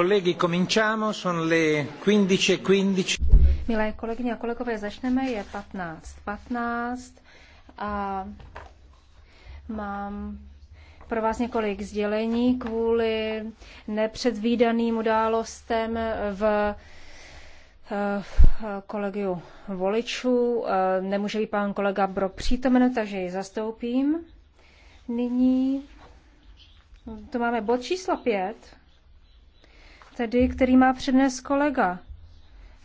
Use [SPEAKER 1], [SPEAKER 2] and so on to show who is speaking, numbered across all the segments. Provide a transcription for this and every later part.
[SPEAKER 1] le 15.15. E
[SPEAKER 2] Milé kolegyně a kolegové, začneme, je 15.15 15 a mám pro vás několik sdělení kvůli nepředvídaným událostem v eh, kolegiu voličů. Eh, nemůže být pan kolega Brok přítomen, takže ji zastoupím. Nyní to máme bod číslo 5, tedy, který má přednes kolega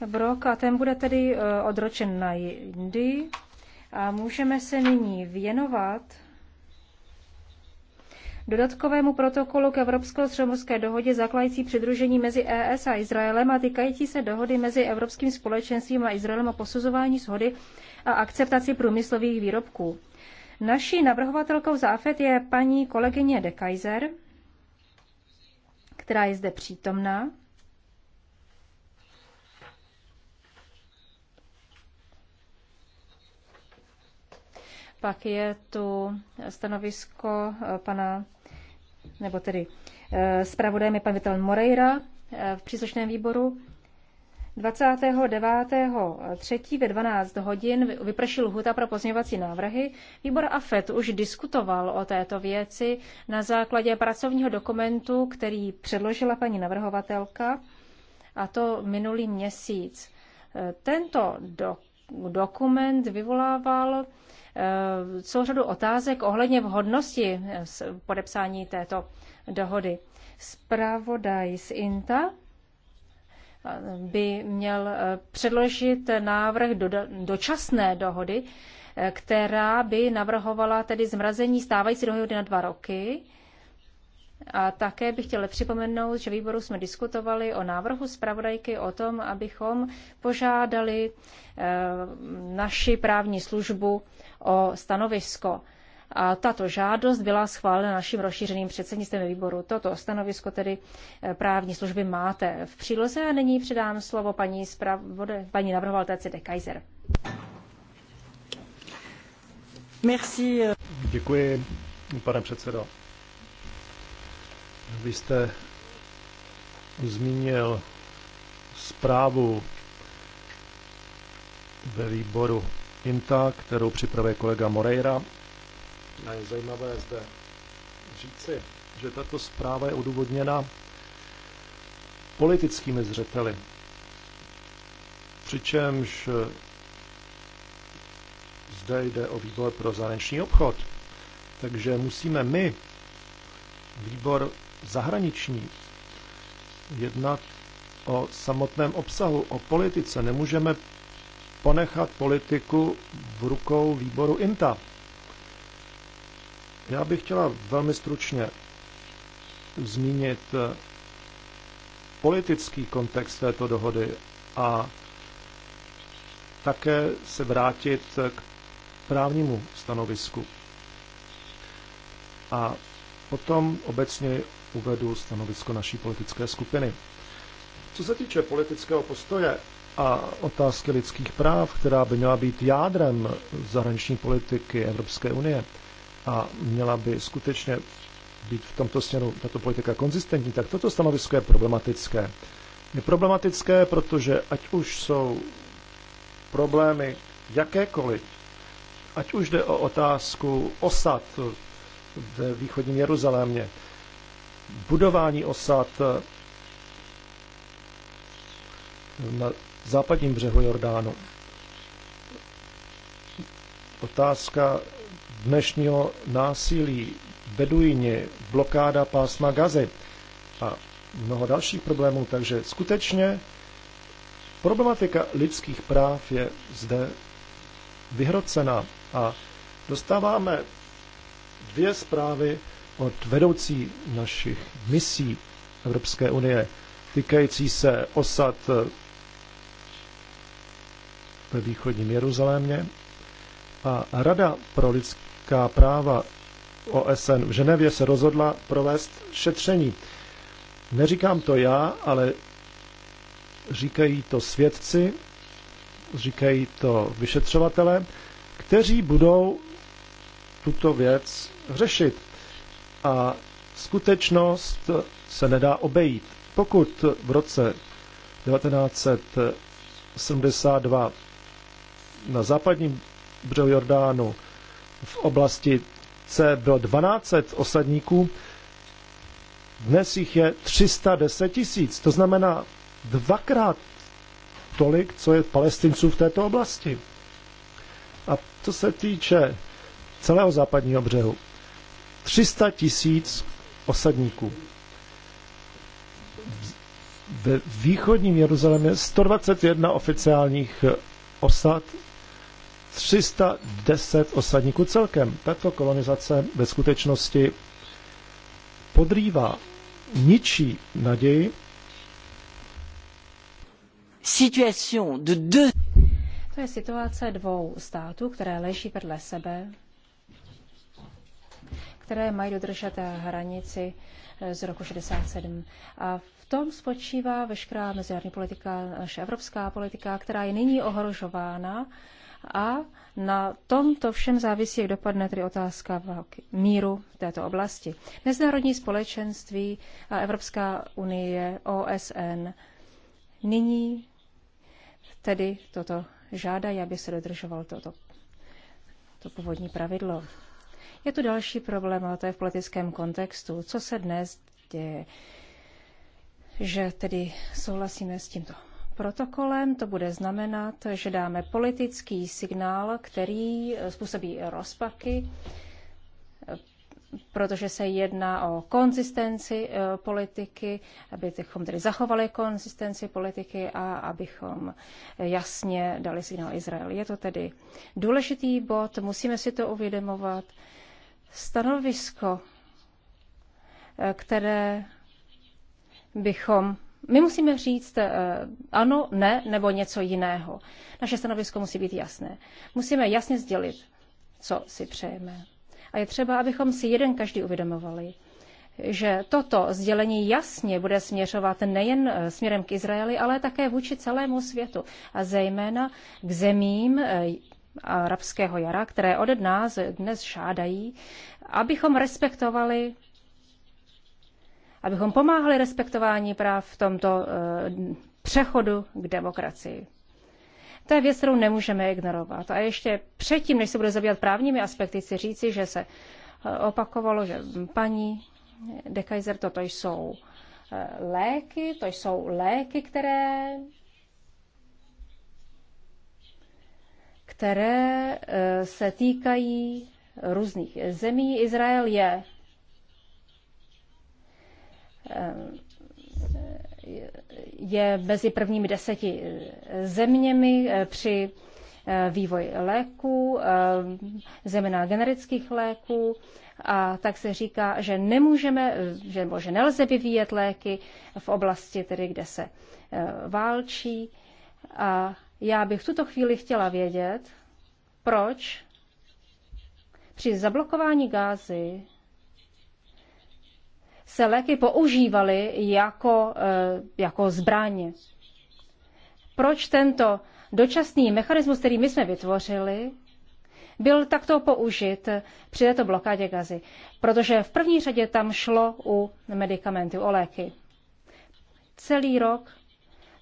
[SPEAKER 2] Brok a ten bude tedy eh, odročen na jindy. A můžeme se nyní věnovat dodatkovému protokolu k Evropsko-středomorské dohodě zakládající přidružení mezi ES a Izraelem a týkající se dohody mezi Evropským společenstvím a Izraelem o posuzování shody a akceptaci průmyslových výrobků. Naší navrhovatelkou záfet je paní kolegyně De Kaiser, která je zde přítomná. Pak je tu stanovisko eh, pana, nebo tedy eh, zpravodajem je pan Vital Moreira eh, v příslušném výboru. 29.3. ve 12 hodin vyprší lhuta pro pozměňovací návrhy. Výbor AFET už diskutoval o této věci na základě pracovního dokumentu, který předložila paní navrhovatelka, a to minulý měsíc. E, tento do, dokument vyvolával e, celou řadu otázek ohledně vhodnosti e, podepsání této dohody. Zpravodaj z INTA by měl eh, předložit návrh do, dočasné dohody, eh, která by navrhovala tedy zmrazení stávající dohody na dva roky. A také bych chtěla připomenout, že výboru jsme diskutovali o návrhu zpravodajky o tom, abychom požádali eh, naši právní službu o stanovisko a tato žádost byla schválena naším rozšířeným předsednictvem výboru. Toto stanovisko tedy eh, právní služby máte v příloze a nyní předám slovo paní, spravode, paní navrhovatelce de Kaiser.
[SPEAKER 3] Merci. Děkuji, pane předsedo. Vy jste zmínil zprávu ve výboru INTA, kterou připravuje kolega Moreira a je zajímavé zde říci, že tato zpráva je odůvodněna politickými zřeteli. Přičemž eh, zde jde o výbor pro zahraniční obchod. Takže musíme my, výbor zahraniční, jednat o samotném obsahu, o politice. Nemůžeme ponechat politiku v rukou výboru INTA. Já bych chtěla velmi stručně zmínit eh, politický kontext této dohody a také se vrátit eh, k právnímu stanovisku. A potom obecně uvedu stanovisko naší politické skupiny. Co se týče politického postoje a otázky lidských práv, která by měla být jádrem zahraniční politiky Evropské unie, a měla by skutečně být v tomto směru tato politika konzistentní, tak toto stanovisko je problematické. Je problematické, protože ať už jsou problémy jakékoliv, ať už jde o otázku osad ve východním Jeruzalémě, budování osad na západním břehu Jordánu, otázka dnešního násilí, beduini, blokáda pásma gazy a mnoho dalších problémů. Takže skutečně problematika lidských práv je zde vyhrocena a dostáváme dvě zprávy od vedoucí našich misí Evropské unie týkající se osad eh, ve východním Jeruzalémě a Rada pro lidský lidská práva OSN v Ženevě se rozhodla provést šetření. Neříkám to já, ale říkají to svědci, říkají to vyšetřovatele, kteří budou tuto věc řešit. A skutečnost se nedá obejít. Pokud v roce 1972 na západním břehu Jordánu v oblasti C bylo 12 osadníků, dnes jich je 310 tisíc. To znamená dvakrát tolik, co je palestinců v této oblasti. A co se týče celého západního břehu, 300 tisíc osadníků. Ve východním Jeruzalémě 121 oficiálních osad 310 osadníků celkem. Tato kolonizace ve skutečnosti podrývá, ničí naději.
[SPEAKER 2] Situation de deux... To je situace dvou států, které leží vedle sebe, které mají dodržet hranici z roku 67. A v tom spočívá veškerá mezinárodní politika, naše evropská politika, která je nyní ohrožována a na tomto všem závisí, jak dopadne tedy otázka války, míru v této oblasti. Mezinárodní společenství a Evropská unie, OSN nyní tedy toto žádají, aby se dodržovalo toto to původní pravidlo. Je tu další problém, a to je v politickém kontextu. Co se dnes děje? Že tedy souhlasíme s tímto protokolem to bude znamenat, že dáme politický signál, který způsobí rozpaky, protože se jedná o konzistenci eh, politiky, abychom tedy zachovali konzistenci politiky a abychom jasně dali signál Izraeli. Je to tedy důležitý bod, musíme si to uvědomovat. Stanovisko, eh, které bychom my musíme říct eh, ano, ne, nebo něco jiného. Naše stanovisko musí být jasné. Musíme jasně sdělit, co si přejeme. A je třeba, abychom si jeden každý uvědomovali, že toto sdělení jasně bude směřovat nejen eh, směrem k Izraeli, ale také vůči celému světu a zejména k zemím eh, arabského jara, které ode nás dnes žádají, abychom respektovali abychom pomáhali respektování práv v tomto eh, přechodu k demokracii. To je věc, kterou nemůžeme ignorovat. A ještě předtím, než se bude zabývat právními aspekty, chci říci, že se eh, opakovalo, že paní de Kaiser, toto jsou eh, léky, to jsou léky, které které se týkají různých zemí. Izrael je je mezi prvními deseti zeměmi eh, při eh, vývoj léků, eh, zejména generických léků. A tak se říká, že nemůžeme, že, nebo že nelze vyvíjet léky v oblasti, tedy, kde se válčí. A já bych v tuto chvíli chtěla vědět, proč při zablokování gázy se léky používaly jako, eh, jako zbraně. Proč tento dočasný mechanismus, který my jsme vytvořili, byl takto použit při této blokádě gazy. Protože v první řadě tam šlo u medicamentů, o léky. Celý rok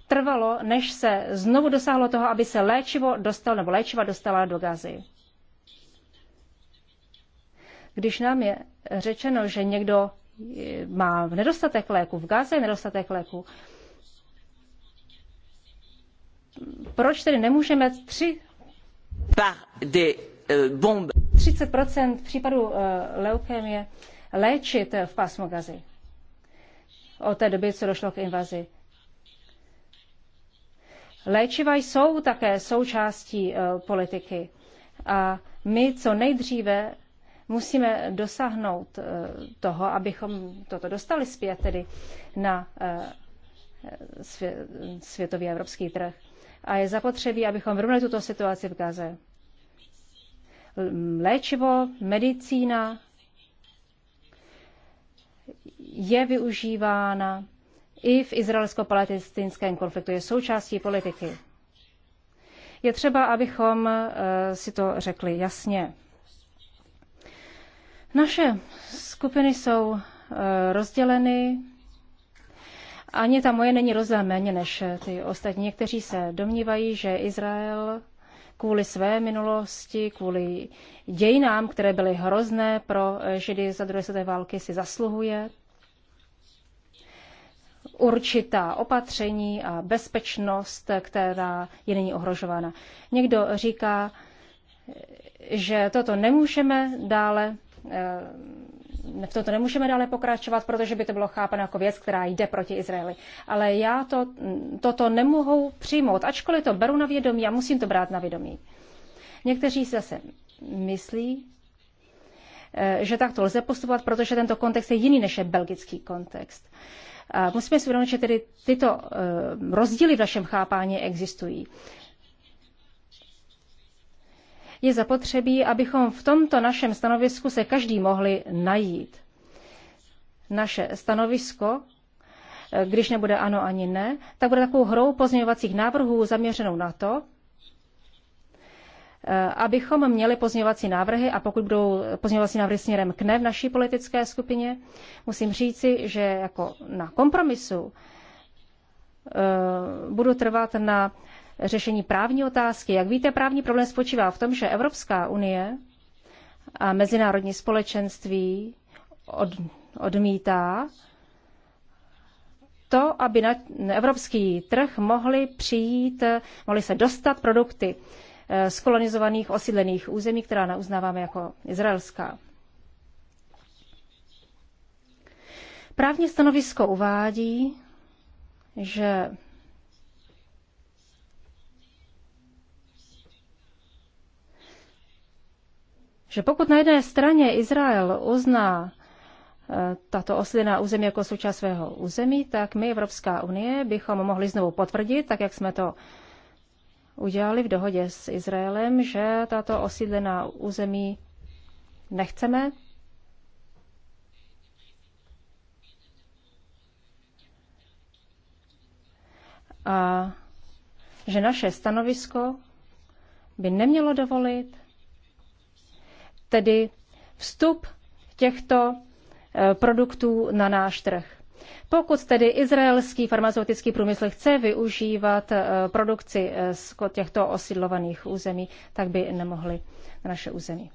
[SPEAKER 2] trvalo, než se znovu dosáhlo toho, aby se léčivo dostalo, nebo léčiva dostala do gazy. Když nám je řečeno, že někdo má nedostatek léku, v Gaze je nedostatek léku. Proč tedy nemůžeme tři...
[SPEAKER 1] Par des, uh,
[SPEAKER 2] bomb. 30% případů uh, eh, leukémie léčit v pásmu Gazy od té doby, co došlo k invazi. Léčiva jsou také součástí uh, politiky a my co nejdříve Musíme dosáhnout eh, toho, abychom toto dostali zpět tedy na eh, světový evropský trh. A je zapotřebí, abychom vyrovnali tuto situaci v Gaze. Léčivo, medicína je využívána i v izraelsko-palestinském konfliktu, je součástí politiky. Je třeba, abychom eh, si to řekli jasně. Naše skupiny jsou eh, rozděleny. Ani ta moje není rozdělena méně než eh, ty ostatní. Někteří se domnívají, že Izrael kvůli své minulosti, kvůli dějinám, které byly hrozné pro eh, Židy za druhé světové války, si zasluhuje určitá opatření a bezpečnost, která je není ohrožována. Někdo říká, že toto nemůžeme dále Eh, v tomto nemůžeme dále pokračovat, protože by to bylo chápeno jako věc, která jde proti Izraeli. Ale já to, mm, toto nemohu přijmout, ačkoliv to beru na vědomí a musím to brát na vědomí. Někteří zase myslí, eh, že takto lze postupovat, protože tento kontext je jiný než je belgický kontext. A musíme si uvědomit, že tedy tyto eh, rozdíly v našem chápání existují je zapotřebí, abychom v tomto našem stanovisku se každý mohli najít. Naše stanovisko, eh, když nebude ano ani ne, tak bude takovou hrou pozměňovacích návrhů zaměřenou na to, eh, abychom měli pozměňovací návrhy a pokud budou pozměňovací návrhy směrem k ne v naší politické skupině, musím říci, že jako na kompromisu eh, budu trvat na řešení právní otázky. Jak víte, právní problém spočívá v tom, že Evropská unie a mezinárodní společenství od, odmítá to, aby na evropský trh mohli přijít, mohli se dostat produkty eh, z kolonizovaných osídlených území, která neuznáváme jako izraelská. Právní stanovisko uvádí, že že pokud na jedné straně Izrael uzná eh, tato oslina území jako součást svého území, tak my, Evropská unie, bychom mohli znovu potvrdit, tak jak jsme to udělali v dohodě s Izraelem, že tato osídlená území nechceme. A že naše stanovisko by nemělo dovolit tedy vstup těchto eh, produktů na náš trh. Pokud tedy izraelský farmaceutický průmysl chce využívat eh, produkci eh, z těchto osídlovaných území, tak by nemohli na naše území.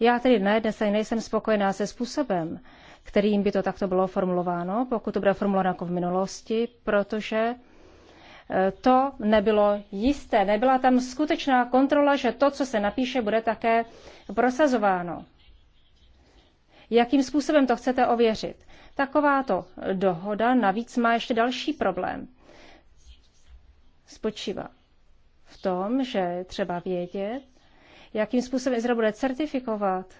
[SPEAKER 2] Já tedy ne, dnes nejsem spokojená se způsobem, kterým by to takto bylo formulováno, pokud to bude formulováno jako v minulosti, protože to nebylo jisté. Nebyla tam skutečná kontrola, že to, co se napíše, bude také prosazováno. Jakým způsobem to chcete ověřit? Takováto dohoda navíc má ještě další problém. Spočívá v tom, že třeba vědět, jakým způsobem Izrael bude certifikovat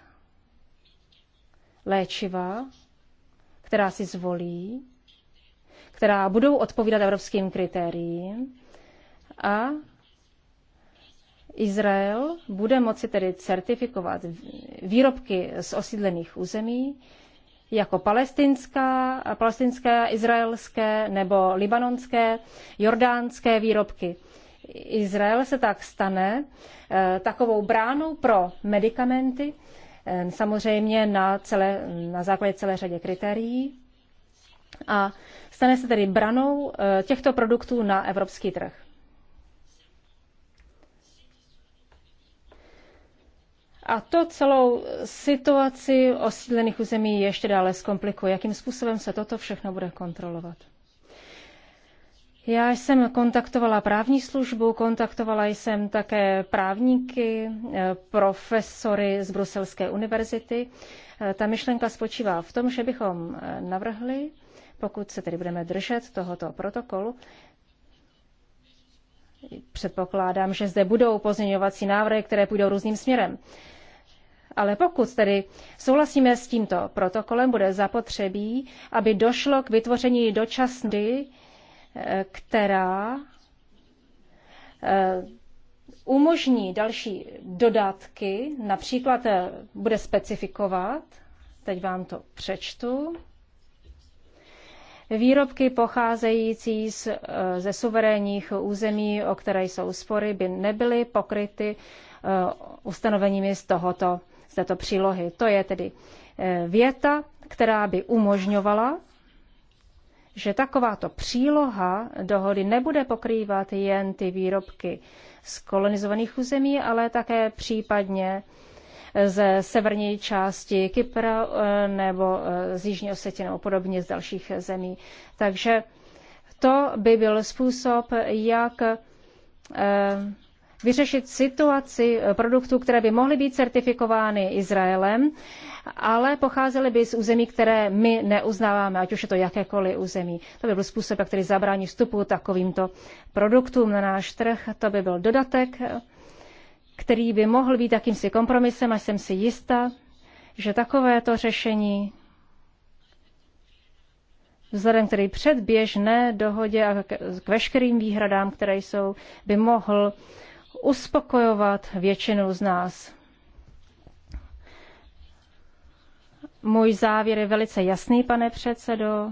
[SPEAKER 2] léčiva, která si zvolí, která budou odpovídat evropským kritériím. A Izrael bude moci tedy certifikovat výrobky z osídlených území jako palestinská, palestinské, izraelské nebo libanonské, jordánské výrobky. Izrael se tak stane eh, takovou bránou pro medicamenty, eh, samozřejmě na, celé, na základě celé řadě kritérií. A Stane se tedy branou eh, těchto produktů na evropský trh. A to celou situaci osídlených území ještě dále zkomplikuje. Jakým způsobem se toto všechno bude kontrolovat? Já jsem kontaktovala právní službu, kontaktovala jsem také právníky, eh, profesory z Bruselské univerzity. Eh, ta myšlenka spočívá v tom, že bychom navrhli, pokud se tedy budeme držet tohoto protokolu, předpokládám, že zde budou pozměňovací návrhy, které půjdou různým směrem. Ale pokud tedy souhlasíme s tímto protokolem, bude zapotřebí, aby došlo k vytvoření dočasny, eh, která eh, umožní další dodatky, například eh, bude specifikovat, teď vám to přečtu, Výrobky pocházející z, eh, ze suverénních území, o které jsou spory, by nebyly pokryty eh, ustanoveními z, tohoto, z této přílohy. To je tedy eh, věta, která by umožňovala, že takováto příloha dohody nebude pokrývat jen ty výrobky z kolonizovaných území, ale také případně ze severní části Kypra eh, nebo eh, z Jižní Osetě nebo podobně z dalších zemí. Takže to by byl způsob, jak eh, vyřešit situaci produktů, které by mohly být certifikovány Izraelem, ale pocházely by z území, které my neuznáváme, ať už je to jakékoliv území. To by byl způsob, jak tedy zabránit vstupu takovýmto produktům na náš trh. To by byl dodatek který by mohl být jakýmsi kompromisem a jsem si jista, že takovéto řešení vzhledem k předběžné dohodě a k veškerým výhradám, které jsou, by mohl uspokojovat většinu z nás. Můj závěr je velice jasný, pane předsedo.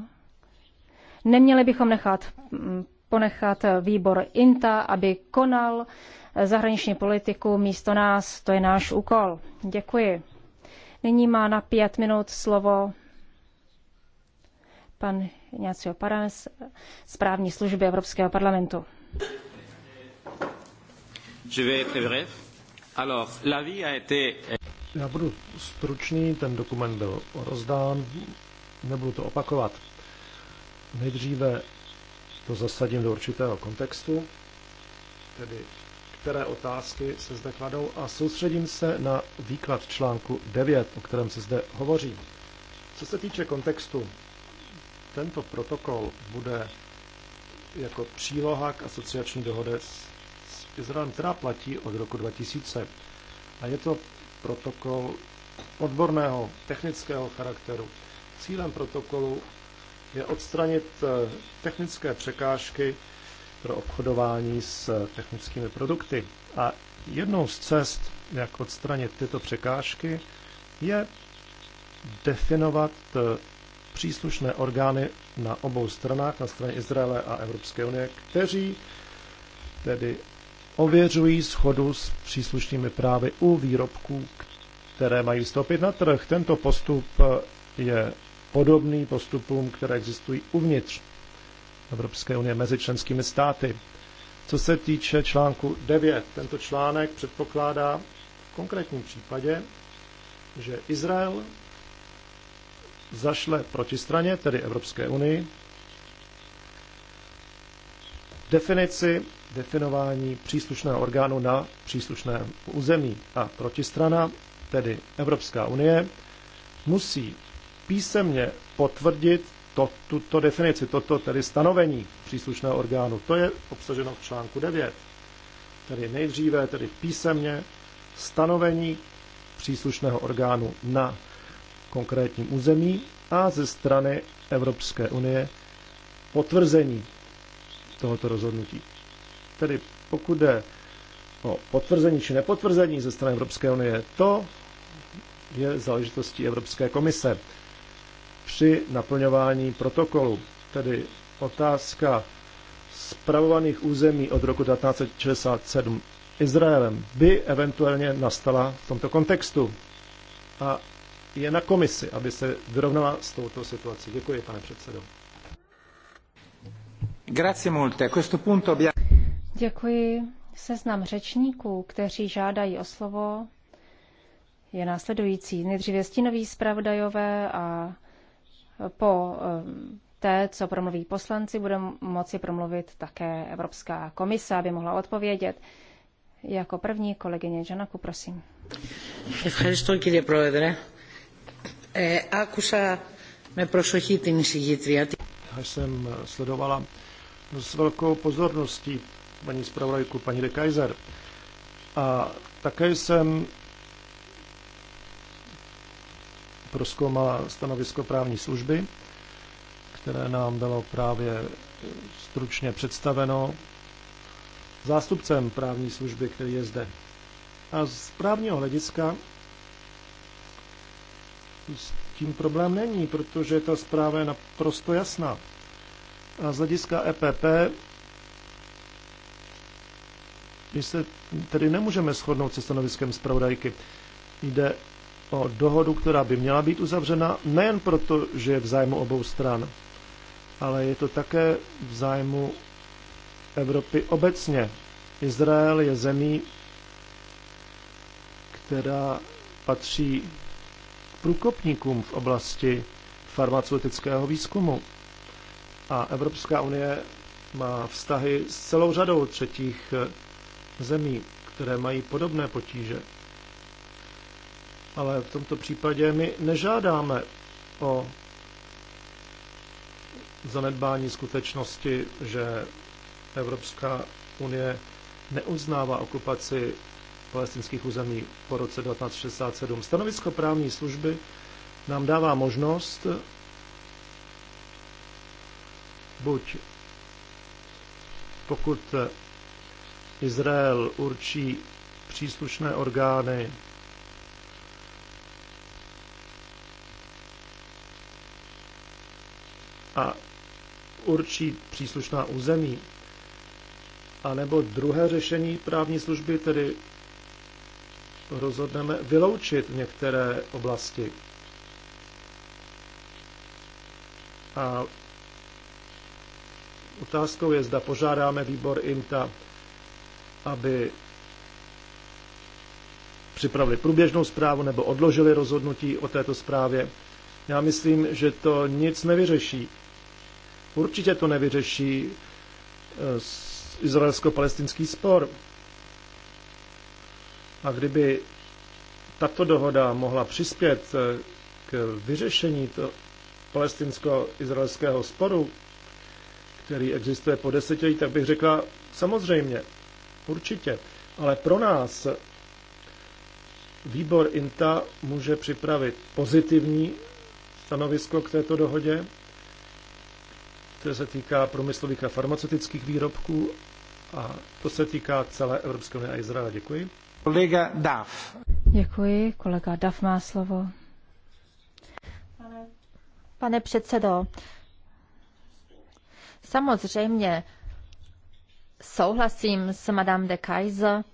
[SPEAKER 2] Neměli bychom nechat ponechat výbor INTA, aby konal zahraniční politiku místo nás. To je náš úkol. Děkuji. Nyní má na pět minut slovo pan Ignacio Parames z právní služby Evropského parlamentu.
[SPEAKER 3] Já budu stručný, ten dokument byl rozdán, nebudu to opakovat. Nejdříve to zasadím do určitého kontextu, tedy které otázky se zde kladou a soustředím se na výklad článku 9, o kterém se zde hovoří. Co se týče kontextu, tento protokol bude jako příloha k asociační dohodě s Izraelem, která platí od roku 2000. A je to protokol odborného, technického charakteru. Cílem protokolu je odstranit eh, technické překážky, pro obchodování s eh, technickými produkty. A jednou z cest, jak odstranit tyto překážky, je definovat eh, příslušné orgány na obou stranách, na straně Izraele a Evropské unie, kteří tedy ověřují schodu s příslušnými právy u výrobků, které mají vstoupit na trh. Tento postup eh, je podobný postupům, které existují uvnitř Evropské unie mezi členskými státy. Co se týče článku 9, tento článek předpokládá v konkrétním případě, že Izrael zašle protistraně, tedy Evropské unii, definici definování příslušného orgánu na příslušném území a protistrana, tedy Evropská unie, musí písemně potvrdit to, tuto definici, toto tedy stanovení příslušného orgánu. To je obsaženo v článku 9. Tedy nejdříve, tedy písemně, stanovení příslušného orgánu na konkrétním území a ze strany Evropské unie potvrzení tohoto rozhodnutí. Tedy pokud jde o potvrzení či nepotvrzení ze strany Evropské unie, to je záležitostí Evropské komise při naplňování protokolu, tedy otázka spravovaných území od roku 1967 Izraelem by eventuálně nastala v tomto kontextu. A je na komisi, aby se vyrovnala s touto situací. Děkuji, pane předsedo.
[SPEAKER 2] Děkuji. Seznam řečníků, kteří žádají o slovo, je následující. Nejdříve stínoví zpravodajové a po eh, té, co promluví poslanci, bude moci promluvit také Evropská komise, aby mohla odpovědět. Jako první kolegyně Žanaku, prosím.
[SPEAKER 3] Já jsem sledovala s velkou pozorností paní zpravodajku, paní de Kaiser. A také jsem proskoumala stanovisko právní služby, které nám bylo právě stručně představeno zástupcem právní služby, který je zde. A z právního hlediska s tím problém není, protože ta zpráva je naprosto jasná. A z hlediska EPP my se tedy nemůžeme shodnout se stanoviskem zpravodajky. Jde o dohodu, která by měla být uzavřena nejen proto, že je v zájmu obou stran, ale je to také v zájmu Evropy obecně. Izrael je zemí, která patří k průkopníkům v oblasti farmaceutického výzkumu. A Evropská unie má vztahy s celou řadou třetích eh, zemí, které mají podobné potíže ale v tomto případě my nežádáme o zanedbání skutečnosti, že Evropská unie neuznává okupaci palestinských území po roce 1967. Stanovisko právní služby nám dává možnost buď pokud Izrael určí příslušné orgány a určí příslušná území. A nebo druhé řešení právní služby, tedy rozhodneme vyloučit některé oblasti. A otázkou je, zda požádáme výbor IMTA, aby připravili průběžnou zprávu nebo odložili rozhodnutí o této zprávě. Já myslím, že to nic nevyřeší. Určitě to nevyřeší eh, izraelsko-palestinský spor. A kdyby tato dohoda mohla přispět eh, k vyřešení to palestinsko-izraelského sporu, který existuje po desetiletí, tak bych řekla samozřejmě, určitě. Ale pro nás výbor INTA může připravit pozitivní stanovisko k této dohodě které se týká průmyslových a farmaceutických výrobků a to se týká celé Evropské unie a Izraele. Děkuji. Kolega Daf.
[SPEAKER 2] Děkuji. Kolega
[SPEAKER 4] Daf má slovo. Pane, pane předsedo, samozřejmě souhlasím s Madame de Kaiser,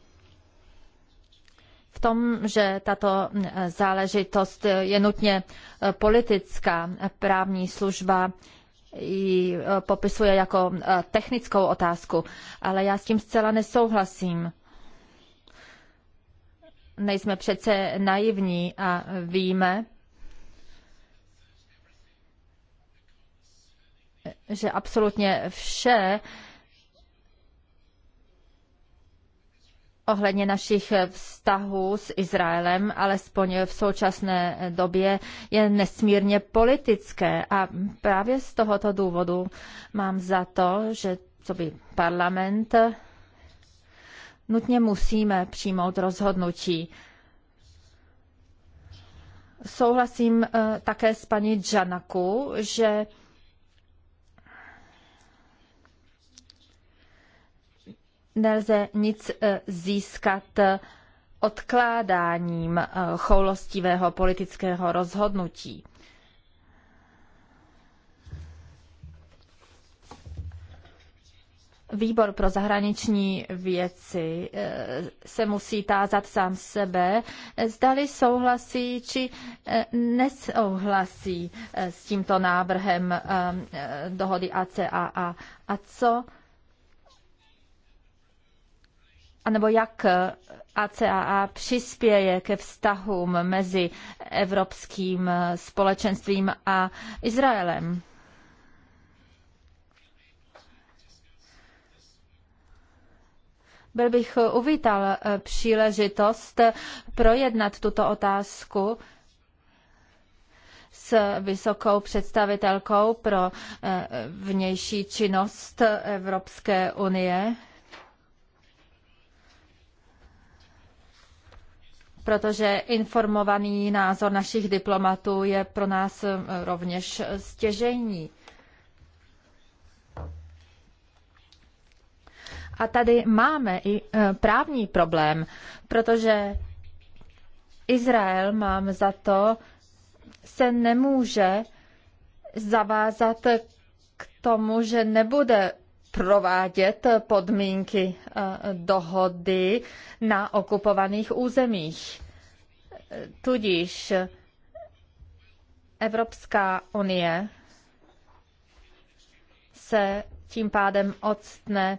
[SPEAKER 4] v tom, že tato záležitost je nutně politická. Právní služba ji eh, popisuje jako eh, technickou otázku, ale já s tím zcela nesouhlasím. Nejsme přece naivní a víme, že absolutně vše ohledně našich vztahů s Izraelem, alespoň v současné době, je nesmírně politické. A právě z tohoto důvodu mám za to, že co by parlament, nutně musíme přijmout rozhodnutí. Souhlasím eh, také s paní Džanaku, že nelze nic e, získat e, odkládáním e, choulostivého politického rozhodnutí. Výbor pro zahraniční věci se musí tázat sám sebe, zdali souhlasí či nesouhlasí s tímto návrhem dohody ACA a co anebo jak ACAA eh, přispěje ke vztahům mezi evropským eh, společenstvím a Izraelem. Byl bych eh, uvítal příležitost projednat tuto otázku s vysokou představitelkou pro vnější činnost Evropské unie protože informovaný názor našich diplomatů je pro nás eh, rovněž stěžejní. A tady máme i eh, právní problém, protože Izrael, mám za to, se nemůže zavázat k tomu, že nebude provádět podmínky eh, dohody na okupovaných územích. Tudíž Evropská unie se tím pádem odstne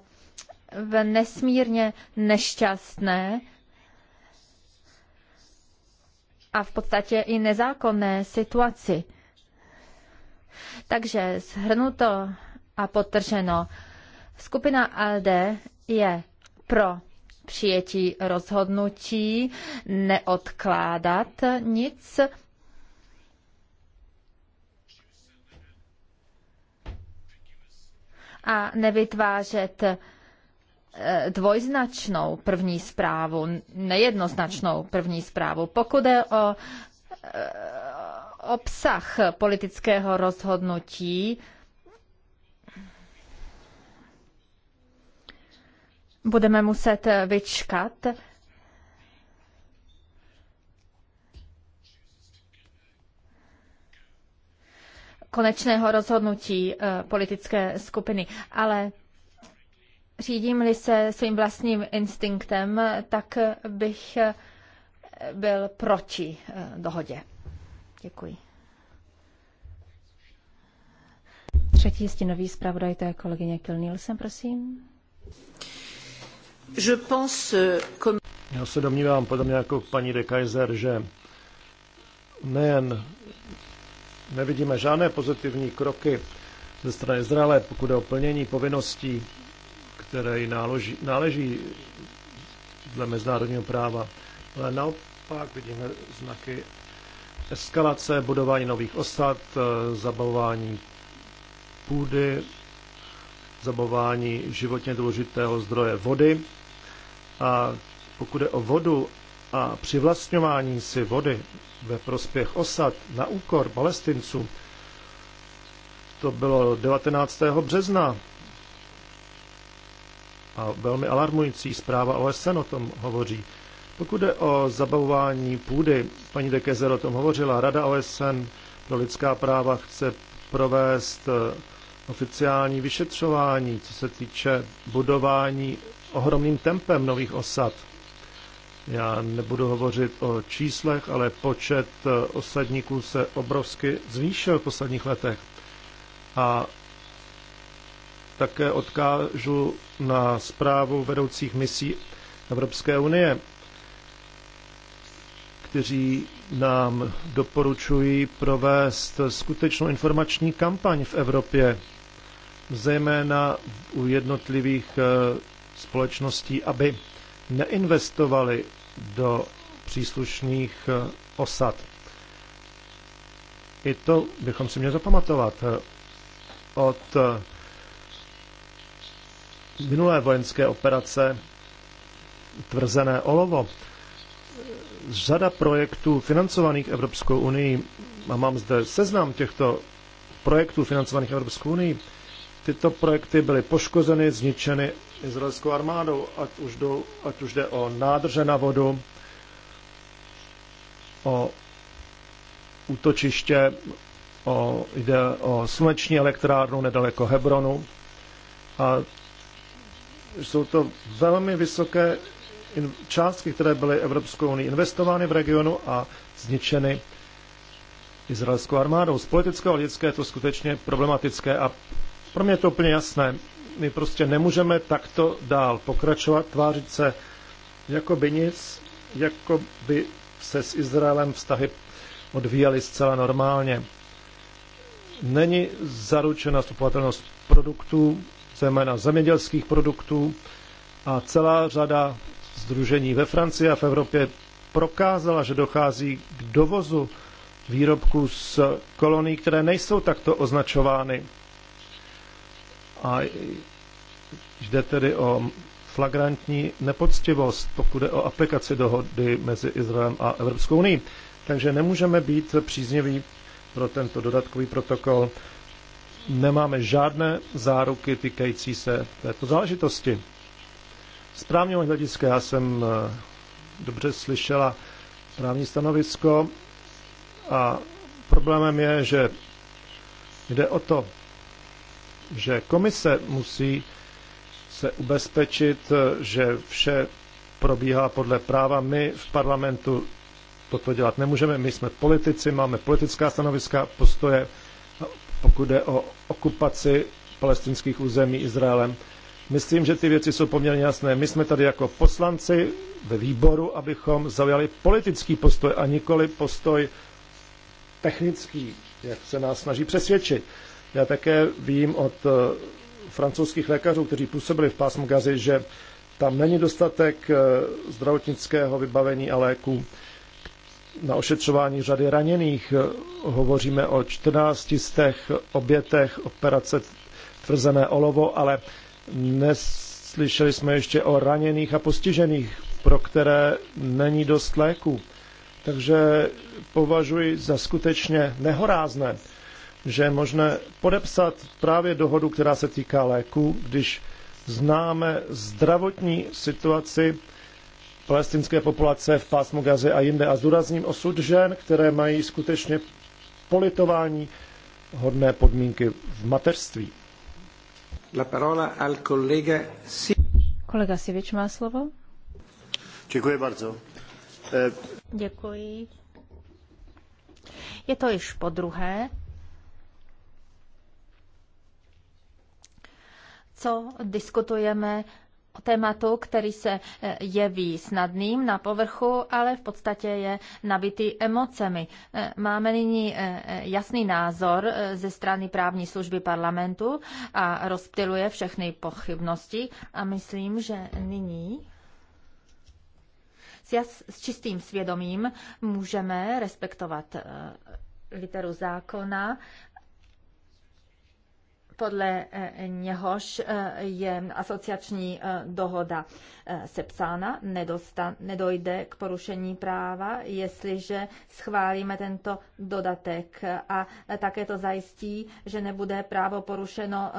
[SPEAKER 4] v nesmírně nešťastné a v podstatě i nezákonné situaci. Takže shrnuto a potrženo, Skupina ALDE je pro přijetí rozhodnutí neodkládat nic. A nevytvářet eh, dvojznačnou první zprávu, nejednoznačnou první zprávu. Pokud je o eh, obsah politického rozhodnutí, budeme muset vyčkat. konečného rozhodnutí eh, politické skupiny. Ale řídím-li se svým vlastním instinktem, tak bych eh, byl proti eh, dohodě. Děkuji.
[SPEAKER 2] Třetí stěnový zpravodaj, to je kolegyně Kilnilsen, prosím.
[SPEAKER 3] Euh, Já se domnívám, podobně jako paní de Kaiser, že nejen nevidíme žádné pozitivní kroky ze strany Izraele, pokud je o plnění povinností, které jí náloží, náleží dle mezinárodního práva, ale naopak vidíme znaky eskalace, budování nových osad, eh, zabavování půdy, zabavování životně důležitého zdroje vody, a pokud je o vodu a přivlastňování si vody ve prospěch osad na úkor palestinců, to bylo 19. března a velmi alarmující zpráva OSN o tom hovoří. Pokud jde o zabavování půdy, paní de Kezer o tom hovořila, Rada OSN pro lidská práva chce provést eh, oficiální vyšetřování, co se týče budování ohromným tempem nových osad. Já nebudu hovořit o číslech, ale počet eh, osadníků se obrovsky zvýšil v posledních letech. A také odkážu na zprávu vedoucích misí Evropské unie, kteří nám doporučují provést skutečnou informační kampaň v Evropě, zejména u jednotlivých eh, společností, aby neinvestovali do příslušných eh, osad. I to bychom si měli zapamatovat. Eh, od eh, minulé vojenské operace tvrzené olovo. Řada projektů financovaných Evropskou unii, a mám zde seznam těchto projektů financovaných Evropskou unii, tyto projekty byly poškozeny, zničeny izraelskou armádou, ať už, jdou, ať už jde o nádrže na vodu, o útočiště, o, jde o sluneční elektrárnu nedaleko Hebronu. A jsou to velmi vysoké částky, které byly Evropskou unii investovány v regionu a zničeny izraelskou armádou. Z politického a lidské je to skutečně problematické a pro mě je to úplně jasné. My prostě nemůžeme takto dál pokračovat, tvářit se jako by nic, jako by se s Izraelem vztahy odvíjaly zcela normálně. Není zaručena stupovatelnost produktů, zejména zemědělských produktů a celá řada združení ve Francii a v Evropě prokázala, že dochází k dovozu výrobků z kolonií, které nejsou takto označovány. A jde tedy o flagrantní nepoctivost, pokud je o aplikaci dohody mezi Izraelem a Evropskou unii. Takže nemůžeme být přízniví pro tento dodatkový protokol. Nemáme žádné záruky týkající se této záležitosti. Z právního hlediska já jsem eh, dobře slyšela právní stanovisko a problémem je, že jde o to, že komise musí se ubezpečit, že vše probíhá podle práva. My v parlamentu toto dělat nemůžeme. My jsme politici, máme politická stanoviska, postoje, pokud jde o okupaci palestinských území Izraelem. Myslím, že ty věci jsou poměrně jasné. My jsme tady jako poslanci ve výboru, abychom zaujali politický postoj a nikoli postoj technický, jak se nás snaží přesvědčit. Já také vím od eh, francouzských lékařů, kteří působili v pásmu Gazy, že tam není dostatek eh, zdravotnického vybavení a léků na ošetřování řady raněných. Eh, hovoříme o 14 z těch obětech operace tvrzené olovo, ale neslyšeli jsme ještě o raněných a postižených, pro které není dost léků. Takže považuji za skutečně nehorázné, že je možné podepsat právě dohodu, která se týká léku, když známe zdravotní situaci palestinské populace v pásmu Gazy a jinde a zúrazním osud žen, které mají skutečně politování hodné podmínky v mateřství.
[SPEAKER 1] La parola al kolega si...
[SPEAKER 2] Kolega Sivič má
[SPEAKER 4] slovo.
[SPEAKER 3] Děkuji bardzo.
[SPEAKER 4] Děkuji. Je to již po druhé, co diskutujeme o tématu, který se eh, jeví snadným na povrchu, ale v podstatě je nabitý emocemi. Eh, máme nyní eh, jasný názor ze strany právní služby parlamentu a rozptiluje všechny pochybnosti a myslím, že nyní s, jas, s čistým svědomím můžeme respektovat literu zákona podle eh, něhož eh, je asociační eh, dohoda sepsána, nedojde k porušení práva, jestliže schválíme tento dodatek a také to zajistí, že nebude právo porušeno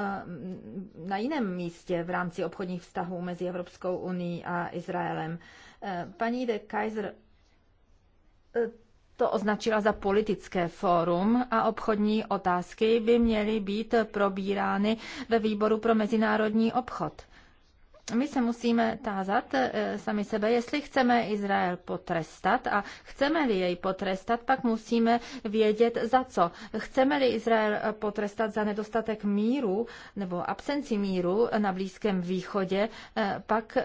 [SPEAKER 4] na jiném místě v rámci obchodních vztahů mezi Evropskou unii a Izraelem. Paní de Kaiser to označila za politické fórum a obchodní otázky by měly být probírány ve výboru pro mezinárodní obchod my se musíme tázat eh, sami sebe, jestli chceme Izrael potrestat a chceme-li jej potrestat, pak musíme vědět za co. Chceme-li Izrael eh, potrestat za nedostatek míru nebo absenci míru na Blízkém východě, eh, pak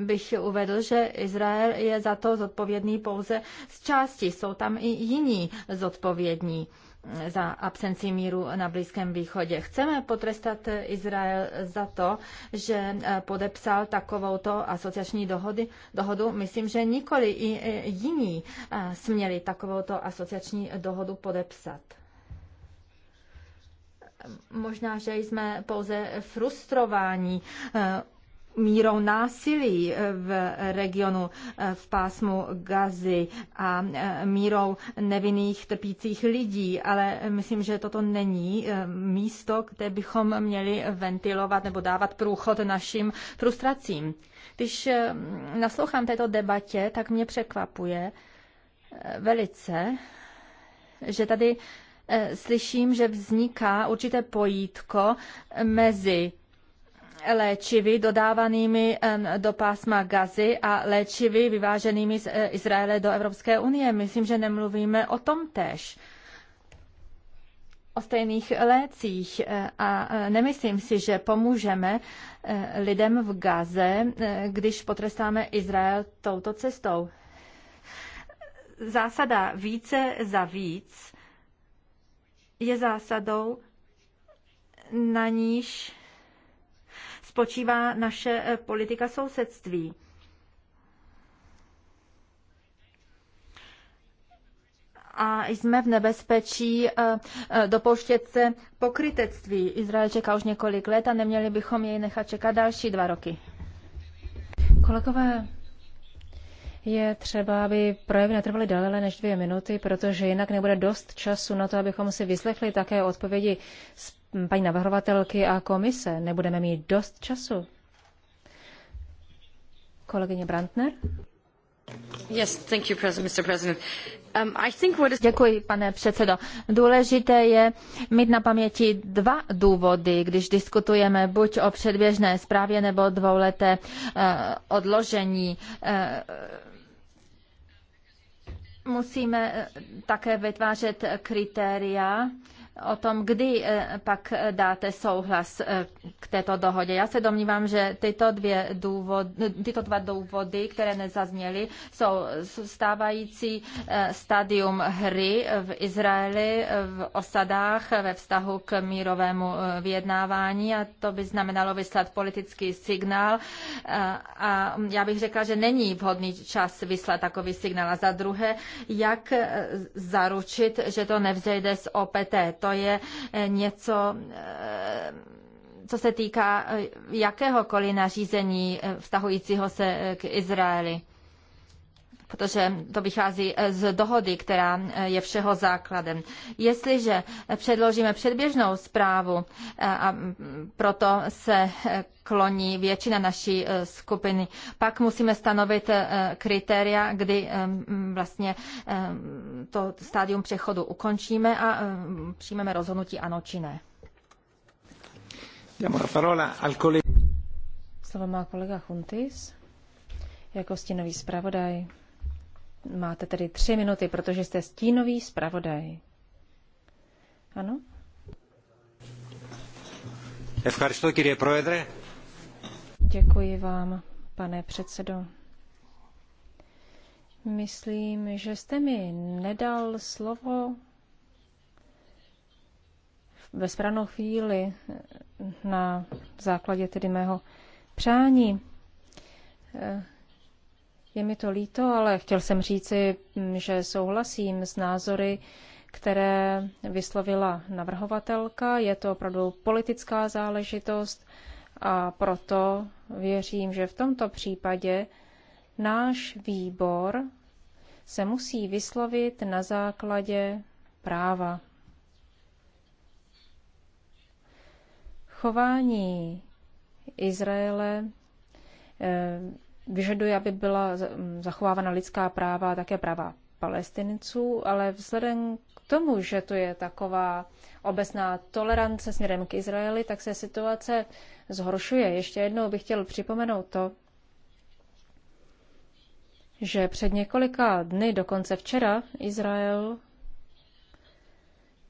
[SPEAKER 4] bych uvedl, že Izrael je za to zodpovědný pouze z části. Jsou tam i jiní zodpovědní za absenci míru na Blízkém východě. Chceme potrestat Izrael za to, že eh, podepsal takovouto asociační dohody, dohodu? Myslím, že nikoli i jiní eh, směli takovouto asociační dohodu podepsat. Možná, že jsme pouze frustrováni eh, mírou násilí eh, v regionu eh, v pásmu Gazy a eh, mírou nevinných trpících lidí, ale myslím, že toto není místo, kde bychom měli ventilovat nebo dávat průchod našim frustracím. Když naslouchám této debatě, tak mě překvapuje velice, že tady slyším, že vzniká určité pojítko mezi léčivy dodávanými do pásma gazy a léčivy vyváženými z eh, Izraele do Evropské unie. Myslím, že nemluvíme o tom též o stejných lécích eh, a eh, nemyslím si, že pomůžeme lidem v Gaze, když potrestáme Izrael touto cestou. Zásada více za víc je zásadou, na níž spočívá naše eh, politika sousedství. a jsme v nebezpečí eh, eh, dopouštět se pokrytectví. Izrael čeká už několik let a neměli bychom jej nechat čekat další dva roky.
[SPEAKER 2] Kolegové, je třeba, aby projevy netrvaly déle než dvě minuty, protože jinak nebude dost času na to, abychom si vyslechli také odpovědi z paní navrhovatelky a komise. Nebudeme mít dost času.
[SPEAKER 4] Kolegyně Brandner? Yes, thank you, Mr. President. Um, I think what is... Děkuji, pane předsedo. Důležité je mít na paměti dva důvody, když diskutujeme buď o předběžné zprávě nebo dvouleté uh, odložení. Uh, musíme eh, také vytvářet kritéria o tom, kdy eh, pak eh, dáte souhlas eh, k této dohodě. Já se domnívám, že tyto, dvě důvody, tyto dva důvody, které nezazněly, jsou stávající stadium hry v Izraeli, v osadách ve vztahu k mírovému vyjednávání a to by znamenalo vyslat politický signál a já bych řekla, že není vhodný čas vyslat takový signál. A za druhé, jak zaručit, že to nevzejde z OPT to je eh, něco, eh, co se týká eh, jakéhokoliv nařízení vztahujícího se k Izraeli protože to vychází eh, z dohody, která eh, je všeho základem. Jestliže předložíme předběžnou zprávu eh, a proto se kloní většina naší skupiny, pak musíme stanovit kritéria, kdy vlastně to stádium přechodu ukončíme a přijmeme rozhodnutí ano či ne. Slovo má kolega Chuntis
[SPEAKER 2] jako stínový zpravodaj. Máte tedy tři minuty, protože jste stínový zpravodaj. Ano? Děkuji vám, pane předsedo. Myslím, že jste mi nedal slovo ve správnou chvíli na základě tedy mého přání. Eh, je mi to líto, ale chtěl jsem říci, mm, že souhlasím s názory, které vyslovila navrhovatelka. Je to opravdu politická záležitost a proto věřím, že v tomto případě náš výbor se musí vyslovit na základě práva. Chování Izraele eh, vyžaduje, aby byla zachovávána lidská práva a také práva palestinců, ale vzhledem k tomu, že to je taková obecná tolerance směrem k Izraeli, tak se situace zhoršuje. Ještě jednou bych chtěl připomenout to, že před několika dny, dokonce včera, Izrael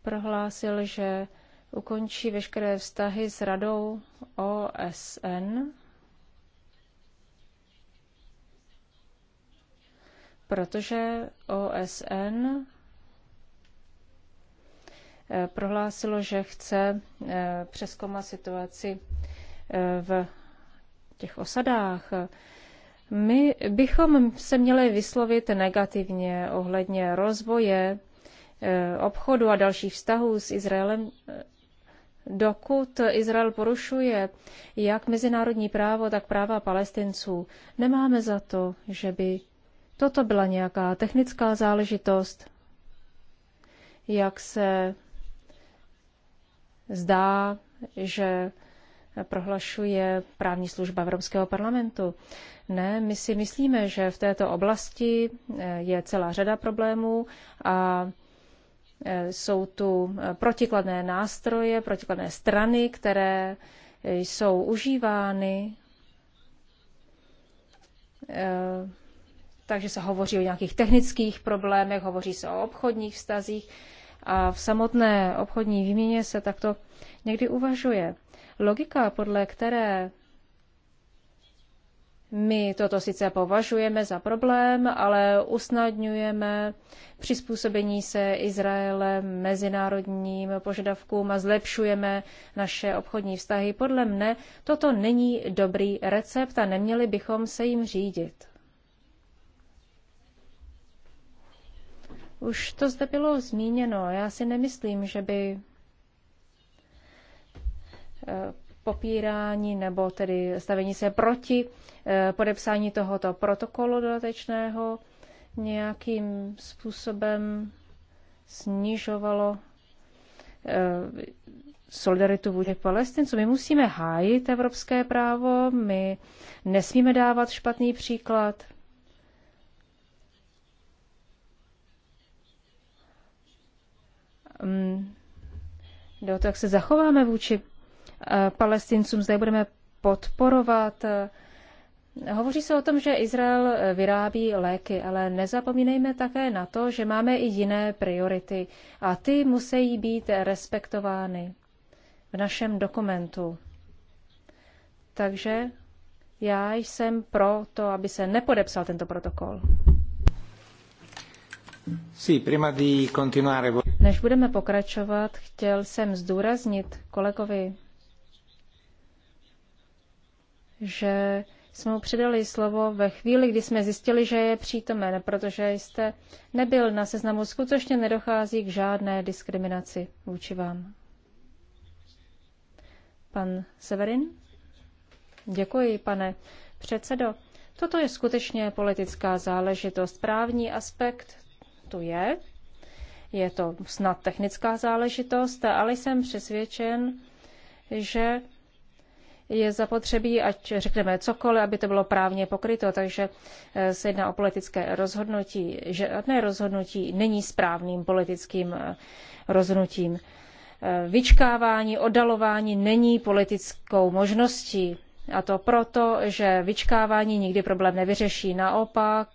[SPEAKER 2] prohlásil, že ukončí veškeré vztahy s radou OSN protože OSN eh, prohlásilo, že chce eh, přeskoumat situaci eh, v těch osadách. My bychom se měli vyslovit negativně ohledně rozvoje obchodu a dalších vztahů s Izraelem, dokud Izrael porušuje jak mezinárodní právo, tak práva palestinců. Nemáme za to, že by Toto byla nějaká technická záležitost, jak se zdá, že prohlašuje právní služba Evropského parlamentu. Ne, my si myslíme, že v této oblasti eh, je celá řada problémů a eh, jsou tu eh, protikladné nástroje, protikladné strany, které jsou užívány takže se hovoří o nějakých technických problémech, hovoří se o obchodních vztazích a v samotné obchodní výměně se takto někdy uvažuje. Logika, podle které my toto sice považujeme za problém, ale usnadňujeme přizpůsobení se Izraele mezinárodním požadavkům a zlepšujeme naše obchodní vztahy. Podle mne toto není dobrý recept a neměli bychom se jim řídit. Už to zde bylo zmíněno. Já si nemyslím, že by eh, popírání nebo tedy stavení se proti eh, podepsání tohoto protokolu dodatečného nějakým způsobem snižovalo eh, solidaritu vůči palestincům. My musíme hájit evropské právo, my nesmíme dávat špatný příklad. Mm, do toho, jak se zachováme vůči eh, palestincům, zde budeme podporovat. Eh, hovoří se o tom, že Izrael eh, vyrábí léky, ale nezapomínejme také na to, že máme i jiné priority a ty musí být respektovány v našem dokumentu. Takže já jsem pro to, aby se nepodepsal tento protokol. Než budeme pokračovat, chtěl jsem zdůraznit kolegovi, že jsme mu předali slovo ve chvíli, kdy jsme zjistili, že je přítomen, protože jste nebyl na seznamu, skutečně nedochází k žádné diskriminaci vůči vám. Pan Severin? Děkuji, pane předsedo. Toto je skutečně politická záležitost. Právní aspekt tu je. Je to snad technická záležitost, ale jsem přesvědčen, že je zapotřebí, ať řekneme cokoliv, aby to bylo právně pokryto, takže eh, se jedná o politické rozhodnutí. Žádné rozhodnutí není správným politickým eh, rozhodnutím. Eh, vyčkávání, oddalování není politickou možností. A to proto, že vyčkávání nikdy problém nevyřeší. Naopak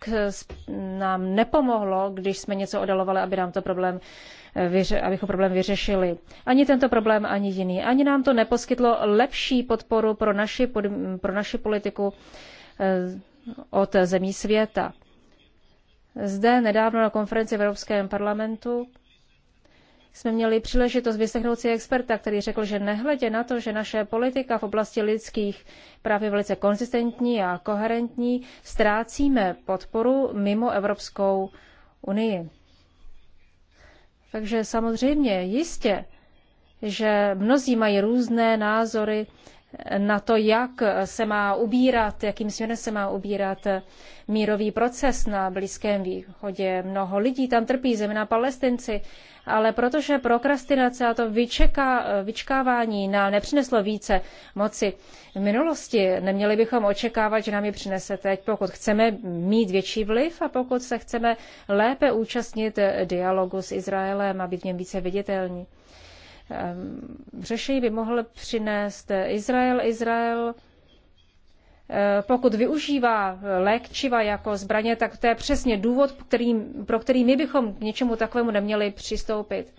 [SPEAKER 2] nám nepomohlo, když jsme něco odalovali, aby nám to problém eh, abychom problém vyřešili. Ani tento problém, ani jiný. Ani nám to neposkytlo lepší podporu pro naši, pod, pro naši politiku eh, od zemí světa. Zde nedávno na konferenci v Evropském parlamentu jsme měli příležitost vyslechnout si experta, který řekl, že nehledě na to, že naše politika v oblasti lidských práv je velice konzistentní a koherentní, ztrácíme podporu mimo Evropskou unii. Takže samozřejmě, jistě, že mnozí mají různé názory na to, jak se má ubírat, jakým směrem se má ubírat mírový proces na Blízkém východě. Mnoho lidí tam trpí, zejména palestinci, ale protože prokrastinace a to vyčeká, vyčkávání nám nepřineslo více moci v minulosti, neměli bychom očekávat, že nám je přinese teď, pokud chceme mít větší vliv a pokud se chceme lépe účastnit dialogu s Izraelem a být v něm více viditelní. Ehm, řešení by mohl přinést Izrael. Izrael eh, pokud využívá léčiva jako zbraně, tak to je přesně důvod, který, pro který my bychom k něčemu takovému neměli přistoupit.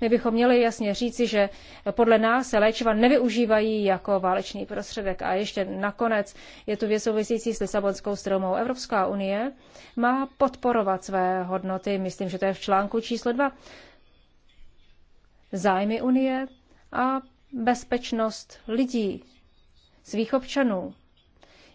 [SPEAKER 2] My bychom měli jasně říci, že podle nás se léčiva nevyužívají jako válečný prostředek. A ještě nakonec je tu věc související s Lisabonskou stromou. Evropská unie má podporovat své hodnoty, myslím, že to je v článku číslo 2 zájmy Unie a bezpečnost lidí, svých občanů.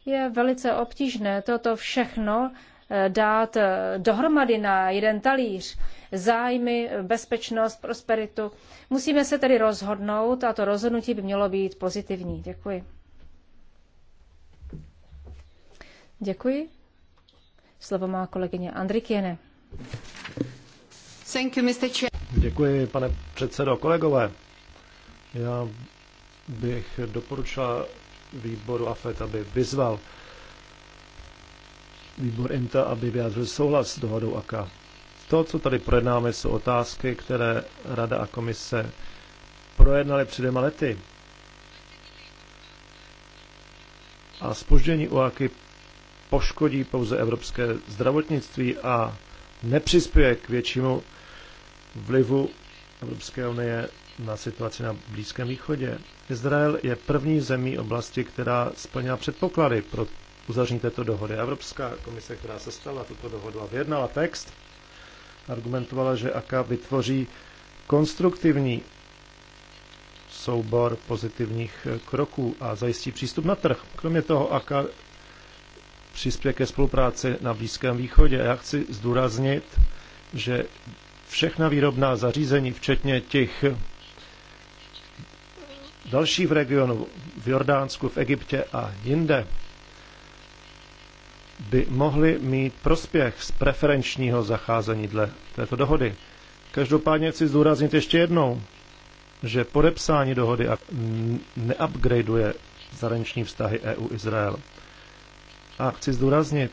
[SPEAKER 2] Je velice obtížné toto všechno eh, dát eh, dohromady na jeden talíř zájmy, bezpečnost, prosperitu. Musíme se tedy rozhodnout a to rozhodnutí by mělo být pozitivní. Děkuji. Děkuji. Slovo má kolegyně Andrikiene.
[SPEAKER 4] Thank you, Mr. Chair.
[SPEAKER 3] Děkuji, pane předsedo. Kolegové, já bych doporučila výboru AFET, aby vyzval výbor INTA, aby vyjádřil souhlas s dohodou AKA. To, co tady projednáme, jsou otázky, které Rada a komise projednaly před dvěma lety. A spoždění u AKY poškodí pouze evropské zdravotnictví a nepřispěje k většímu vlivu Evropské unie na situaci na Blízkém východě. Izrael je první zemí oblasti, která splnila předpoklady pro uzavření této dohody. Evropská komise, která se stala, tuto dohodu a vyjednala text, argumentovala, že AKA vytvoří konstruktivní soubor pozitivních kroků a zajistí přístup na trh. Kromě toho AKA přispěje ke spolupráci na Blízkém východě. Já chci zdůraznit, že všechna výrobná zařízení, včetně těch dalších v regionu, v Jordánsku, v Egyptě a jinde, by mohli mít prospěch z preferenčního zacházení dle této dohody. Každopádně chci zdůraznit ještě jednou, že podepsání dohody neupgradeuje zahraniční vztahy EU-Izrael. A chci zdůraznit,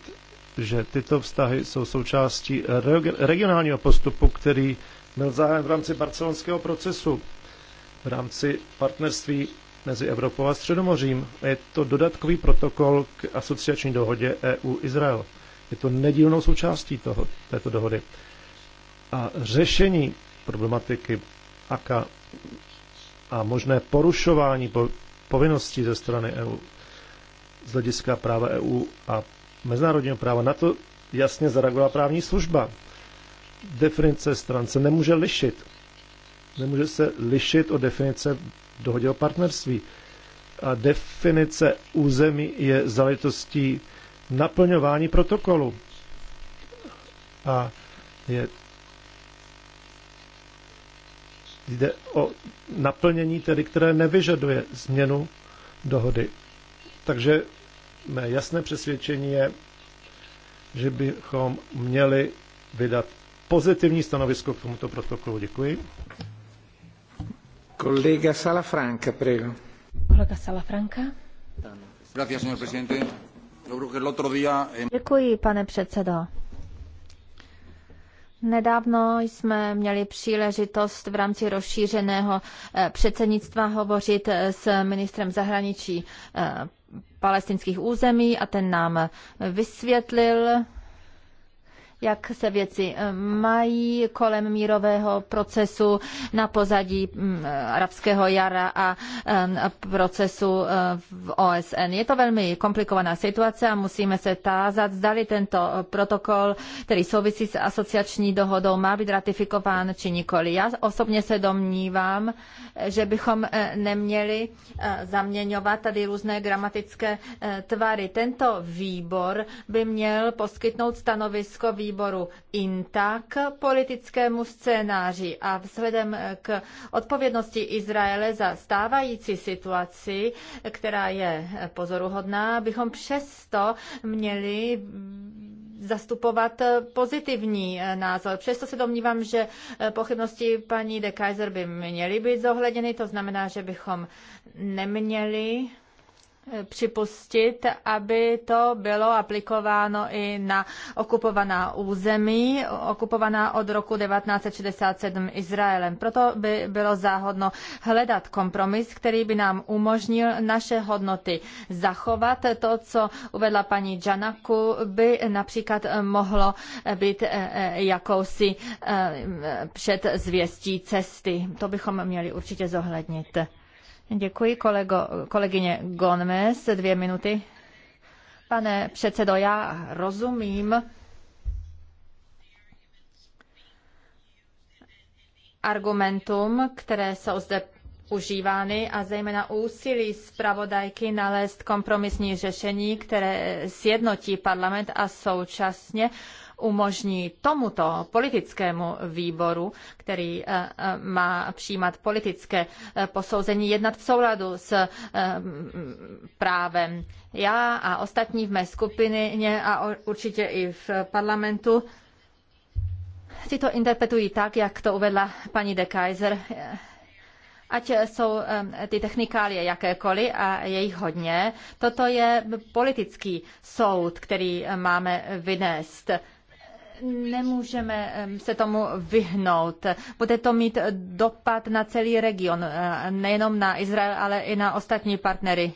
[SPEAKER 3] že tyto vztahy jsou součástí regionálního postupu, který byl zahájen v rámci barcelonského procesu, v rámci partnerství mezi Evropou a Středomořím. Je to dodatkový protokol k asociační dohodě EU-Izrael. Je to nedílnou součástí toho, této dohody. A řešení problematiky AKA a možné porušování povinností ze strany EU z hlediska práva EU a mezinárodního práva. Na to jasně zareagovala právní služba. Definice stran se nemůže lišit. Nemůže se lišit o definice dohodě o partnerství. A definice území je záležitostí naplňování protokolu. A je jde o naplnění tedy, které nevyžaduje změnu dohody. Takže mé jasné přesvědčení je, že bychom měli vydat pozitivní stanovisko k tomuto protokolu. Děkuji.
[SPEAKER 1] Kolega Salafranca, prego.
[SPEAKER 4] Kolega Salafranca.
[SPEAKER 1] Gracias, señor presidente.
[SPEAKER 4] Děkuji, pane předsedo. Nedávno jsme měli příležitost v rámci rozšířeného eh, předsednictva hovořit eh, s ministrem zahraničí eh, palestinských území a ten nám vysvětlil, jak se věci eh, mají kolem mírového procesu na pozadí mm, arabského jara a procesu eh, v OSN. Je to velmi komplikovaná situace a musíme se tázat, zdali tento eh, protokol, který souvisí s asociační dohodou, má být ratifikován či nikoli. Já osobně se domnívám, že bychom neměli zaměňovat tady různé gramatické tvary. Tento výbor by měl poskytnout stanovisko výboru výboru Intak politickému scénáři a vzhledem k odpovědnosti Izraele za stávající situaci, která je pozoruhodná, bychom přesto měli zastupovat pozitivní názor. Přesto se domnívám, že pochybnosti paní de Kaiser by měly být zohledněny, to znamená, že bychom neměli Eh, připustit, aby to bylo aplikováno i na okupovaná území, okupovaná od roku 1967 Izraelem. Proto by bylo záhodno hledat kompromis, který by nám umožnil naše hodnoty zachovat. To, co uvedla paní Janaku, by například mohlo být eh, eh, jakousi předzvěstí cesty. To bychom měli určitě zohlednit. Děkuji, kolego, kolegyně Gomez, dvě minuty. Pane předsedo, já rozumím argumentům, které jsou zde užívány a zejména úsilí zpravodajky nalézt kompromisní řešení, které sjednotí parlament a současně umožní tomuto politickému výboru, který eh, eh, má přijímat politické eh, posouzení, jednat v souladu s mm, právem. Já a ostatní v mé skupině a určitě i v parlamentu si to interpretují tak, jak to uvedla paní de Kaiser, ať jsou ty technikálie jakékoliv a je jich hodně. Toto je politický soud, který máme vynést. Nemůžeme se tomu vyhnout. Bude to mít dopad na celý region, e, nejenom na Izrael, ale i na ostatní partnery.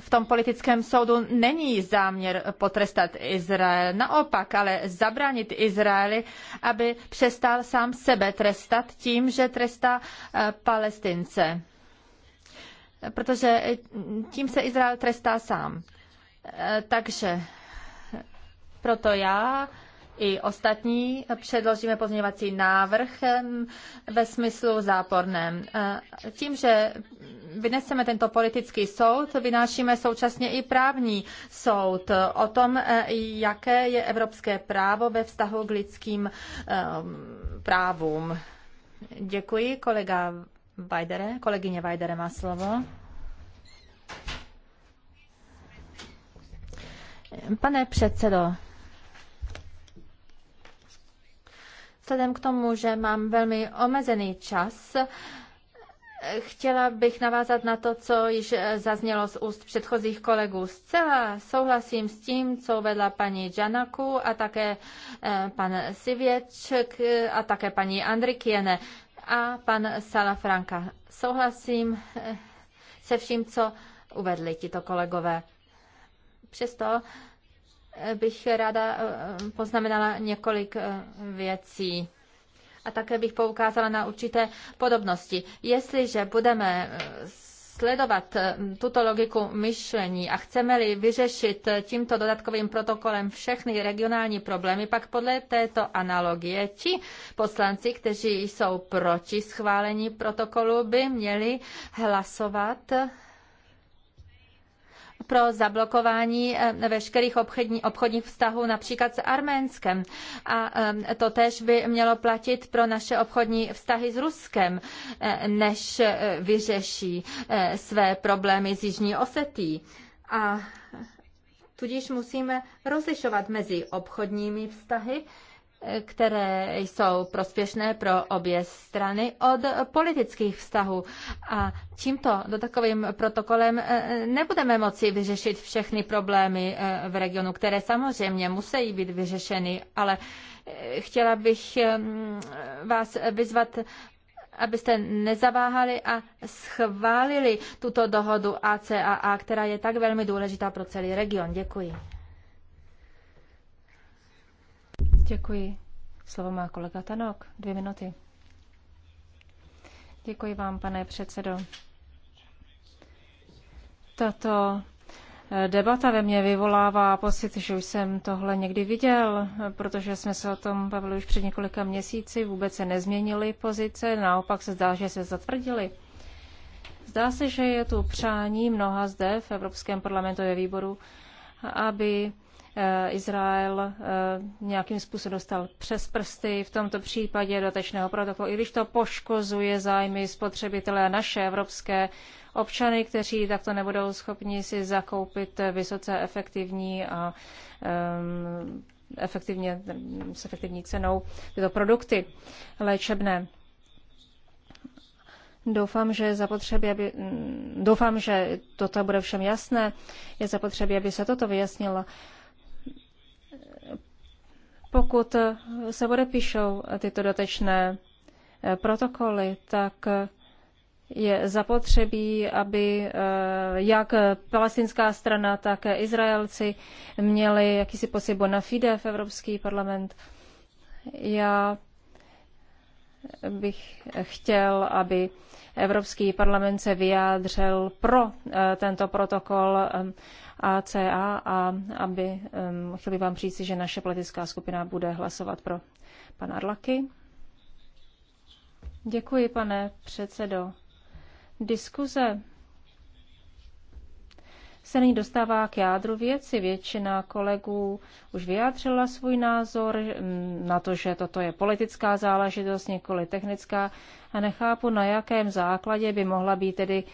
[SPEAKER 4] V tom politickém soudu není záměr potrestat Izrael, naopak, ale zabránit Izraeli, aby přestal sám sebe trestat tím, že trestá e, Palestince. Protože tím se Izrael trestá sám. E, takže proto já i ostatní předložíme pozměňovací návrh ve smyslu záporném. E, tím, že vyneseme tento politický soud, vynášíme současně i právní soud o tom, e, jaké je evropské právo ve vztahu k lidským e, právům. Děkuji, kolega Vajdere. Kolegyně Vajdere má slovo. Pane předsedo, Vzhledem k tomu, že mám velmi omezený čas, Chtěla bych navázat na to, co již eh, zaznělo z úst předchozích kolegů. Zcela souhlasím s tím, co vedla paní Janaku a také eh, pan Sivěček eh, a také paní Andrikiene a pan Salafranka. Souhlasím se vším, co uvedli tito kolegové. Přesto bych ráda eh, poznamenala několik eh, věcí. A také bych poukázala na určité podobnosti. Jestliže budeme eh, sledovat tuto logiku myšlení a chceme-li vyřešit tímto dodatkovým protokolem všechny regionální problémy, pak podle této analogie ti poslanci, kteří jsou proti schválení protokolu, by měli hlasovat pro zablokování eh, veškerých obchodní, obchodních vztahů například s Arménskem. A eh, to tež by mělo platit pro naše obchodní vztahy s Ruskem, eh, než vyřeší své problémy s Jižní Osetí. A tudíž musíme rozlišovat mezi obchodními vztahy které jsou prospěšné pro obě strany od politických vztahů. A tímto do takovým protokolem eh, nebudeme moci vyřešit všechny problémy eh, v regionu, které samozřejmě musí být vyřešeny, ale eh, chtěla bych vás vyzvat abyste nezaváhali a schválili tuto dohodu ACAA, která je tak velmi důležitá pro celý region. Děkuji.
[SPEAKER 2] Děkuji. Slovo má kolega Tanok. Dvě minuty. Děkuji vám, pane předsedo. Tato eh, debata ve mně vyvolává pocit, že už jsem tohle někdy viděl, protože jsme se o tom bavili už před několika měsíci, vůbec se nezměnily pozice, naopak se zdá, že se zatvrdily. Zdá se, že je tu přání mnoha zde v Evropském parlamentu ve výboru, aby Eh, Izrael eh, nějakým způsobem dostal přes prsty v tomto případě dotečného protokolu, i když to poškozuje zájmy spotřebitele a naše evropské občany, kteří takto nebudou schopni si zakoupit vysoce efektivní a um, efektivně, s efektivní cenou tyto produkty léčebné. Doufám, že zapotřebí, aby, mm, doufám, že toto bude všem jasné. Je zapotřebí, aby se toto vyjasnilo. Pokud se odepíšou tyto dotečné eh, protokoly, tak je zapotřebí, aby eh, jak palestinská strana, tak Izraelci měli jakýsi pocit na fide v Evropský parlament. Já bych chtěl, aby Evropský parlament se vyjádřil pro eh, tento protokol ACA a aby, um, chtěli vám říct, že naše politická skupina bude hlasovat pro pana Arlaky. Děkuji, pane předsedo. Diskuze se nyní dostává k jádru věci. Většina kolegů už vyjádřila svůj názor na to, že toto je politická záležitost, nikoli technická a nechápu, na jakém základě by mohla být tedy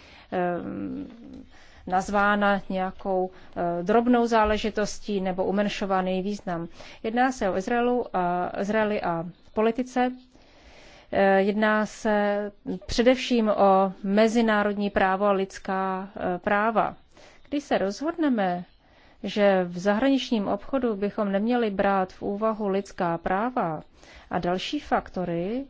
[SPEAKER 2] nazvána nějakou eh, drobnou záležitostí nebo umenšovaný význam. Jedná se o Izraelu a, Izraeli a politice. Eh, jedná se především o mezinárodní právo a lidská eh, práva. Když se rozhodneme, že v zahraničním obchodu bychom neměli brát v úvahu lidská práva a další faktory,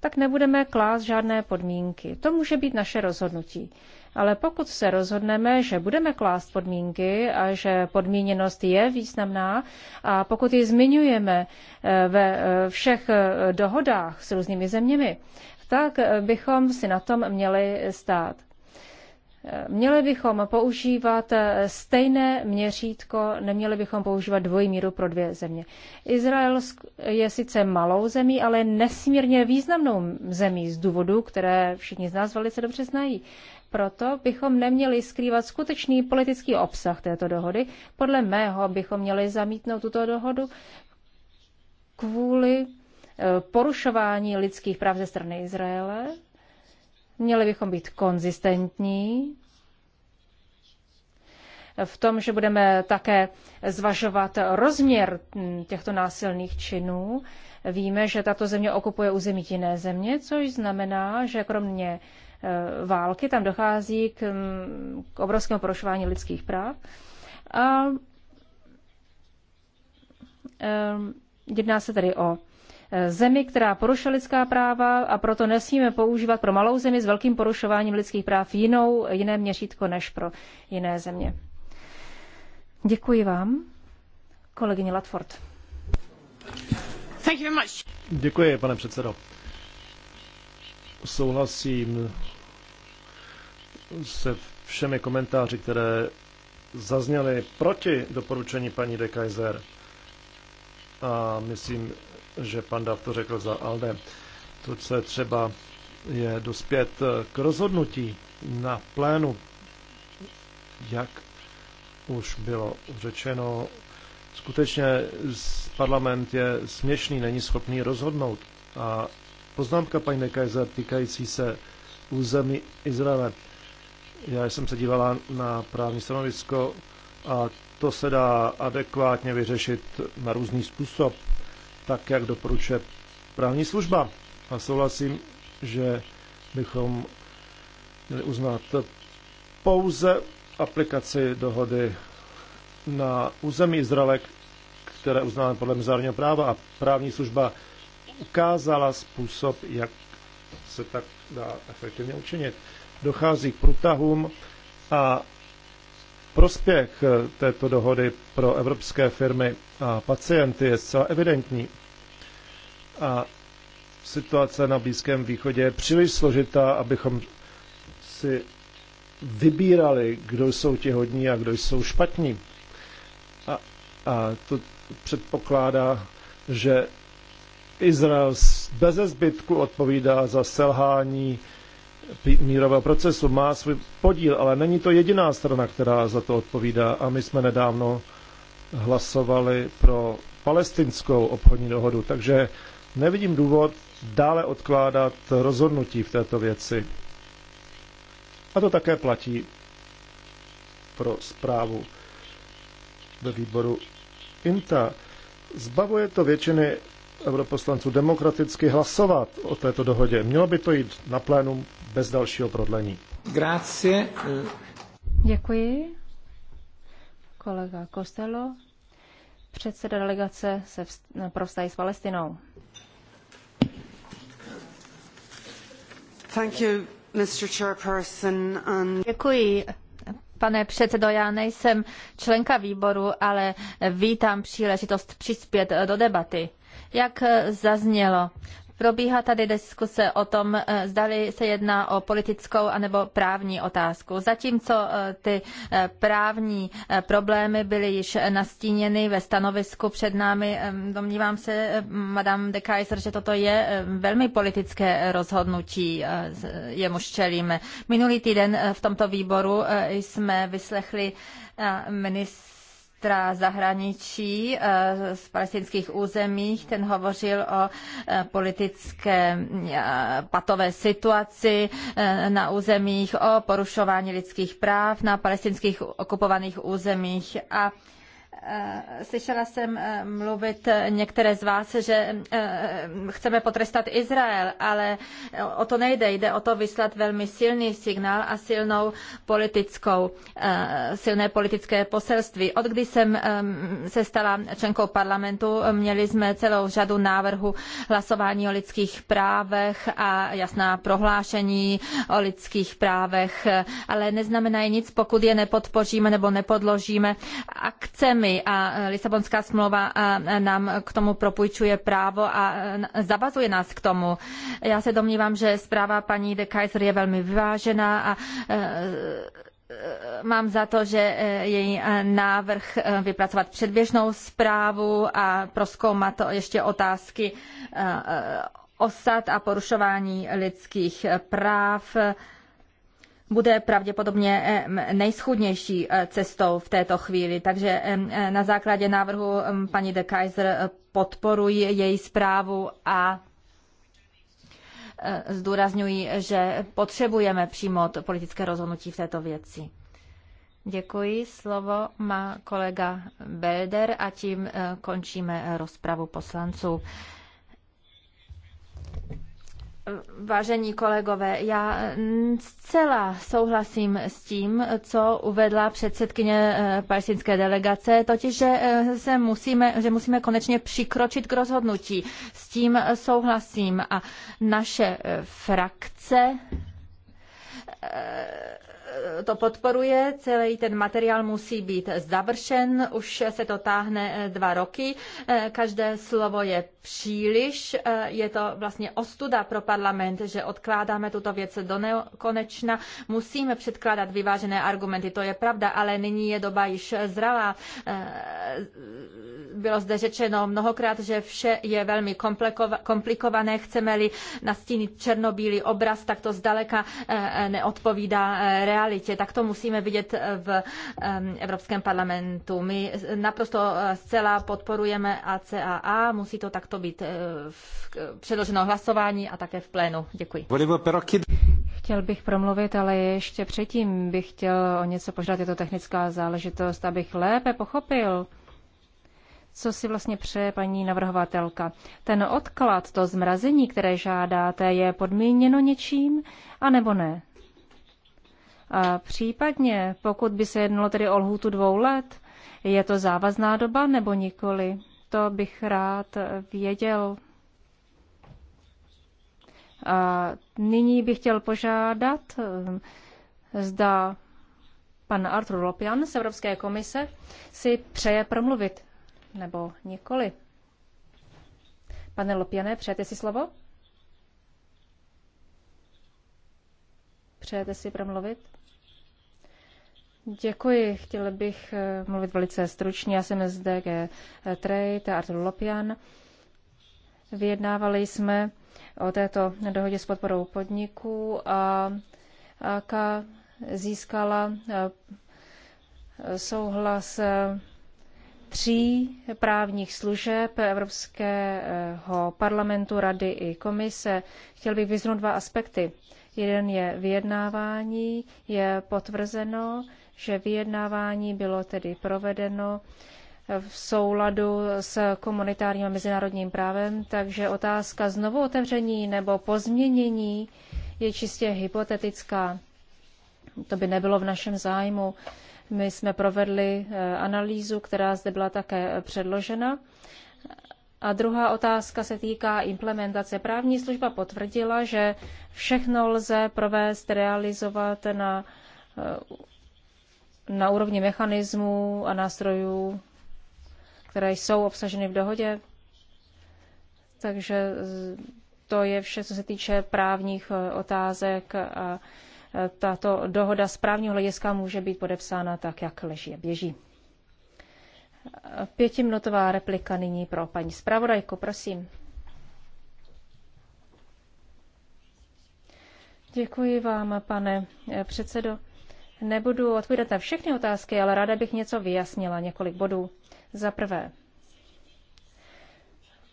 [SPEAKER 2] tak nebudeme klást žádné podmínky. To může být naše rozhodnutí. Ale pokud se rozhodneme, že budeme klást podmínky a že podmíněnost je významná a pokud ji zmiňujeme eh, ve eh, všech eh, dohodách s různými zeměmi, tak bychom si na tom měli stát. Měli bychom používat stejné měřítko, neměli bychom používat dvojí míru pro dvě země. Izrael je sice malou zemí, ale nesmírně významnou zemí z důvodu, které všichni z nás velice dobře znají. Proto bychom neměli skrývat skutečný politický obsah této dohody. Podle mého bychom měli zamítnout tuto dohodu kvůli eh, porušování lidských práv ze strany Izraele. Měli bychom být konzistentní v tom, že budeme také zvažovat rozměr hm, těchto násilných činů. Víme, že tato země okupuje území jiné země, což znamená, že kromě Eh, války, tam dochází k, mm, k obrovskému porušování lidských práv. A eh, jedná se tedy o eh, zemi, která porušuje lidská práva a proto nesmíme používat pro malou zemi s velkým porušováním lidských práv jinou, jiné měřítko než pro jiné země. Děkuji vám, kolegyně Latford.
[SPEAKER 3] Děkuji, pane předsedo. Souhlasím se všemi komentáři, které zazněly proti doporučení paní de Kaiser. A myslím, že pan Dav to řekl za Alde. To, co je třeba, je dospět k rozhodnutí na plénu, jak už bylo řečeno, skutečně parlament je směšný, není schopný rozhodnout a poznámka, paní Nekajzer, týkající se území Izraele. Já jsem se dívala na právní stanovisko a to se dá adekvátně vyřešit na různý způsob, tak jak doporučuje právní služba. A souhlasím, že bychom měli uznat pouze aplikaci dohody na území Izraele, které uznáme podle mezinárodního práva a právní služba ukázala způsob, jak se tak dá efektivně učinit. Dochází k průtahům a prospěch této dohody pro evropské firmy a pacienty je zcela evidentní. A situace na Blízkém východě je příliš složitá, abychom si vybírali, kdo jsou ti hodní a kdo jsou špatní. A, a to předpokládá, že Izrael bez zbytku odpovídá za selhání mírového procesu, má svůj podíl, ale není to jediná strana, která za to odpovídá. A my jsme nedávno hlasovali pro palestinskou obchodní dohodu, takže nevidím důvod dále odkládat rozhodnutí v této věci. A to také platí pro zprávu ve výboru INTA. Zbavuje to většiny europoslanců demokraticky hlasovat o této dohodě. Mělo by to jít na plénum bez dalšího prodlení.
[SPEAKER 1] Grazie.
[SPEAKER 2] Děkuji. Kolega Costello, předseda delegace se vst- s Palestinou.
[SPEAKER 4] Thank you, Mr. Chairperson, and... Děkuji, Pane předsedo, já nejsem členka výboru, ale vítám příležitost přispět do debaty. Jak eh, zaznělo, probíhá tady diskuse o tom, eh, zdali se jedná o politickou anebo právní otázku. Zatímco eh, ty právní problémy byly již nastíněny ve stanovisku před námi, domnívám se, madame de Kaiser, že toto je velmi politické rozhodnutí, jemuž čelíme. Minulý týden v tomto výboru jsme vyslechli ministra ministra zahraničí eh, z palestinských územích. Ten hovořil o eh, politické eh, patové situaci na územích, o porušování lidských práv na palestinských okupovaných územích a Eh, slyšela jsem eh, mluvit eh, některé z vás, že chceme potrestat Izrael, ale o to nejde. Jde o to vyslat velmi silný signál a silnou politickou, silné politické poselství. Od kdy jsem se stala členkou parlamentu, měli jsme celou řadu návrhů hlasování o lidských právech a jasná prohlášení o lidských právech, ale neznamenají nic, pokud je nepodpoříme nebo nepodložíme akcemi unii a e, Lisabonská smlouva e, nám k tomu propůjčuje právo a e, zavazuje nás k tomu. Já se domnívám, že zpráva paní de Kaiser je velmi vyvážená a mám za to, že její návrh vypracovat předběžnou zprávu a proskoumat ještě otázky osad a porušování lidských práv bude pravděpodobně nejschudnější eh, cestou v této chvíli. Takže eh, na základě návrhu paní de Kaiser eh, podporuji její zprávu a zdůrazňuji, že potřebujeme přijmout politické rozhodnutí v této věci. Děkuji. Slovo má kolega Belder a tím končíme rozpravu poslanců. Vážení kolegové, já mm, zcela souhlasím s tím, co uvedla předsedkyně eh, palestinské delegace, totiž, že, eh, se musíme, že musíme konečně přikročit k rozhodnutí. S tím eh, souhlasím a naše frakce to podporuje. Celý ten materiál musí být završen, už se to táhne eh, dva roky. Eh, každé slovo je příliš. Eh, je to vlastně ostuda pro parlament, že odkládáme tuto věc do nekonečna. Musíme předkládat vyvážené argumenty, to je pravda, ale nyní je doba již zralá. Bylo zde řečeno mnohokrát, že vše je velmi komplikované. Chceme-li nastínit černobílý obraz, tak to zdaleka neodpovídá realitě realitě. Tak to musíme vidět eh, v Evropském parlamentu. My naprosto eh, zcela podporujeme ACAA, musí to takto být eh, předloženo hlasování a také v plénu. Děkuji. Chtěl
[SPEAKER 2] bych promluvit, ale ještě předtím bych chtěl o něco požádat. Je to technická záležitost, abych lépe pochopil, co si vlastně přeje paní navrhovatelka. Ten odklad, to zmrazení, které žádáte, je podmíněno něčím, anebo ne? A případně, pokud by se jednalo tedy o lhůtu dvou let, je to závazná doba nebo nikoli? To bych rád věděl. A nyní bych chtěl požádat, eh, zda pan Artur Lopian z Evropské komise si přeje promluvit, nebo nikoli. Pane Lopiane, přejete si slovo? Přejete si promluvit? Děkuji. Chtěla bych eh, mluvit velice stručně. Já jsem z DG eh, Trade, Artur Lopian. Vyjednávali jsme o této dohodě s podporou podniků a AK získala eh, souhlas tří právních služeb Evropského parlamentu, Rady i komise. Chtěl bych vyznout dva aspekty. Jeden je vyjednávání, je potvrzeno, že vyjednávání bylo tedy provedeno v souladu s komunitárním a mezinárodním právem, takže otázka znovu otevření nebo pozměnění je čistě hypotetická. To by nebylo v našem zájmu. My jsme provedli eh, analýzu, která zde byla také eh, předložena. A druhá otázka se týká implementace. Právní služba potvrdila, že všechno lze provést, realizovat na eh, na úrovni mechanismů a nástrojů, které jsou obsaženy v dohodě. Takže to je vše, co se týče právních eh, otázek a eh, tato dohoda z právního hlediska může být podepsána tak, jak leží a běží. Pětiminutová replika nyní pro paní zpravodajku, prosím. Děkuji vám, pane eh, předsedo. Nebudu odpovídat na všechny otázky, ale ráda bych něco vyjasnila, několik bodů. Za prvé,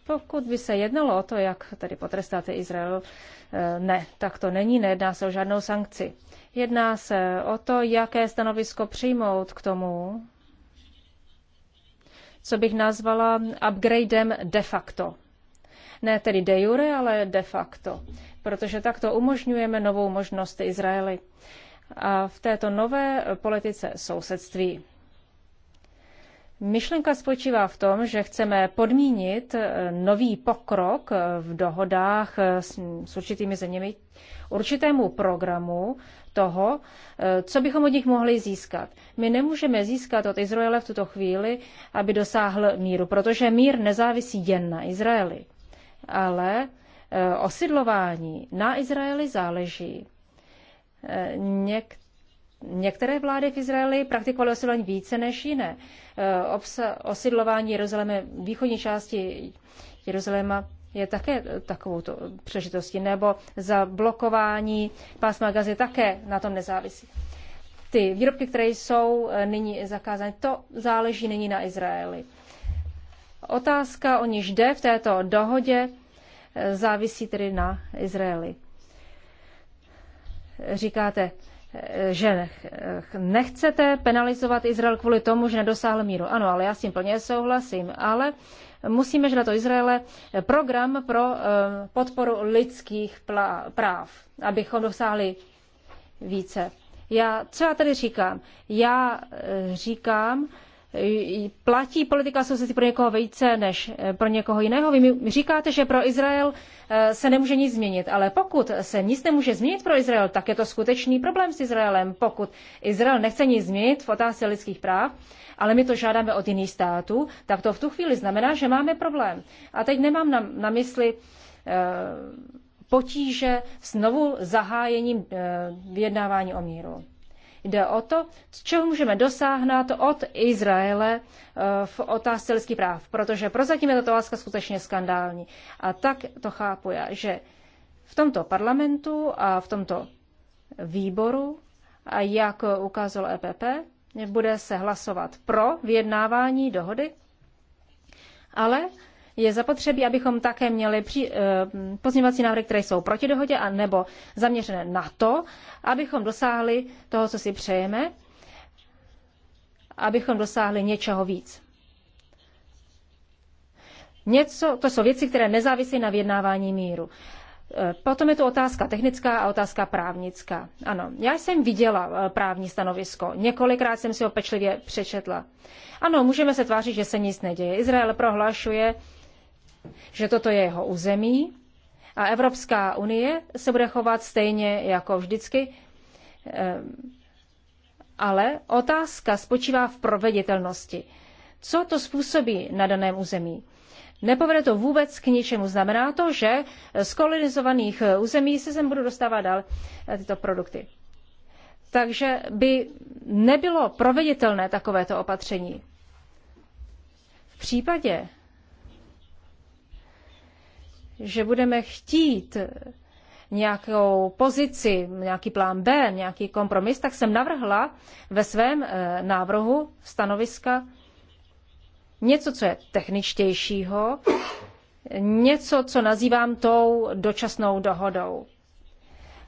[SPEAKER 2] pokud by se jednalo o to, jak tady potrestáte Izrael, eh, ne, tak to není, nejedná se o žádnou sankci. Jedná se o to, jaké stanovisko přijmout k tomu, co bych nazvala upgradem de facto. Ne tedy de jure, ale de facto, protože takto umožňujeme novou možnost Izraeli a v této nové politice sousedství. Myšlenka spočívá v tom, že chceme podmínit eh, nový pokrok eh, v dohodách eh, s, s určitými zeměmi určitému programu toho, co bychom od nich mohli získat. My nemůžeme získat od Izraele v tuto chvíli, aby dosáhl míru, protože mír nezávisí jen na Izraeli. Ale osidlování na Izraeli záleží. Něk, některé vlády v Izraeli praktikovaly osidlování více než jiné. Eh, obsa, osidlování Jeruzaléma, východní části Jeruzaléma je také takovou přežitostí, nebo zablokování pásma gazy také na tom nezávisí. Ty výrobky, které jsou eh, nyní zakázány, to záleží nyní na Izraeli. Otázka, o níž jde v této dohodě, eh, závisí tedy na Izraeli říkáte, že nechcete penalizovat Izrael kvůli tomu, že nedosáhl míru. Ano, ale já s tím plně souhlasím, ale musíme žádat o Izraele program pro eh, podporu lidských práv, abychom dosáhli více. Já, co já tady říkám? Já eh, říkám, platí politika sousedství pro někoho více než eh, pro někoho jiného. Vy mi říkáte, že pro Izrael eh, se nemůže nic změnit, ale pokud se nic nemůže změnit pro Izrael, tak je to skutečný problém s Izraelem. Pokud Izrael nechce nic změnit v otázce lidských práv, ale my to žádáme od jiných států, tak to v tu chvíli znamená, že máme problém. A teď nemám na, na mysli eh, potíže s novou zahájením vyjednávání o míru. Jde o to, z čeho můžeme dosáhnout od Izraele eh, v otázce lidských práv, protože prozatím je tato láska skutečně skandální. A tak to chápu já, že v tomto parlamentu a v tomto výboru, a jak ukázalo EPP, bude se hlasovat pro vyjednávání dohody, ale je zapotřebí, abychom také měli při, eh, pozměňovací návrhy, které jsou proti dohodě a nebo zaměřené na to, abychom dosáhli toho, co si přejeme, abychom dosáhli něčeho víc. Něco, to jsou věci, které nezávisí na vyjednávání míru. Eh, potom je to otázka technická a otázka právnická. Ano, já jsem viděla eh, právní stanovisko. Několikrát jsem si ho pečlivě přečetla. Ano, můžeme se tvářit, že se nic neděje. Izrael prohlašuje, že toto je jeho území a Evropská unie se bude chovat stejně jako vždycky. Ehm, ale otázka spočívá v proveditelnosti. Co to způsobí na daném území? Nepovede to vůbec k ničemu. Znamená to, že z kolonizovaných území se sem budou dostávat dál eh, tyto produkty. Takže by nebylo proveditelné takovéto opatření. V případě, že budeme chtít nějakou pozici, nějaký plán B, nějaký kompromis, tak jsem navrhla ve svém eh, návrhu stanoviska něco, co je techničtějšího, něco, co nazývám tou dočasnou dohodou.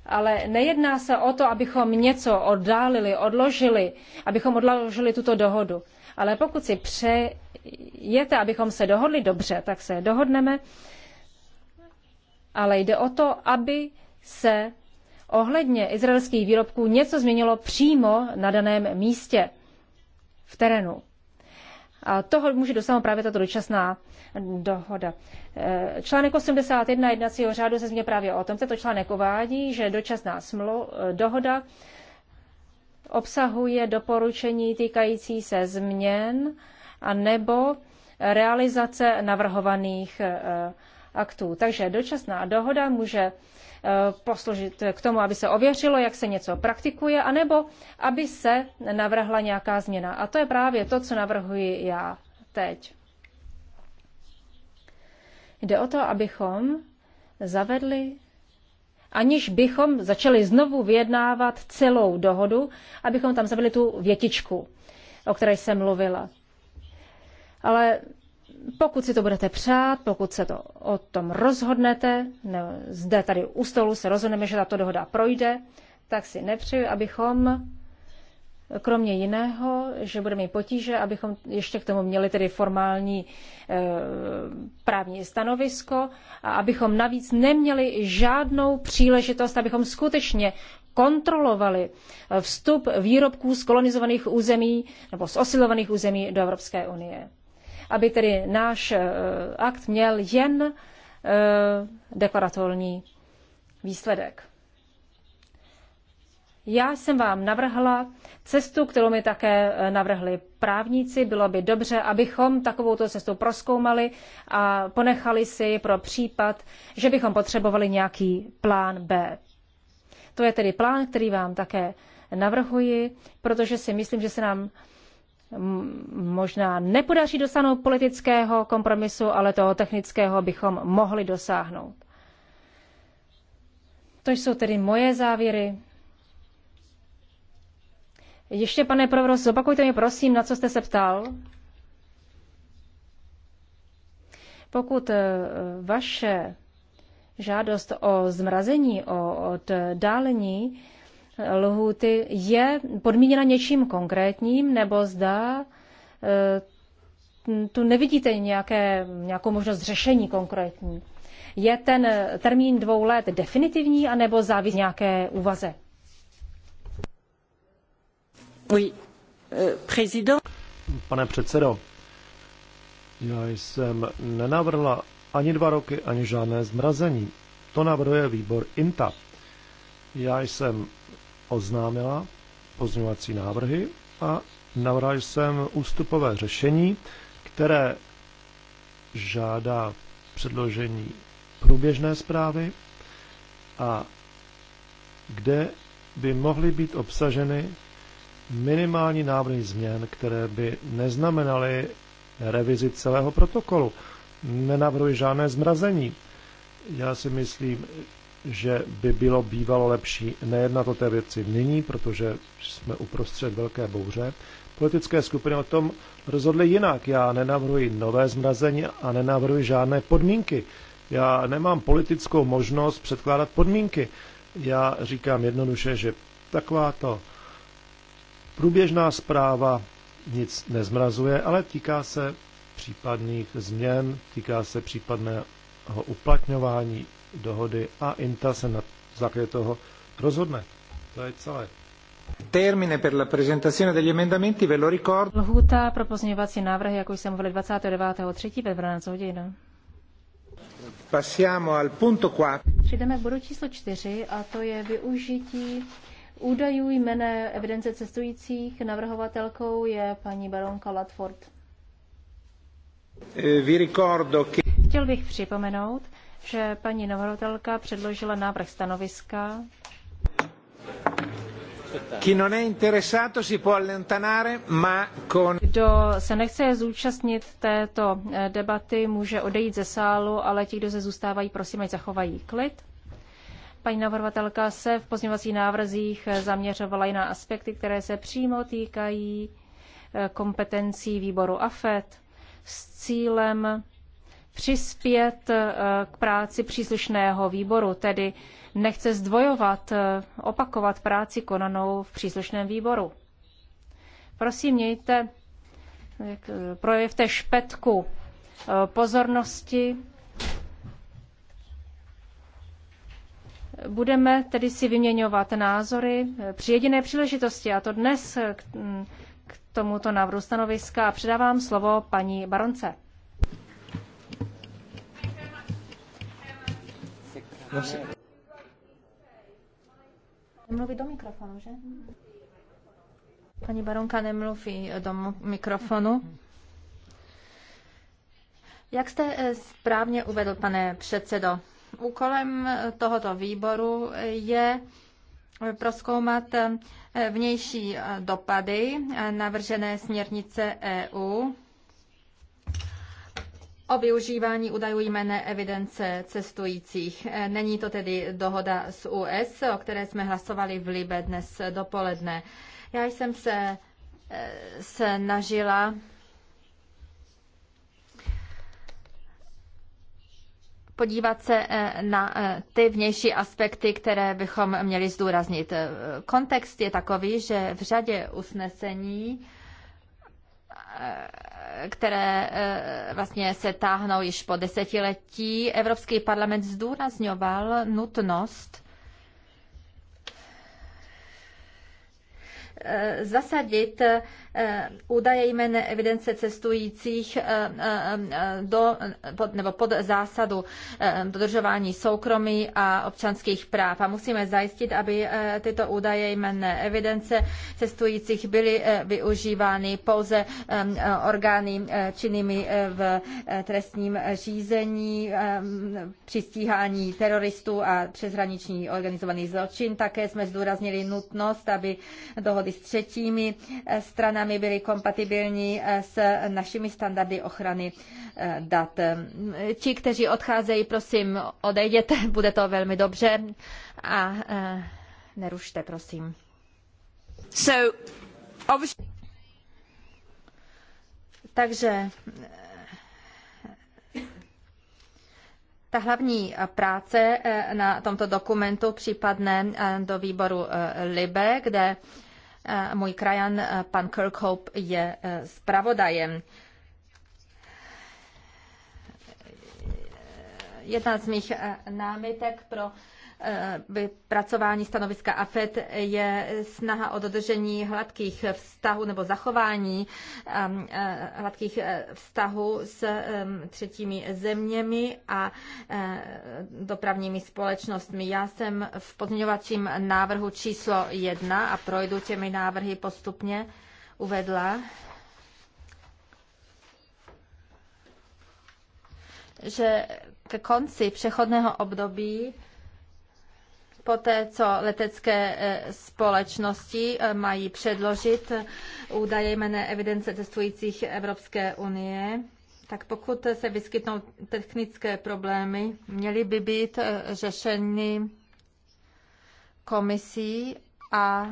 [SPEAKER 2] Ale nejedná se o to, abychom něco oddálili, odložili, abychom odložili tuto dohodu. Ale pokud si přejete, abychom se dohodli dobře, tak se dohodneme ale jde o to, aby se ohledně izraelských výrobků něco změnilo přímo na daném místě v terénu. A toho může dosáhnout právě tato dočasná dohoda. E, článek 81 jednacího řádu se změně právě o tom. Tento článek uvádí, že dočasná smlu, e, dohoda obsahuje doporučení týkající se změn a nebo realizace navrhovaných e, aktů. Takže dočasná dohoda může eh, posloužit k tomu, aby se ověřilo, jak se něco praktikuje, anebo aby se navrhla nějaká změna. A to je právě to, co navrhuji já teď. Jde o to, abychom zavedli, aniž bychom začali znovu vyjednávat celou dohodu, abychom tam zavedli tu větičku, o které jsem mluvila. Ale pokud si to budete přát, pokud se to o tom rozhodnete, ne, zde tady u stolu se rozhodneme, že tato dohoda projde, tak si nepřeju, abychom kromě jiného, že budeme mít potíže, abychom ještě k tomu měli tedy formální e, právní stanovisko a abychom navíc neměli žádnou příležitost, abychom skutečně kontrolovali e, vstup výrobků z kolonizovaných území nebo z osilovaných území do Evropské unie aby tedy náš eh, akt měl jen eh, deklaratorní výsledek. Já jsem vám navrhla cestu, kterou mi také eh, navrhli právníci. Bylo by dobře, abychom takovouto cestu proskoumali a ponechali si pro případ, že bychom potřebovali nějaký plán B. To je tedy plán, který vám také navrhuji, protože si myslím, že se nám možná nepodaří dosáhnout politického kompromisu, ale toho technického bychom mohli dosáhnout. To jsou tedy moje závěry. Ještě, pane Provros, zopakujte mi prosím, na co jste se ptal. Pokud eh, vaše žádost o zmrazení, o oddálení, lhůty je podmíněna něčím konkrétním, nebo zda eh, tu nevidíte nějaké, nějakou možnost řešení konkrétní. Je ten termín dvou let definitivní, anebo závisí nějaké úvaze? Oui. Euh, Prezident. Pane
[SPEAKER 3] předsedo, já jsem nenavrhla ani dva roky, ani žádné zmrazení. To navrhuje výbor INTA. Já jsem oznámila pozměňovací návrhy a navrhl jsem ústupové řešení, které žádá předložení průběžné zprávy a kde by mohly být obsaženy minimální návrhy změn, které by neznamenaly revizi celého protokolu. Nenavrhuji žádné zmrazení. Já si myslím, že by bylo bývalo lepší nejednat o té věci nyní, protože jsme uprostřed velké bouře. Politické skupiny o tom rozhodly jinak. Já nenavrhuji nové zmrazení a nenavrhuji žádné podmínky. Já nemám politickou možnost předkládat podmínky. Já říkám jednoduše, že takováto průběžná zpráva nic nezmrazuje, ale týká se případných změn, týká se případného uplatňování dohody a INTA se na základě toho rozhodne.
[SPEAKER 2] To je celé.
[SPEAKER 1] Termine per la presentazione degli emendamenti, ve lo ricordo.
[SPEAKER 2] Lhuta pro pozměňovací návrhy, jak už jsem mluvil, 29.3. ve 12 hodin.
[SPEAKER 1] Passiamo al punto 4.
[SPEAKER 2] Přijdeme k bodu číslo 4 a to je využití údajů jmene evidence cestujících. Navrhovatelkou je paní baronka Latford.
[SPEAKER 1] Eh, ricordo che...
[SPEAKER 2] Chtěl bych připomenout, že paní navrhovatelka předložila návrh stanoviska. Kdo se nechce zúčastnit této eh, debaty, může odejít ze sálu, ale ti, kdo se zůstávají, prosím, ať zachovají klid. Paní navrhovatelka se v pozměňovacích návrzích eh, zaměřovala i na aspekty, které se přímo týkají eh, kompetencí výboru AFET s cílem přispět eh, k práci příslušného výboru, tedy nechce zdvojovat, eh, opakovat práci konanou v příslušném výboru. Prosím, mějte eh, projevte té špetku pozornosti. Budeme tedy si vyměňovat názory při jediné příležitosti, a to dnes mm, k tomuto návrhu stanoviska. Předávám slovo paní baronce.
[SPEAKER 1] Prosím.
[SPEAKER 4] Nemluví do mikrofonu, že? Paní baronka nemluví do mikrofonu. Jak jste eh, správně uvedl, pane předsedo, úkolem eh, tohoto výboru je eh, proskoumat vnější dopady navržené směrnice EU o využívání údajů jméné evidence cestujících. Není to tedy dohoda s US, o které jsme hlasovali v Libe dnes dopoledne. Já jsem se eh, snažila podívat se eh, na eh, ty vnější aspekty, které bychom měli zdůraznit. Kontext je takový, že v řadě usnesení které eh, vlastně se táhnou již po desetiletí. Evropský parlament zdůrazňoval nutnost Eh, zasadit eh, údaje jméne evidence cestujících eh, do, pod, nebo pod zásadu dodržování soukromí a občanských práv. A musíme zajistit, aby tyto údaje jméne evidence cestujících byly využívány pouze orgány činnými v trestním řízení, při stíhání teroristů a přeshraniční organizovaný zločin. Také jsme zdůraznili nutnost, aby dohody smlouvy s třetími eh, stranami byly kompatibilní eh, s našimi standardy ochrany eh, dat. Ti, kteří odcházejí, prosím, odejděte, bude to velmi dobře a nerušte, prosím. So, obviously... Takže ta hlavní práce na tomto dokumentu připadne do výboru LIBE, kde můj krajan, pan Kirkhope, je e, zpravodajem. Jedna z mých e, námitek pro Eh, vypracování stanoviska AFED je snaha o dodržení hladkých vztahů nebo zachování ehm, eh, hladkých eh, vztahů s ehm, třetími zeměmi a dopravními společnostmi. Já jsem v pozměňovacím návrhu číslo jedna a projdu těmi návrhy postupně uvedla, že ke konci přechodného období poté co letecké e, společnosti e, mají předložit e, údaje jmené evidence cestujících Evropské unie, tak pokud se vyskytnou technické problémy, měly by být řešeny komisí a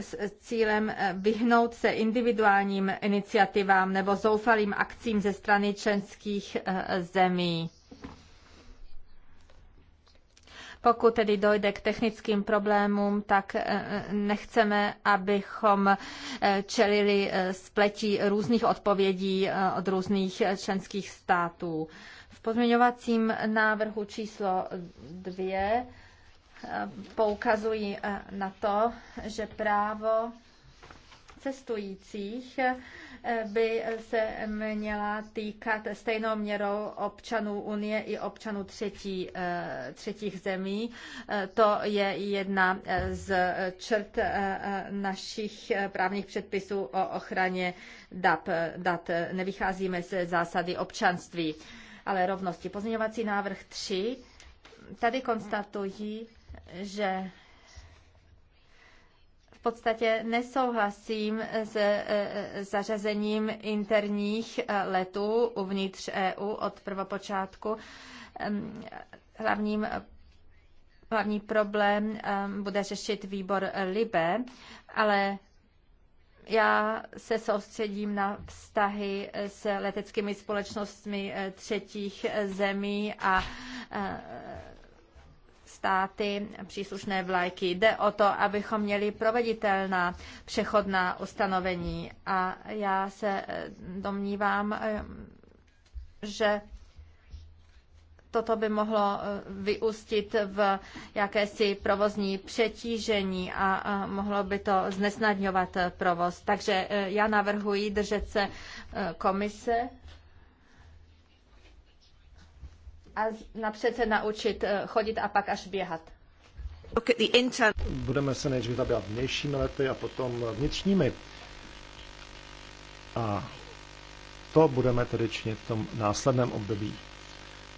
[SPEAKER 4] s cílem vyhnout se individuálním iniciativám nebo zoufalým akcím ze strany členských zemí. Pokud tedy dojde k technickým problémům, tak eh, eh, nechceme, abychom eh, čelili spletí různých odpovědí od různých členských států. V pozměňovacím návrhu číslo dvě poukazují na to, že právo cestujících eh, by se měla týkat stejnou měrou občanů Unie i občanů třetí, eh, třetích zemí. Eh, to je jedna z črt našich právních předpisů o ochraně DAP. Dat. Nevycházíme ze zásady občanství, ale rovnosti. Pozměňovací návrh 3. Tady konstatují, že podstatě nesouhlasím s e, e, zařazením interních e, letů uvnitř EU od prvopočátku. Hlavním Hlavní problém bude řešit výbor Libe, ale já se soustředím na vztahy s leteckými společnostmi třetích zemí a státy příslušné vlajky. Jde o to, abychom měli proveditelná přechodná ustanovení. A já se eh, domnívám, eh, že toto by mohlo eh, vyústit v jakési provozní přetížení a mohlo by to znesnadňovat provoz. Takže já navrhuji držet se komise a napřed se naučit eh, chodit a pak až běhat.
[SPEAKER 3] Budeme se nejdřív zabývat vnějšími lety a potom vnitřními. A to budeme tedy činit v tom následném období.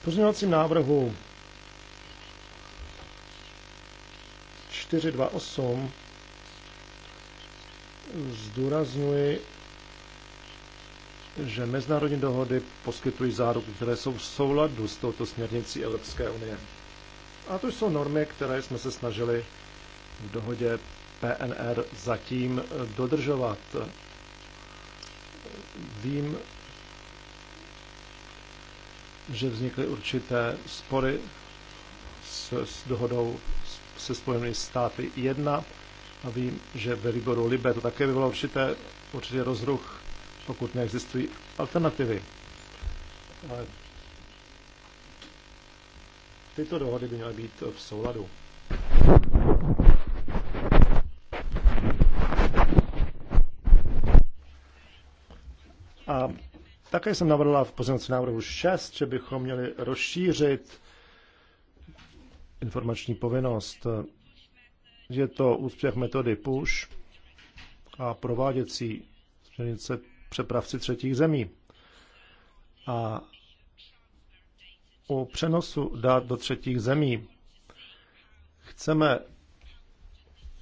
[SPEAKER 3] V pozměňovacím návrhu 428 zdůraznuji, že mezinárodní dohody poskytují záruky, které jsou v souladu s touto směrnicí Evropské unie. A to jsou normy, které jsme se snažili v dohodě PNR zatím dodržovat. Vím, že vznikly určité spory s, s dohodou se Spojenými státy 1 a vím, že ve výboru Libe to také by bylo určité, určitě rozruch pokud neexistují alternativy. Ale tyto dohody by měly být v souladu. A také jsem navrhla v pozornosti návrhu 6, že bychom měli rozšířit informační povinnost. Je to úspěch metody PUSH a prováděcí směrnice přepravci třetích zemí. A u přenosu dat do třetích zemí chceme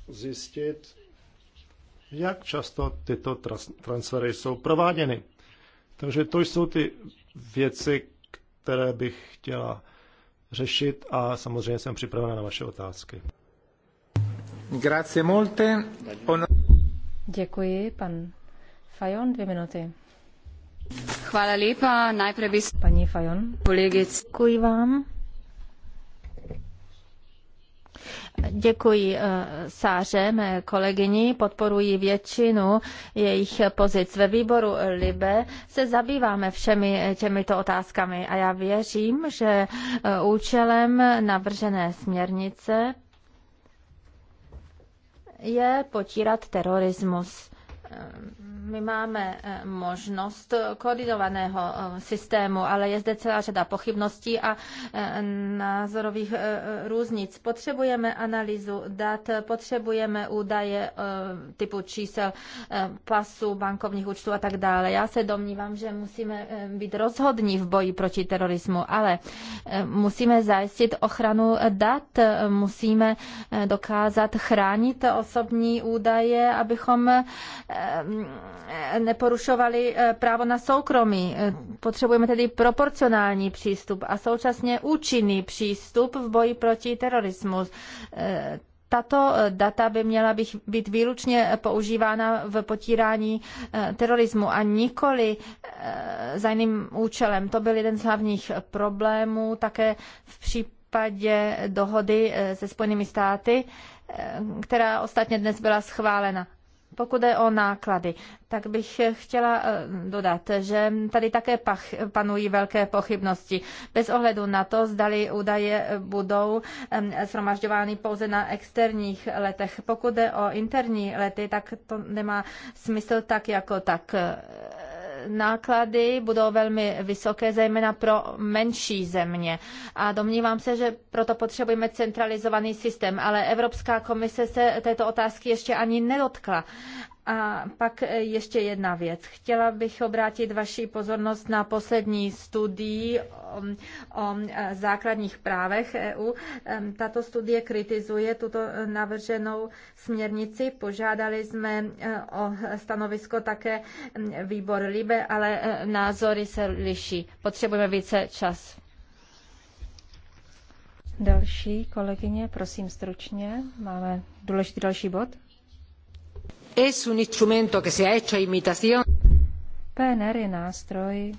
[SPEAKER 3] zjistit, jak často tyto transfery jsou prováděny. Takže to jsou ty věci, které bych chtěla řešit a samozřejmě jsem připravena na vaše otázky. Grazie
[SPEAKER 2] molte. Děkuji, pan Fajon, dvě minuty. Chvále lípa, najprve bys... Paní
[SPEAKER 4] Fajon. Kolegic. Děkuji vám. Děkuji eh, Sáře, mé kolegyni, podporuji většinu jejich pozic. Ve výboru LIBE se zabýváme všemi eh, těmito otázkami a já věřím, že eh, účelem navržené směrnice je potírat terorismus. Eh, my máme eh, možnost koordinovaného eh, systému, ale je zde celá řada pochybností a názorových různic. Potřebujeme analýzu dat, potřebujeme údaje typu čísel pasů, bankovních účtů a tak dále. Já se domnívám, že musíme být rozhodní v boji proti terorismu, ale musíme zajistit ochranu dat, musíme dokázat chránit osobní údaje, abychom Ehm, neporušovali eh, právo na soukromí. Eh, potřebujeme tedy proporcionální přístup a současně účinný přístup v boji proti terorismu. Eh, tato data by měla být výlučně používána v potírání terorismu a nikoli za jiným účelem. To byl jeden z hlavních problémů také v případě dohody se Spojenými státy, která ostatně dnes byla schválena. Pokud je o náklady, tak bych chtěla eh, dodat, že tady také pach, panují velké pochybnosti. Bez ohledu na to, zdali údaje budou shromažďovány pouze na externích letech. Pokud je o interní lety, tak to nemá smysl tak jako tak náklady budou velmi vysoké, zejména pro menší země. A domnívám se, že proto potřebujeme centralizovaný systém, ale Evropská komise se této otázky ještě ani nedotkla. A pak ještě jedna věc. Chtěla bych obrátit vaši pozornost na poslední studii o, o základních právech EU. Tato studie kritizuje tuto navrženou směrnici. Požádali jsme e, o stanovisko také výbor Libe, ale e, názory se liší. Potřebujeme více čas.
[SPEAKER 2] Další kolegyně, prosím stručně. Máme důležitý další bod. PNR je nástroj,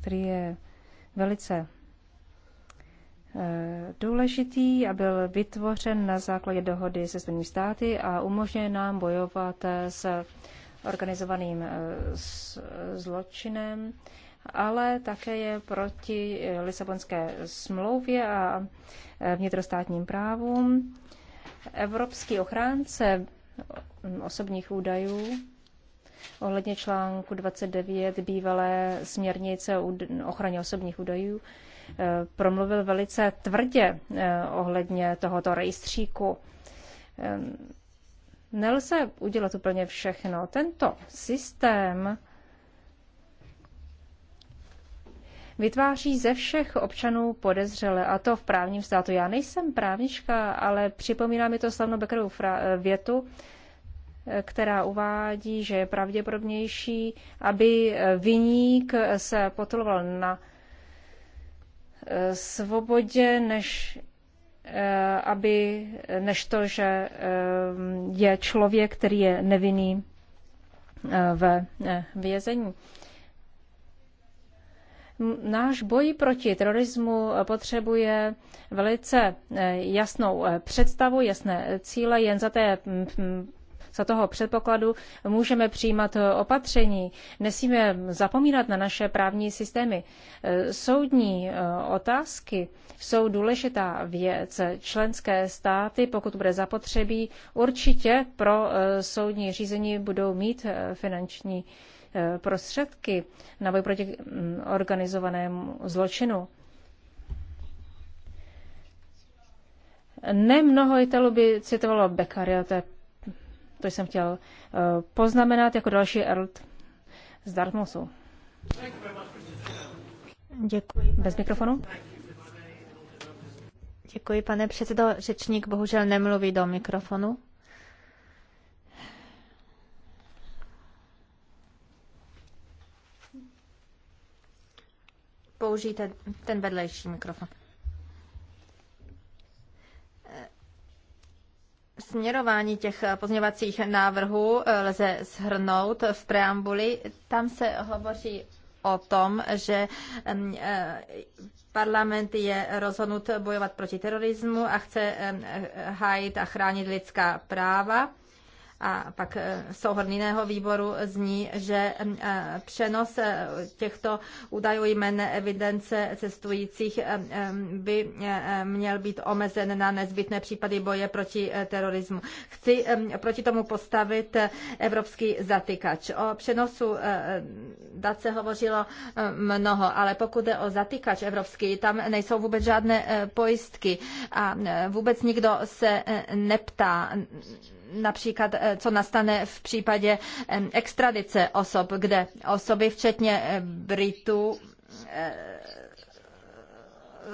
[SPEAKER 2] který je velice eh, důležitý a byl vytvořen na základě dohody se Spojenými státy a umožňuje nám bojovat eh, s organizovaným eh, zločinem, ale také je proti Lisabonské smlouvě a vnitrostátním právům. Evropský ochránce osobních údajů ohledně článku 29 bývalé směrnice o ochraně osobních údajů eh, promluvil velice tvrdě eh, ohledně tohoto rejstříku. Ehm, nelze udělat úplně všechno. Tento systém vytváří ze všech občanů podezřele, a to v právním státu. Já nejsem právnička, ale připomíná mi to slavnou Beckerovu větu, která uvádí, že je pravděpodobnější, aby viník se potuloval na eh, svobodě, než eh, aby, než to, že eh, je člověk, který je nevinný ve vězení. Náš boj proti terorismu potřebuje velice eh, jasnou eh, představu, jasné cíle, jen za té mm, mm, za toho předpokladu můžeme přijímat opatření. Nesmíme zapomínat na naše právní systémy. Eh, soudní otázky jsou důležitá věc. Členské státy, pokud bude zapotřebí, určitě pro soudní řízení budou mít finanční Eh, prostředky na boj proti mm, organizovanému zločinu. Nemnoho Italů by citovalo Beccaria, to, je, to jsem chtěl eh, poznamenat jako další Erlt z Dartmouthu.
[SPEAKER 4] Děkuji. Bez mikrofonu. Děkuji, pane předsedo. Řečník bohužel nemluví do mikrofonu. Použijte ten, ten vedlejší mikrofon. Směrování těch pozměňovacích návrhů lze shrnout v preambuli. Tam se hovoří o tom, že e, parlament je rozhodnut bojovat proti terorismu a chce e, hájit a chránit lidská práva a pak e, souhodného výboru zní, že e, přenos e, těchto údajů jméne evidence cestujících by měl být omezen na nezbytné případy boje proti terorismu. Chci proti tomu postavit evropský zatykač. O přenosu dat se hovořilo mnoho, ale pokud jde o zatykač evropský, tam nejsou vůbec žádné pojistky a vůbec nikdo se neptá například eh, co nastane v případě eh, extradice osob, kde osoby, včetně eh, Britů,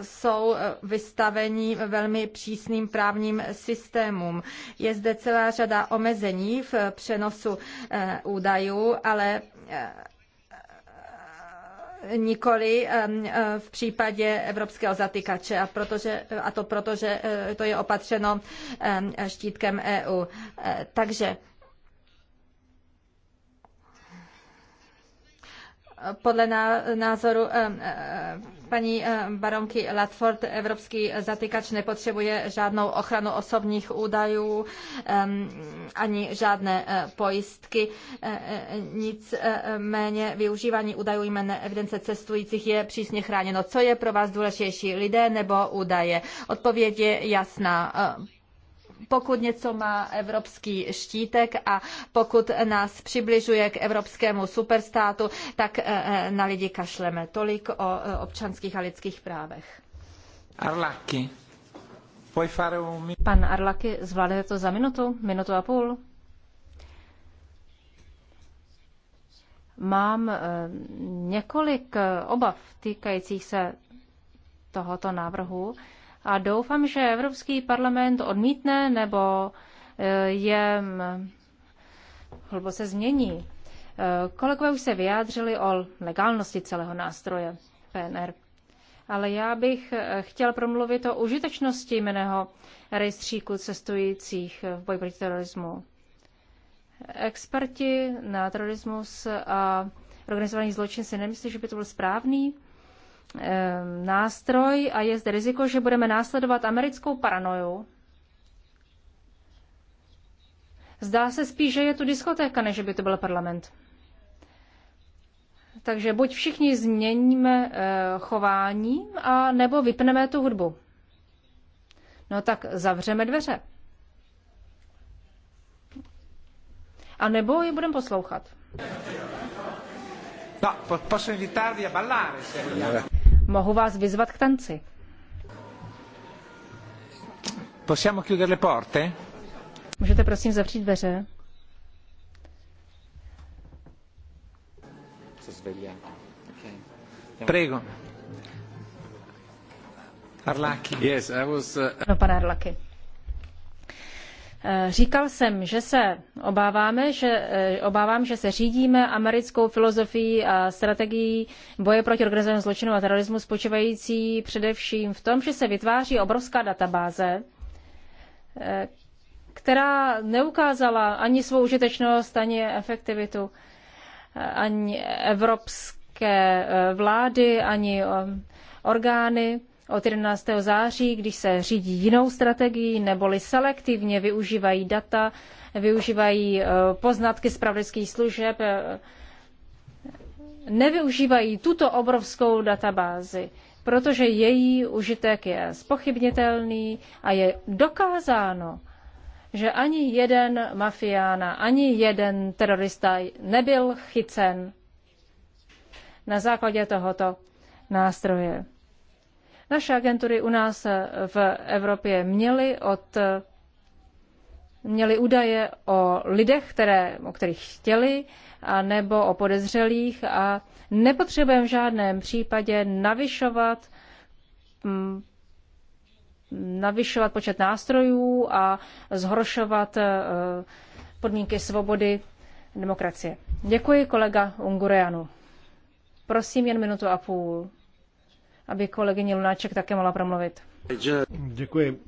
[SPEAKER 4] jsou vystaveni velmi přísným právním systémům. Je zde celá řada omezení v přenosu údajů, ale nikoli eh, v případě evropského zatykače a, protože, a to protože eh, to je opatřeno štítkem EU. Eh, takže podle názoru eh, eh, paní eh, baronky Latford evropský zatykač nepotřebuje žádnou ochranu osobních údajů ani žádné pojistky. Nicméně využívání údajů jmen evidence cestujících je přísně chráněno. Co je pro vás důležitější, lidé nebo údaje? Odpověď je jasná pokud něco má evropský štítek a pokud nás přibližuje k evropskému superstátu, tak eh, eh, na lidi kašleme. Tolik o eh, občanských a lidských právech.
[SPEAKER 1] Arlaki.
[SPEAKER 2] Pan Arlaki, zvládne to za minutu, minutu a půl? Mám několik obav týkajících se tohoto návrhu a doufám, že Evropský parlament odmítne nebo e, je hluboce změní. E, kolegové už se vyjádřili o legálnosti celého nástroje PNR, ale já bych e, chtěl promluvit o užitečnosti jmeného rejstříku cestujících v boji proti terorismu. Experti na terorismus a organizovaný zločin si nemyslí, že by to byl správný Ehm, nástroj a je zde riziko, že budeme následovat americkou paranoju. Zdá se spíš, že je tu diskotéka, než by to byl parlament. Takže buď všichni změníme eh, chování, a nebo vypneme tu hudbu. No tak zavřeme dveře. A nebo je budeme poslouchat.
[SPEAKER 1] No, posso invitarvi a ballare se vogliamo
[SPEAKER 2] mohu vás vyzvat k tanci.
[SPEAKER 1] Possiamo chiudere le porte?
[SPEAKER 2] Můžete prosím zavřít dveře?
[SPEAKER 1] Prego. Arlaki. Yes, I was, uh...
[SPEAKER 2] No, pane Arlaki. Eh, říkal jsem, že se obáváme, že, eh, obávám, že se řídíme americkou filozofií a strategií boje proti organizovanému zločinu a terorismu spočívající především v tom, že se vytváří obrovská databáze, eh, která neukázala ani svou užitečnost, ani efektivitu, ani evropské vlády, ani orgány od 11. září, když se řídí jinou strategií neboli selektivně využívají data, využívají eh, poznatky z pravdických služeb, eh, nevyužívají tuto obrovskou databázi, protože její užitek je spochybnitelný a je dokázáno, že ani jeden mafián, ani jeden terorista nebyl chycen na základě tohoto nástroje. Naše agentury u nás v Evropě měly od měli údaje o lidech, které, o kterých chtěli, a nebo o podezřelých a nepotřebujeme v žádném případě navyšovat mm, navyšovat počet nástrojů a zhoršovat eh, podmínky svobody demokracie. Děkuji kolega Ungureanu. Prosím jen minutu a půl aby kolegyně Lunáček také mohla promluvit.
[SPEAKER 3] Děkuji.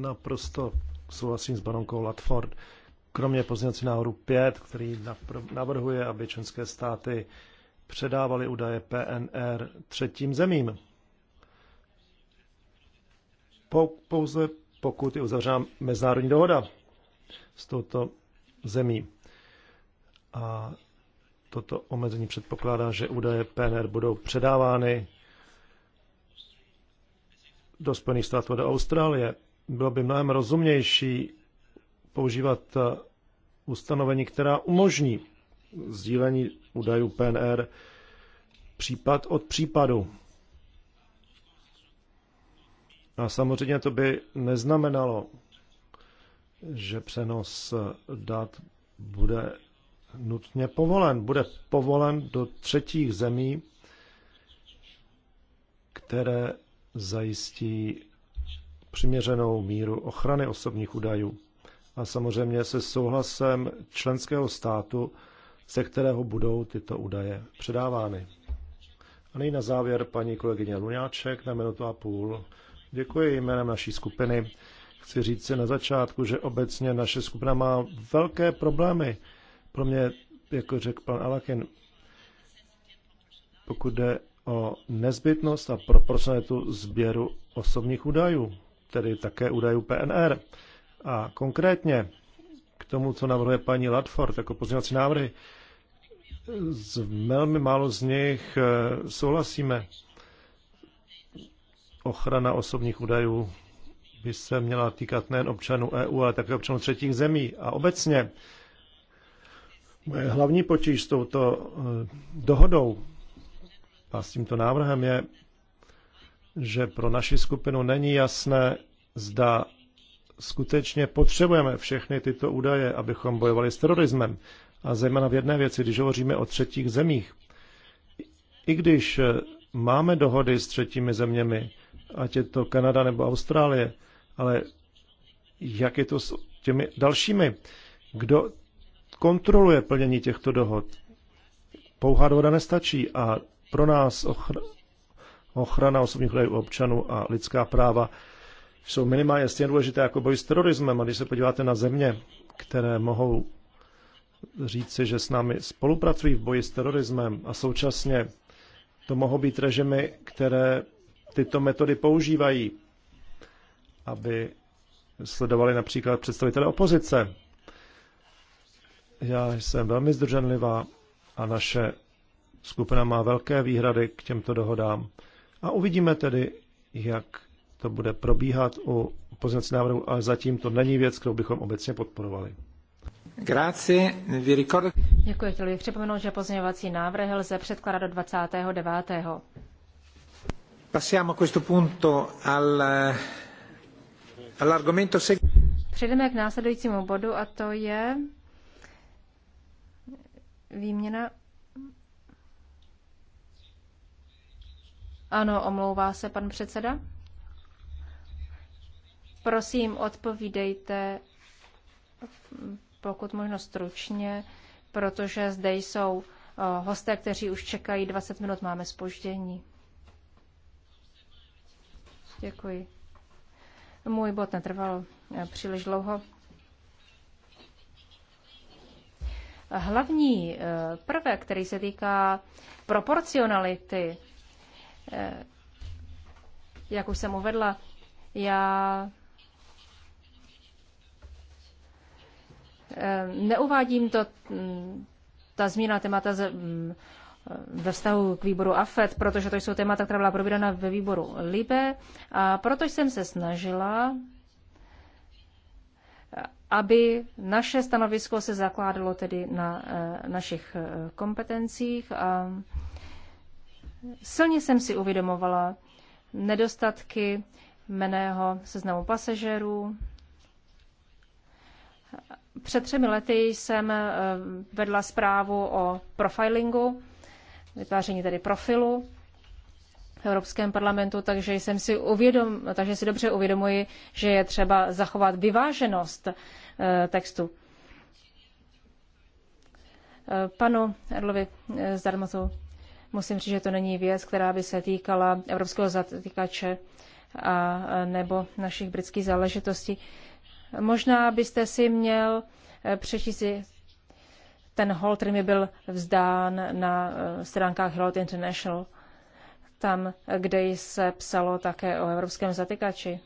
[SPEAKER 3] Naprosto souhlasím s baronkou Latford. Kromě pozněcí návrhu 5, který navrhuje, aby členské státy předávaly údaje PNR třetím zemím. Pouze pokud je uzavřena mezinárodní dohoda s touto zemí. A Toto omezení předpokládá, že údaje PNR budou předávány do Spojených států a do Austrálie. Bylo by mnohem rozumnější používat eh, ustanovení, která umožní sdílení údajů PNR případ od případu. A samozřejmě to by neznamenalo, že přenos eh, dat bude nutně povolen. Bude povolen do třetích zemí, které zajistí přiměřenou míru ochrany osobních údajů a samozřejmě se souhlasem členského státu, se kterého budou tyto údaje předávány. A nyní na závěr paní kolegyně Luňáček na minutu a půl. Děkuji jménem naší skupiny. Chci říct si na začátku, že obecně naše skupina má velké problémy pro mě, jako řekl pan Alakin, pokud jde o nezbytnost a proporcionalitu sběru osobních údajů, tedy také údajů PNR. A konkrétně k tomu, co navrhuje paní Latford jako pozměňovací návrhy, z velmi málo z nich eh, souhlasíme. Ochrana osobních údajů by se měla týkat nejen občanů EU, ale také občanů třetích zemí. A obecně Moje hlavní potíž s touto eh, dohodou a s tímto návrhem je, že pro naši skupinu není jasné, zda skutečně potřebujeme všechny tyto údaje, abychom bojovali s terorismem. A zejména v jedné věci, když hovoříme o třetích zemích. I když eh, máme dohody s třetími zeměmi, ať je to Kanada nebo Austrálie, ale jak je to s těmi dalšími? Kdo kontroluje plnění těchto dohod. Pouhá dohoda nestačí a pro nás ochr- ochrana osobních údajů občanů a lidská práva jsou minimálně stejně důležité jako boj s terorismem. A když se podíváte na země, které mohou říci, že s námi spolupracují v boji s terorismem a současně to mohou být režimy, které tyto metody používají, aby sledovali například představitele opozice. Já jsem velmi zdrženlivá a naše skupina má velké výhrady k těmto dohodám. A uvidíme tedy, jak to bude probíhat u pozměnce návrhu, ale zatím to není věc, kterou bychom obecně podporovali.
[SPEAKER 2] Děkuji, chtěl bych připomenout, že pozměňovací návrh lze předkládat do 29.
[SPEAKER 1] Passiamo a questo punto al, all'argomento
[SPEAKER 2] Přejdeme k následujícímu bodu a to je výměna. Ano, omlouvá se pan předseda. Prosím, odpovídejte pokud možno stručně, protože zde jsou eh, hosté, kteří už čekají 20 minut, máme spoždění. Děkuji. Můj bod netrval eh, příliš dlouho. Hlavní eh, prvek, který se týká proporcionality, eh, jak už jsem uvedla, já eh, neuvádím to, mm, ta změna témata mm, ve vztahu k výboru AFET, protože to jsou témata, která byla probírána ve výboru LIBE a proto jsem se snažila aby naše stanovisko se zakládalo tedy na eh, našich eh, kompetencích. A silně jsem si uvědomovala nedostatky meného seznamu pasažerů. Před třemi lety jsem eh, vedla zprávu o profilingu, vytváření tedy profilu v Evropském parlamentu, takže jsem si uvědom, takže si dobře uvědomuji, že je třeba zachovat vyváženost eh, textu. Eh, panu Erlovi to. Eh, musím říct, že to není věc, která by se týkala evropského zatýkače a nebo našich britských záležitostí. Možná byste si měl přečíst ten hol, který mi byl vzdán na stránkách Herald International tam, kde se psalo také o evropském zatykači.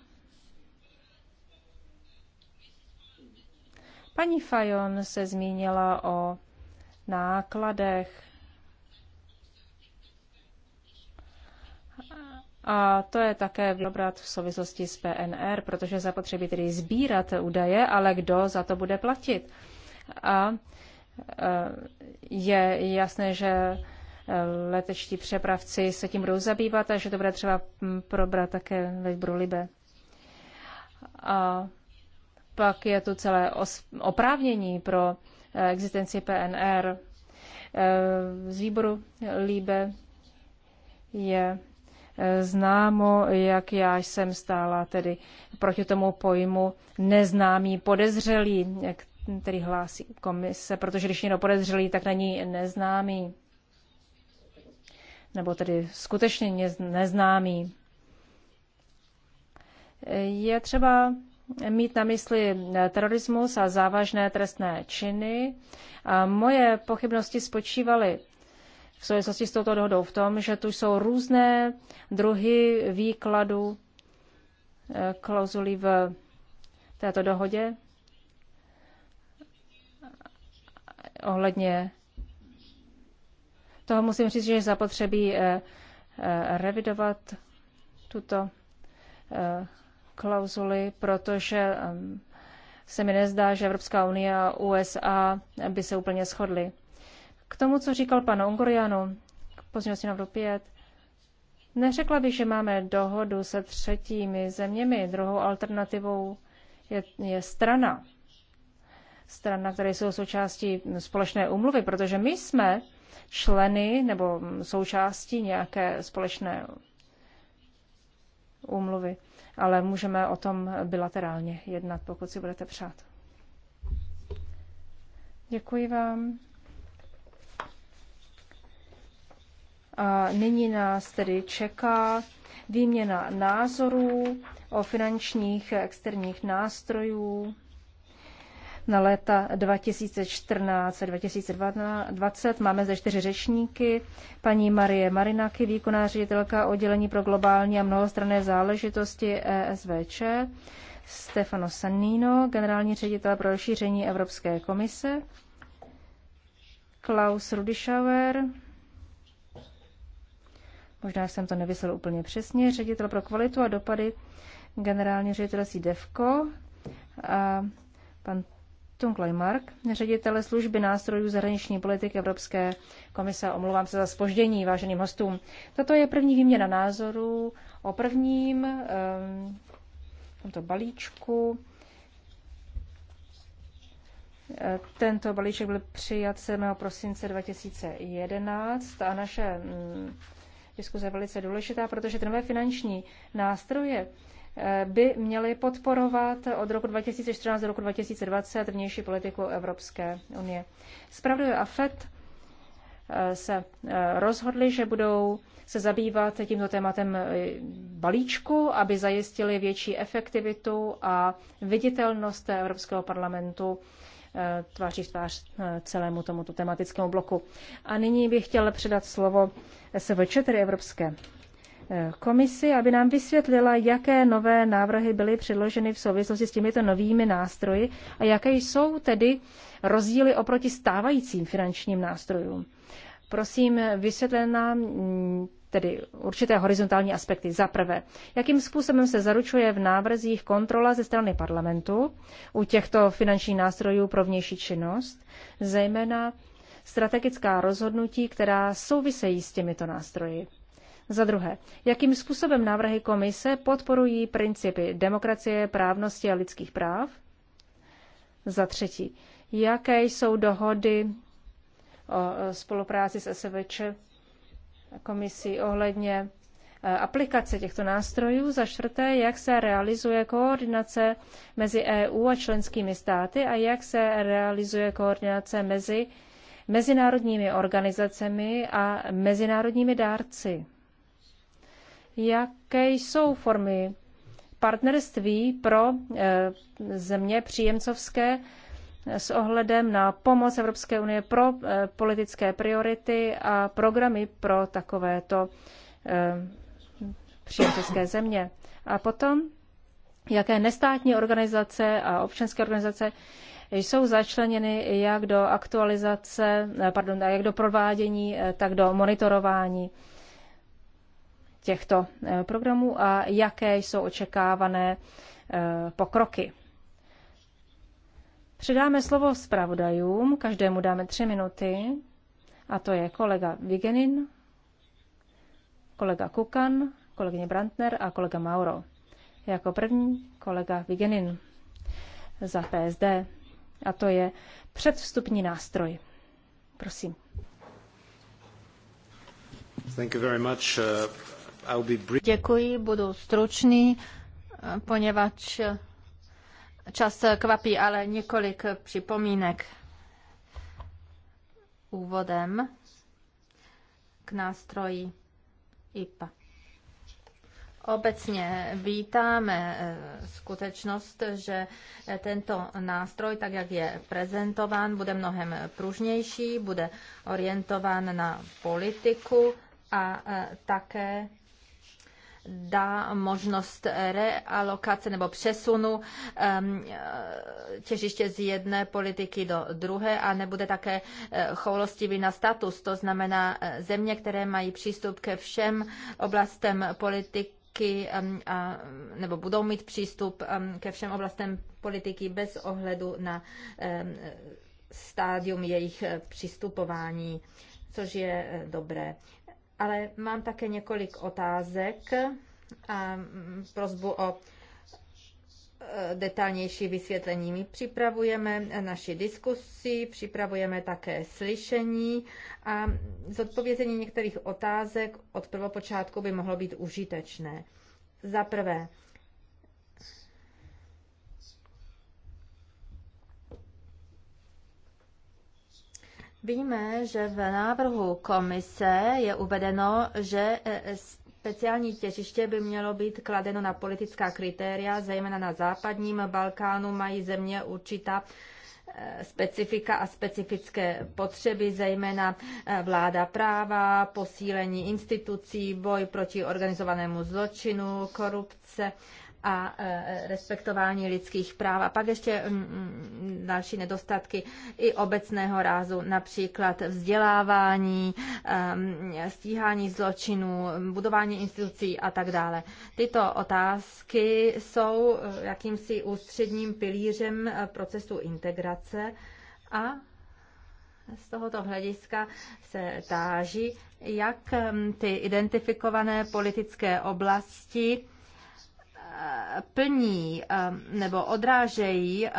[SPEAKER 2] Paní Fajon se zmínila o nákladech A to je také vybrat v souvislosti s PNR, protože zapotřebí tedy sbírat údaje, ale kdo za to bude platit. A e, je jasné, že letečtí přepravci se tím budou zabývat, že to bude třeba mm, probrat také ve výboru Libe. A pak je tu celé oprávnění pro eh, existenci PNR. Eh, z výboru Líbe je eh, známo, jak já jsem stála tedy proti tomu pojmu neznámý podezřelý, který hlásí komise, protože když někdo podezřelý, tak není neznámý nebo tedy skutečně neznámý. Je třeba mít na mysli terorismus a závažné trestné činy. A moje pochybnosti spočívaly v souvislosti s touto dohodou v tom, že tu jsou různé druhy výkladu eh, klauzulí v této dohodě ohledně to musím říct, že je zapotřebí eh, eh, revidovat tuto eh, klauzuli, protože se mi nezdá, že Evropská unie a USA by se úplně shodly. K tomu, co říkal pan Ungurianu, k si na 5, neřekla bych, že máme dohodu se třetími zeměmi. Druhou alternativou je, je strana. Strana, které jsou součástí společné umluvy, protože my jsme členy nebo součástí nějaké společné úmluvy. Ale můžeme o tom bilaterálně jednat, pokud si budete přát. Děkuji vám. A nyní nás tedy čeká výměna názorů o finančních externích nástrojů na léta 2014 2020. Máme zde čtyři řečníky. Paní Marie Marinaky, výkonná ředitelka oddělení pro globální a mnohostranné záležitosti ESVČ. Stefano Sannino, generální ředitel pro rozšíření Evropské komise. Klaus Rudischauer, možná jsem to nevyslel úplně přesně, ředitel pro kvalitu a dopady generální ředitelství DEVKO a pan Tunklej Mark, ředitele služby nástrojů zahraniční politiky Evropské komise. Omlouvám se za spoždění váženým hostům. Toto je první výměna názorů o prvním um, tomto balíčku. Eh, tento balíček byl přijat 7. prosince 2011 a naše mm, diskuze je velice důležitá, protože ty nové finanční nástroje Eh, by měly podporovat od roku 2014 do roku 2020 vnější politiku Evropské unie. Spravduje a FED eh, se eh, rozhodli, že budou se zabývat tímto tématem balíčku, aby zajistili větší efektivitu a viditelnost Evropského parlamentu tváří v tvář celému tomuto tematickému bloku. A nyní bych chtěl předat slovo SVČ, tedy Evropské komisi, aby nám vysvětlila, jaké nové návrhy byly předloženy v souvislosti s těmito novými nástroji a jaké jsou tedy rozdíly oproti stávajícím finančním nástrojům. Prosím, vysvětlen nám mm, tedy určité horizontální aspekty. Za prvé, jakým způsobem se zaručuje v návrzích kontrola ze strany parlamentu u těchto finančních nástrojů pro vnější činnost, zejména strategická rozhodnutí, která souvisejí s těmito nástroji. Za druhé, jakým způsobem návrhy komise podporují principy demokracie, právnosti a lidských práv? Za třetí, jaké jsou dohody o e, spolupráci s SVČ komisí ohledně e, aplikace těchto nástrojů, za čtvrté, jak se realizuje koordinace mezi EU a členskými státy a jak se realizuje koordinace mezi mezinárodními organizacemi a mezinárodními dárci jaké jsou formy partnerství pro eh, země příjemcovské eh, s ohledem na pomoc Evropské unie pro eh, politické priority a programy pro takovéto příjemcovské země. A potom, jaké nestátní organizace a občanské organizace jsou začleněny jak do aktualizace, pardon, jak do provádění, tak do monitorování těchto eh, programů a jaké jsou očekávané eh, pokroky. Předáme slovo zpravodajům, každému dáme tři minuty, a to je kolega Vigenin, kolega Kukan, kolegyně Brantner a kolega Mauro. Jako první kolega Vigenin za PSD, a to je předvstupní nástroj.
[SPEAKER 4] Prosím.
[SPEAKER 3] Thank you very much. Uh...
[SPEAKER 4] Děkuji, budu stručný, poněvadž čas kvapí, ale několik připomínek úvodem k nástroji IPA. Obecně vítáme eh, skutečnost, že tento nástroj, tak jak je prezentován, bude mnohem pružnější, bude orientován na politiku a eh, také dá možnost realokace nebo přesunu těžiště z jedné politiky do druhé a nebude také eh, choulostivý na status. To znamená eh, země, které mají přístup ke všem oblastem politiky, politiky nebo budou mít přístup ke všem oblastem politiky bez ohledu na stádium jejich eh, přistupování, což je dobré ale mám také několik otázek a mm, prozbu o e, detailnější vysvětlení. My připravujeme naši diskusi, připravujeme také slyšení a zodpovězení některých otázek od prvopočátku by mohlo být užitečné. Za prvé, Víme, že v návrhu komise je uvedeno, že e, e, speciální těžiště by mělo být kladeno na politická kritéria, zejména na západním Balkánu mají země určitá e, specifika a specifické potřeby, zejména vláda práva, posílení institucí, boj proti organizovanému zločinu, korupce a e, respektování lidských práv. A pak ještě mm, mm, další nedostatky i obecného rázu, například vzdělávání, stíhání zločinů, budování institucí a tak dále. Tyto otázky jsou e, jakýmsi ústředním pilířem e, procesu integrace a z tohoto hlediska se táží, jak ty identifikované politické oblasti plní eh, nebo odrážejí eh,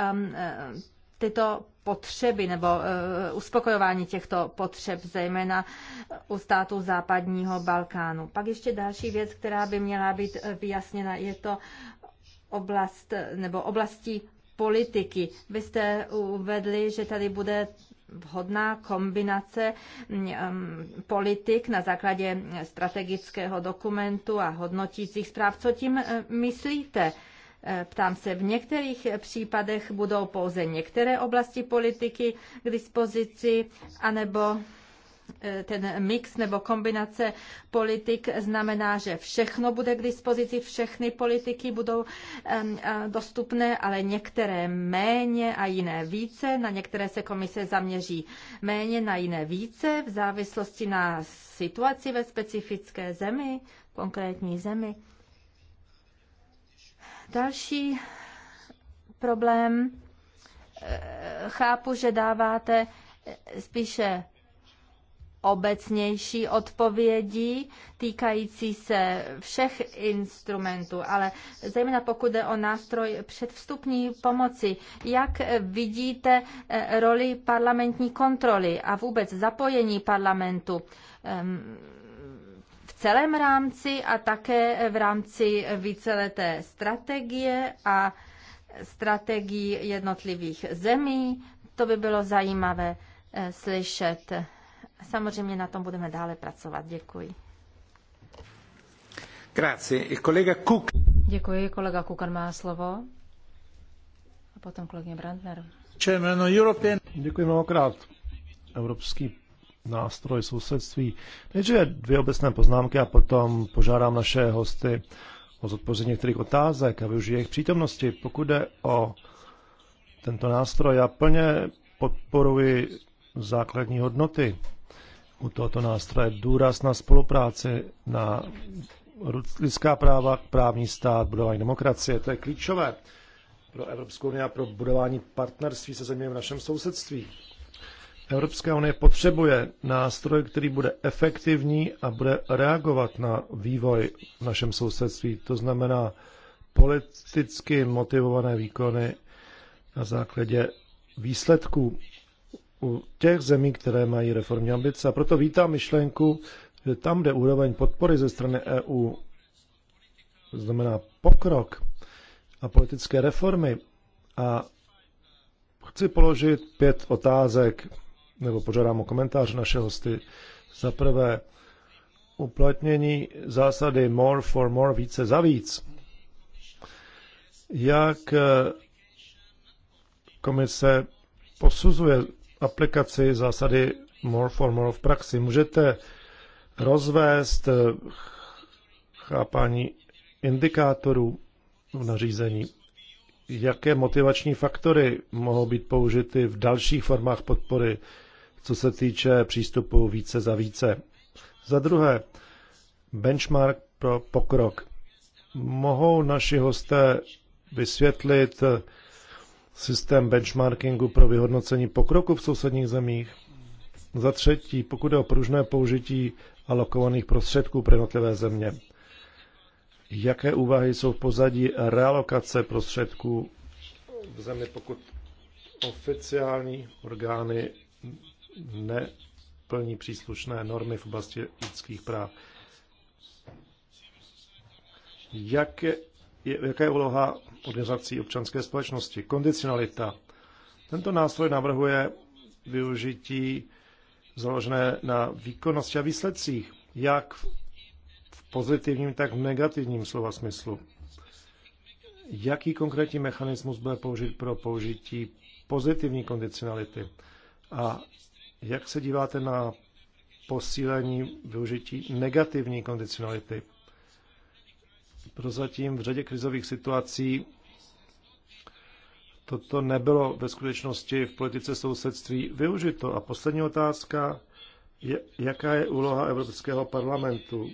[SPEAKER 4] tyto potřeby nebo eh, uspokojování těchto potřeb, zejména u států západního Balkánu. Pak ještě další věc, která by měla být vyjasněna, je to oblast nebo oblasti politiky. Vy jste uvedli, že tady bude vhodná kombinace mm, mm, politik na základě strategického dokumentu a hodnotících zpráv. Co tím e, myslíte? E, ptám se, v některých případech budou pouze některé oblasti politiky k dispozici, anebo ten mix nebo kombinace politik znamená, že všechno bude k dispozici, všechny politiky budou dostupné, ale některé méně a jiné více. Na některé se komise zaměří méně, na jiné více, v závislosti na situaci ve specifické zemi, konkrétní zemi. Další problém e, chápu, že dáváte e, spíše obecnější odpovědi týkající se všech instrumentů, ale zejména pokud jde o nástroj předvstupní pomoci, jak vidíte eh, roli parlamentní kontroly a vůbec zapojení parlamentu ehm, v celém rámci a také v rámci víceleté strategie a strategií jednotlivých zemí. To by bylo zajímavé eh, slyšet. Samozřejmě na tom budeme dále pracovat. Děkuji.
[SPEAKER 1] Grazie. Kolega Kuk.
[SPEAKER 4] Děkuji. Kolega Kukan má slovo.
[SPEAKER 2] A potom kolegyně Brandner.
[SPEAKER 3] No, Děkuji mnohokrát. Evropský nástroj sousedství. Nejdříve dvě obecné poznámky a potom požádám naše hosty o zodpovězení některých otázek a využiji jejich přítomnosti. Pokud jde o tento nástroj, já plně podporuji základní hodnoty u tohoto nástroje důraz na spolupráci, na lidská práva, právní stát, budování demokracie. To je klíčové pro Evropskou unii a pro budování partnerství se zeměmi v našem sousedství. Evropská unie potřebuje nástroj, který bude efektivní a bude reagovat na vývoj v našem sousedství. To znamená politicky motivované výkony na základě výsledků u těch zemí, které mají reformní ambice. A proto vítám myšlenku, že tam, kde úroveň podpory ze strany EU znamená pokrok a politické reformy. A chci položit pět otázek, nebo požádám o komentář naše hosty. Za prvé, uplatnění zásady more for more, více za víc. Jak eh, komise posuzuje aplikaci zásady more for more v praxi. Můžete rozvést eh, chápání indikátorů v nařízení. Jaké motivační faktory mohou být použity v dalších formách podpory, co se týče přístupu více za více? Za druhé, benchmark pro pokrok. Mohou naši hosté vysvětlit, eh, systém benchmarkingu pro vyhodnocení pokroku v sousedních zemích. Za třetí, pokud je o pružné použití alokovaných prostředků pro jednotlivé země. Jaké úvahy jsou v pozadí realokace prostředků v zemi, pokud oficiální orgány neplní příslušné normy v oblasti lidských práv? Jak je, jaká je úloha organizací občanské společnosti. Kondicionalita. Tento nástroj navrhuje využití založené na výkonnosti a výsledcích, jak v pozitivním, tak v negativním slova smyslu. Jaký konkrétní mechanismus bude použit pro použití pozitivní kondicionality? A jak se díváte na posílení využití negativní kondicionality prozatím v řadě krizových situací toto nebylo ve skutečnosti v politice sousedství využito. A poslední otázka je, jaká je úloha Evropského parlamentu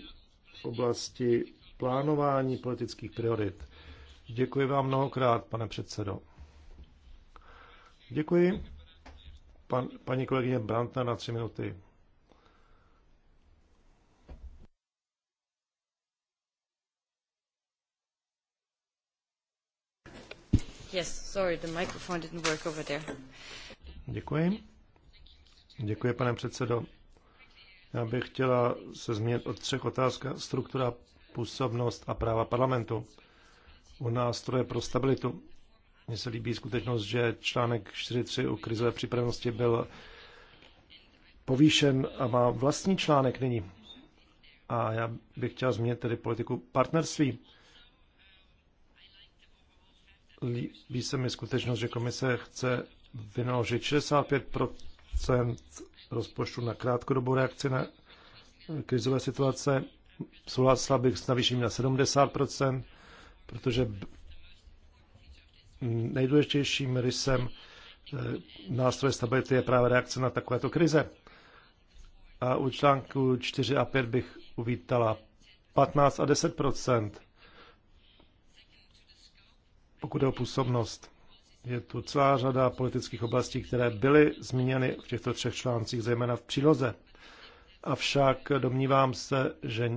[SPEAKER 3] v oblasti plánování politických priorit. Děkuji vám mnohokrát, pane předsedo. Děkuji. Pan, paní kolegyně Brantna na tři minuty.
[SPEAKER 4] Yes, sorry, the microphone didn't work over there.
[SPEAKER 3] Děkuji. Děkuji, pane předsedo. Já bych chtěla se změnit od třech otázek. Struktura, působnost a práva parlamentu. U nástroje pro stabilitu. Mně se líbí skutečnost, že článek 4.3 o krizové připravenosti byl povýšen a má vlastní článek nyní. A já bych chtěl změnit tedy politiku partnerství líbí se mi skutečnost, že komise chce vynaložit 65 rozpočtu na krátkodobou reakci na krizové situace. Souhlasila bych s navýšením na 70 protože nejdůležitějším rysem eh, nástroje stability je právě reakce na takovéto krize. A u článku 4 a 5 bych uvítala 15 a 10 pokud je o působnost, je tu celá řada politických oblastí, které byly zmíněny v těchto třech článcích, zejména v příloze. Avšak domnívám se, že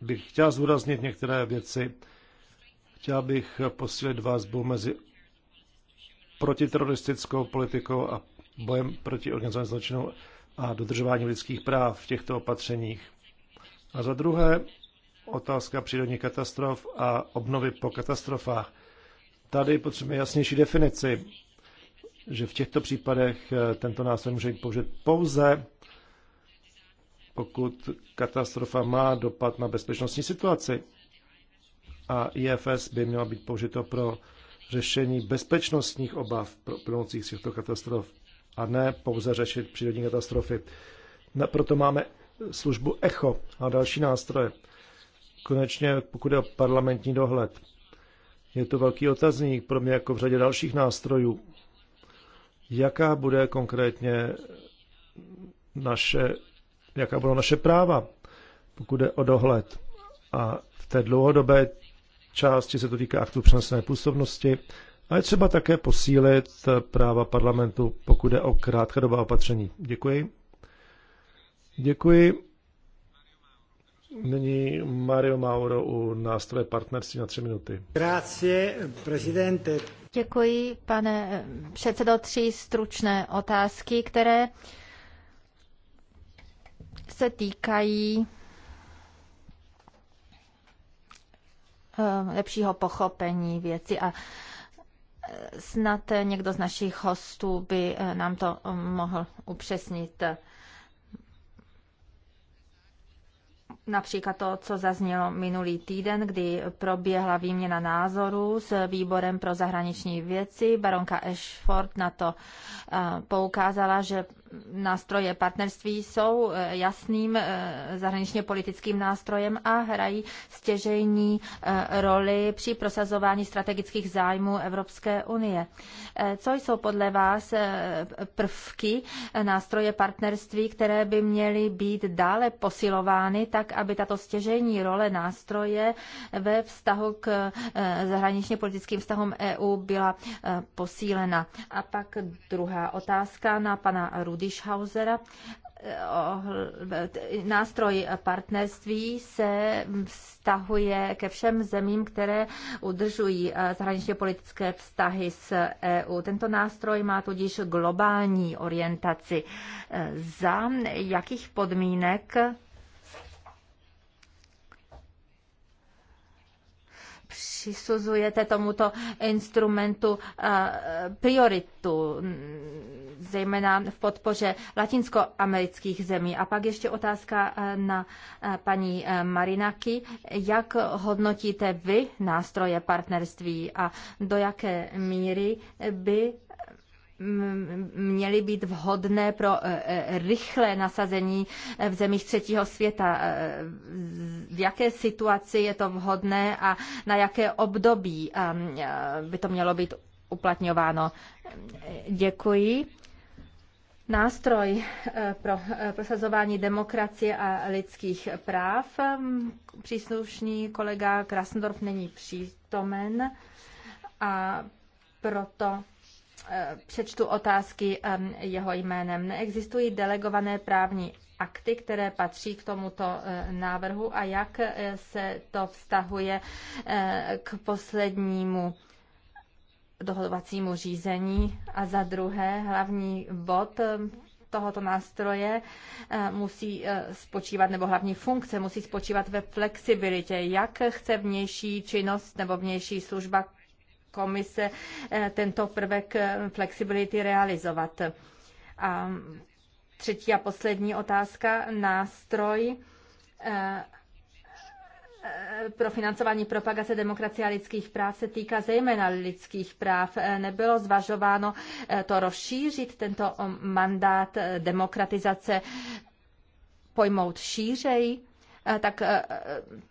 [SPEAKER 3] bych chtěl zúraznit některé věci. Chtěl bych posílit vazbu mezi protiteroristickou politikou a bojem proti organizovanému zločinu a dodržování lidských práv v těchto opatřeních. A za druhé, otázka přírodních katastrof a obnovy po katastrofách. Tady potřebujeme jasnější definici, že v těchto případech eh, tento nástroj může být použit pouze, pokud katastrofa má dopad na bezpečnostní situaci. A IFS by mělo být použito pro řešení bezpečnostních obav plynoucích z těchto katastrof a ne pouze řešit přírodní katastrofy. proto máme službu ECHO a další nástroje. Konečně, pokud je o parlamentní dohled, je to velký otazník pro mě jako v řadě dalších nástrojů. Jaká bude konkrétně naše, jaká budou naše práva, pokud jde o dohled. A v té dlouhodobé části se to týká aktu přenesené působnosti, a je třeba také posílit práva parlamentu, pokud jde o krátkodobá opatření. Děkuji. Děkuji. Nyní Mario Mauro u nástroje partnerství na tři minuty. Grazie, prezidente.
[SPEAKER 4] Děkuji, pane předsedo. Tři stručné otázky, které se týkají eh, lepšího pochopení věci a eh, snad někdo z našich hostů by eh, nám to mohl upřesnit. Například to, co zaznělo minulý týden, kdy proběhla výměna názorů s výborem pro zahraniční věci. Baronka Ashford na to eh, poukázala, že nástroje partnerství jsou eh, jasným eh, zahraničně politickým nástrojem a hrají stěžejní eh, roli při prosazování strategických zájmů Evropské unie. Co jsou podle vás prvky nástroje partnerství, které by měly být dále posilovány, tak aby tato stěžejní role nástroje ve vztahu k zahraničně politickým vztahům EU byla posílena? A pak druhá otázka na pana Rudy Dischhausera, eh, nástroj partnerství se vztahuje ke všem zemím, které udržují eh, zahraničně politické vztahy s EU. Tento nástroj má tudíž globální orientaci. Eh, za jakých podmínek přisuzujete tomuto instrumentu prioritu zejména v podpoře latinskoamerických zemí. A pak ještě otázka eh, na eh, paní eh, Marinaky. Jak hodnotíte vy nástroje partnerství a do jaké míry by mm, měly být vhodné pro rychlé nasazení v zemích třetího světa. V jaké situaci je to vhodné a na jaké období ehm, by to mělo být uplatňováno? Děkuji nástroj eh, pro eh, prosazování demokracie a lidských práv. Hm, příslušný kolega Krasendorf není přítomen a proto eh, přečtu otázky hm, jeho jménem. Neexistují delegované právní akty, které patří k tomuto návrhu a jak se to vztahuje k poslednímu dohodovacímu řízení a za druhé hlavní bod eh, tohoto nástroje eh, musí eh, spočívat, nebo hlavní funkce musí spočívat ve flexibilitě, jak chce vnější činnost nebo vnější služba komise tento prvek flexibility realizovat. A třetí a poslední otázka, nástroj Eh, pro financování propagace demokracie a lidských práv se týká zejména lidských práv. Eh, nebylo zvažováno eh, to rozšířit, tento mandát demokratizace pojmout šířej? Tak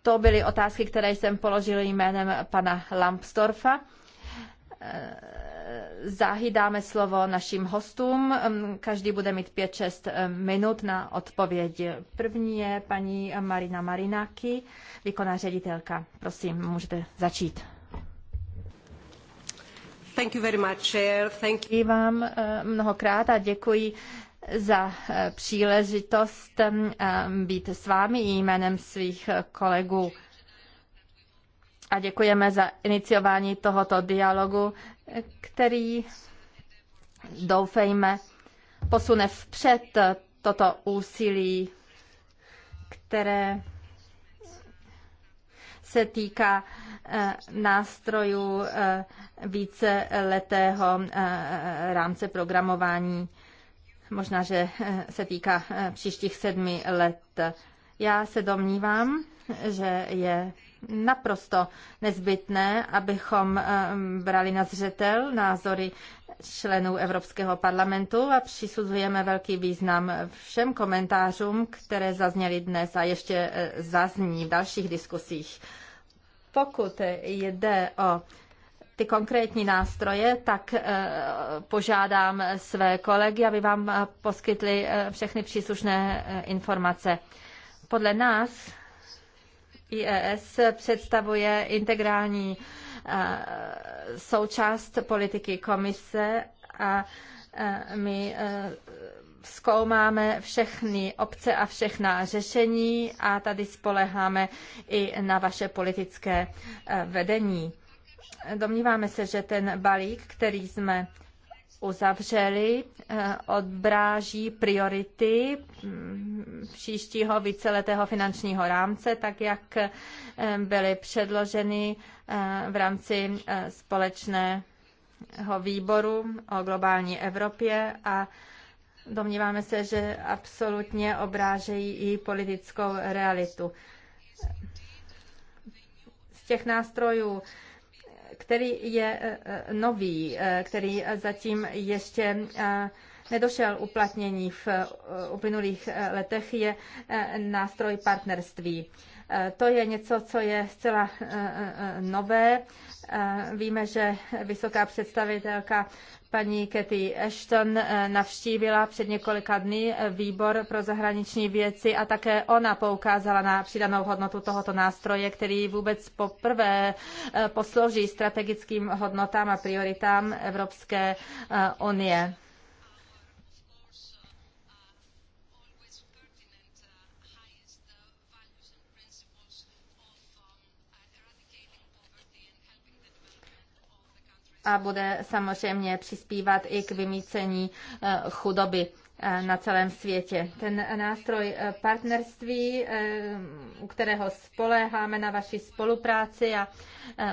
[SPEAKER 4] to byly otázky, které jsem položil jménem pana Lambsdorfa záhy dáme slovo našim hostům. Každý bude mít 5-6 minut na odpověď. První je paní Marina Marináky, výkonná ředitelka. Prosím, můžete začít. Thank you very much, Chair. Thank you. Děkuji vám mnohokrát a děkuji za eh, příležitost být s vámi jménem svých eh, kolegů a děkujeme za iniciování tohoto dialogu, který doufejme posune vpřed toto úsilí, které se týká eh, nástrojů eh, více letého eh, rámce programování. Možná, že se týká příštích sedmi let. Já se domnívám, že je naprosto nezbytné, abychom brali na zřetel názory členů Evropského parlamentu a přisuzujeme velký význam všem komentářům, které zazněly dnes a ještě e, zazní v dalších diskusích. Pokud jde o ty konkrétní nástroje, tak e, požádám své kolegy, aby vám e, poskytli všechny příslušné informace. Podle nás IES představuje integrální eh, součást politiky komise a eh, my eh, zkoumáme všechny obce a všechna řešení a tady spoleháme i na vaše politické vedení. Domníváme se, že ten balík, který jsme uzavřeli, eh, odbráží priority mm, příštího víceletého finančního rámce, tak jak eh, byly předloženy eh, v rámci společného výboru o globální Evropě a domníváme se, že absolutně obrážejí i politickou realitu. Z těch nástrojů který je eh, eh, nový, eh, který zatím ještě nedošel uplatnění v uplynulých letech, je nástroj partnerství. Eh, to je něco, co je zcela eh, eh, nové. Víme, že vysoká představitelka paní Kety Ashton navštívila před několika dny výbor pro zahraniční věci a také ona poukázala na přidanou hodnotu tohoto nástroje, který vůbec poprvé poslouží strategickým hodnotám a prioritám Evropské unie. a bude samozřejmě přispívat i k vymícení eh, chudoby eh, na celém světě. Ten nástroj eh, partnerství, u kterého spoléháme na vaši spolupráci a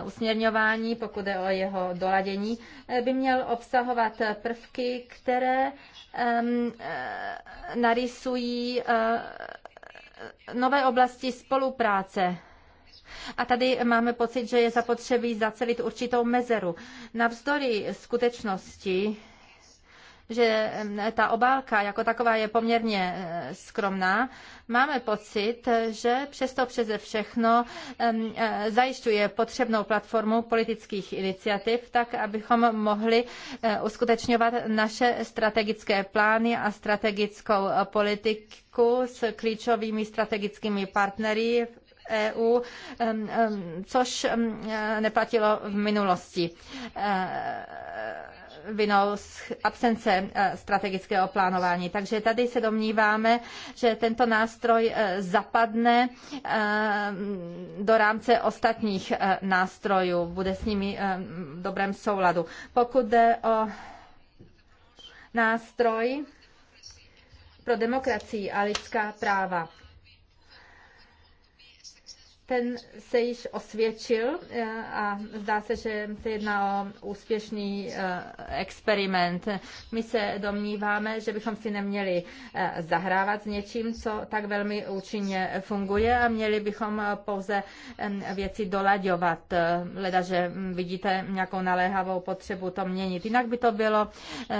[SPEAKER 4] usměrňování, pokud je o jeho doladění, by měl obsahovat prvky, které narysují nové oblasti spolupráce a tady máme pocit, že je zapotřebí zacelit určitou mezeru. Navzdory skutečnosti, že mm, ta obálka jako taková je poměrně e, skromná, máme pocit, že přesto přeze všechno mm, e, zajišťuje potřebnou platformu politických iniciativ, tak abychom mohli e, uskutečňovat naše strategické plány a strategickou politiku s klíčovými strategickými partnery v EU, um, um, což um, neplatilo v minulosti uh, vinou absence uh, strategického plánování. Takže tady se domníváme, že tento nástroj uh, zapadne do rámce ostatních nástrojů, bude s nimi v dobrém souladu. Pokud jde o nástroj pro demokracii a lidská práva, ten se již osvědčil eh, a zdá se, že se jedná o úspěšný eh, experiment. My se domníváme, že bychom si neměli eh, zahrávat s něčím, co tak velmi účinně funguje a měli bychom pouze věci dolaďovat. Leda, že hm, vidíte nějakou naléhavou potřebu to měnit. Jinak by to bylo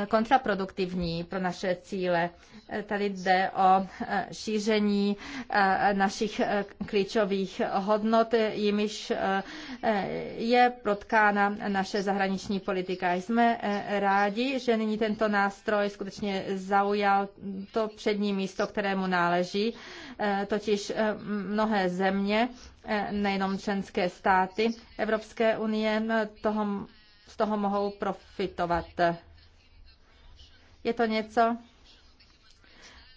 [SPEAKER 4] kontraproduktivní pro naše cíle. Tady jde o šíření našich klíčových hodnot, jimiž eh, eh, je protkána naše zahraniční politika. Jsme eh, rádi, že nyní tento nástroj skutečně zaujal to přední místo, kterému náleží, totiž mnohé země, nejenom členské státy Evropské unie, no, toho, z toho mohou profitovat. Je to něco,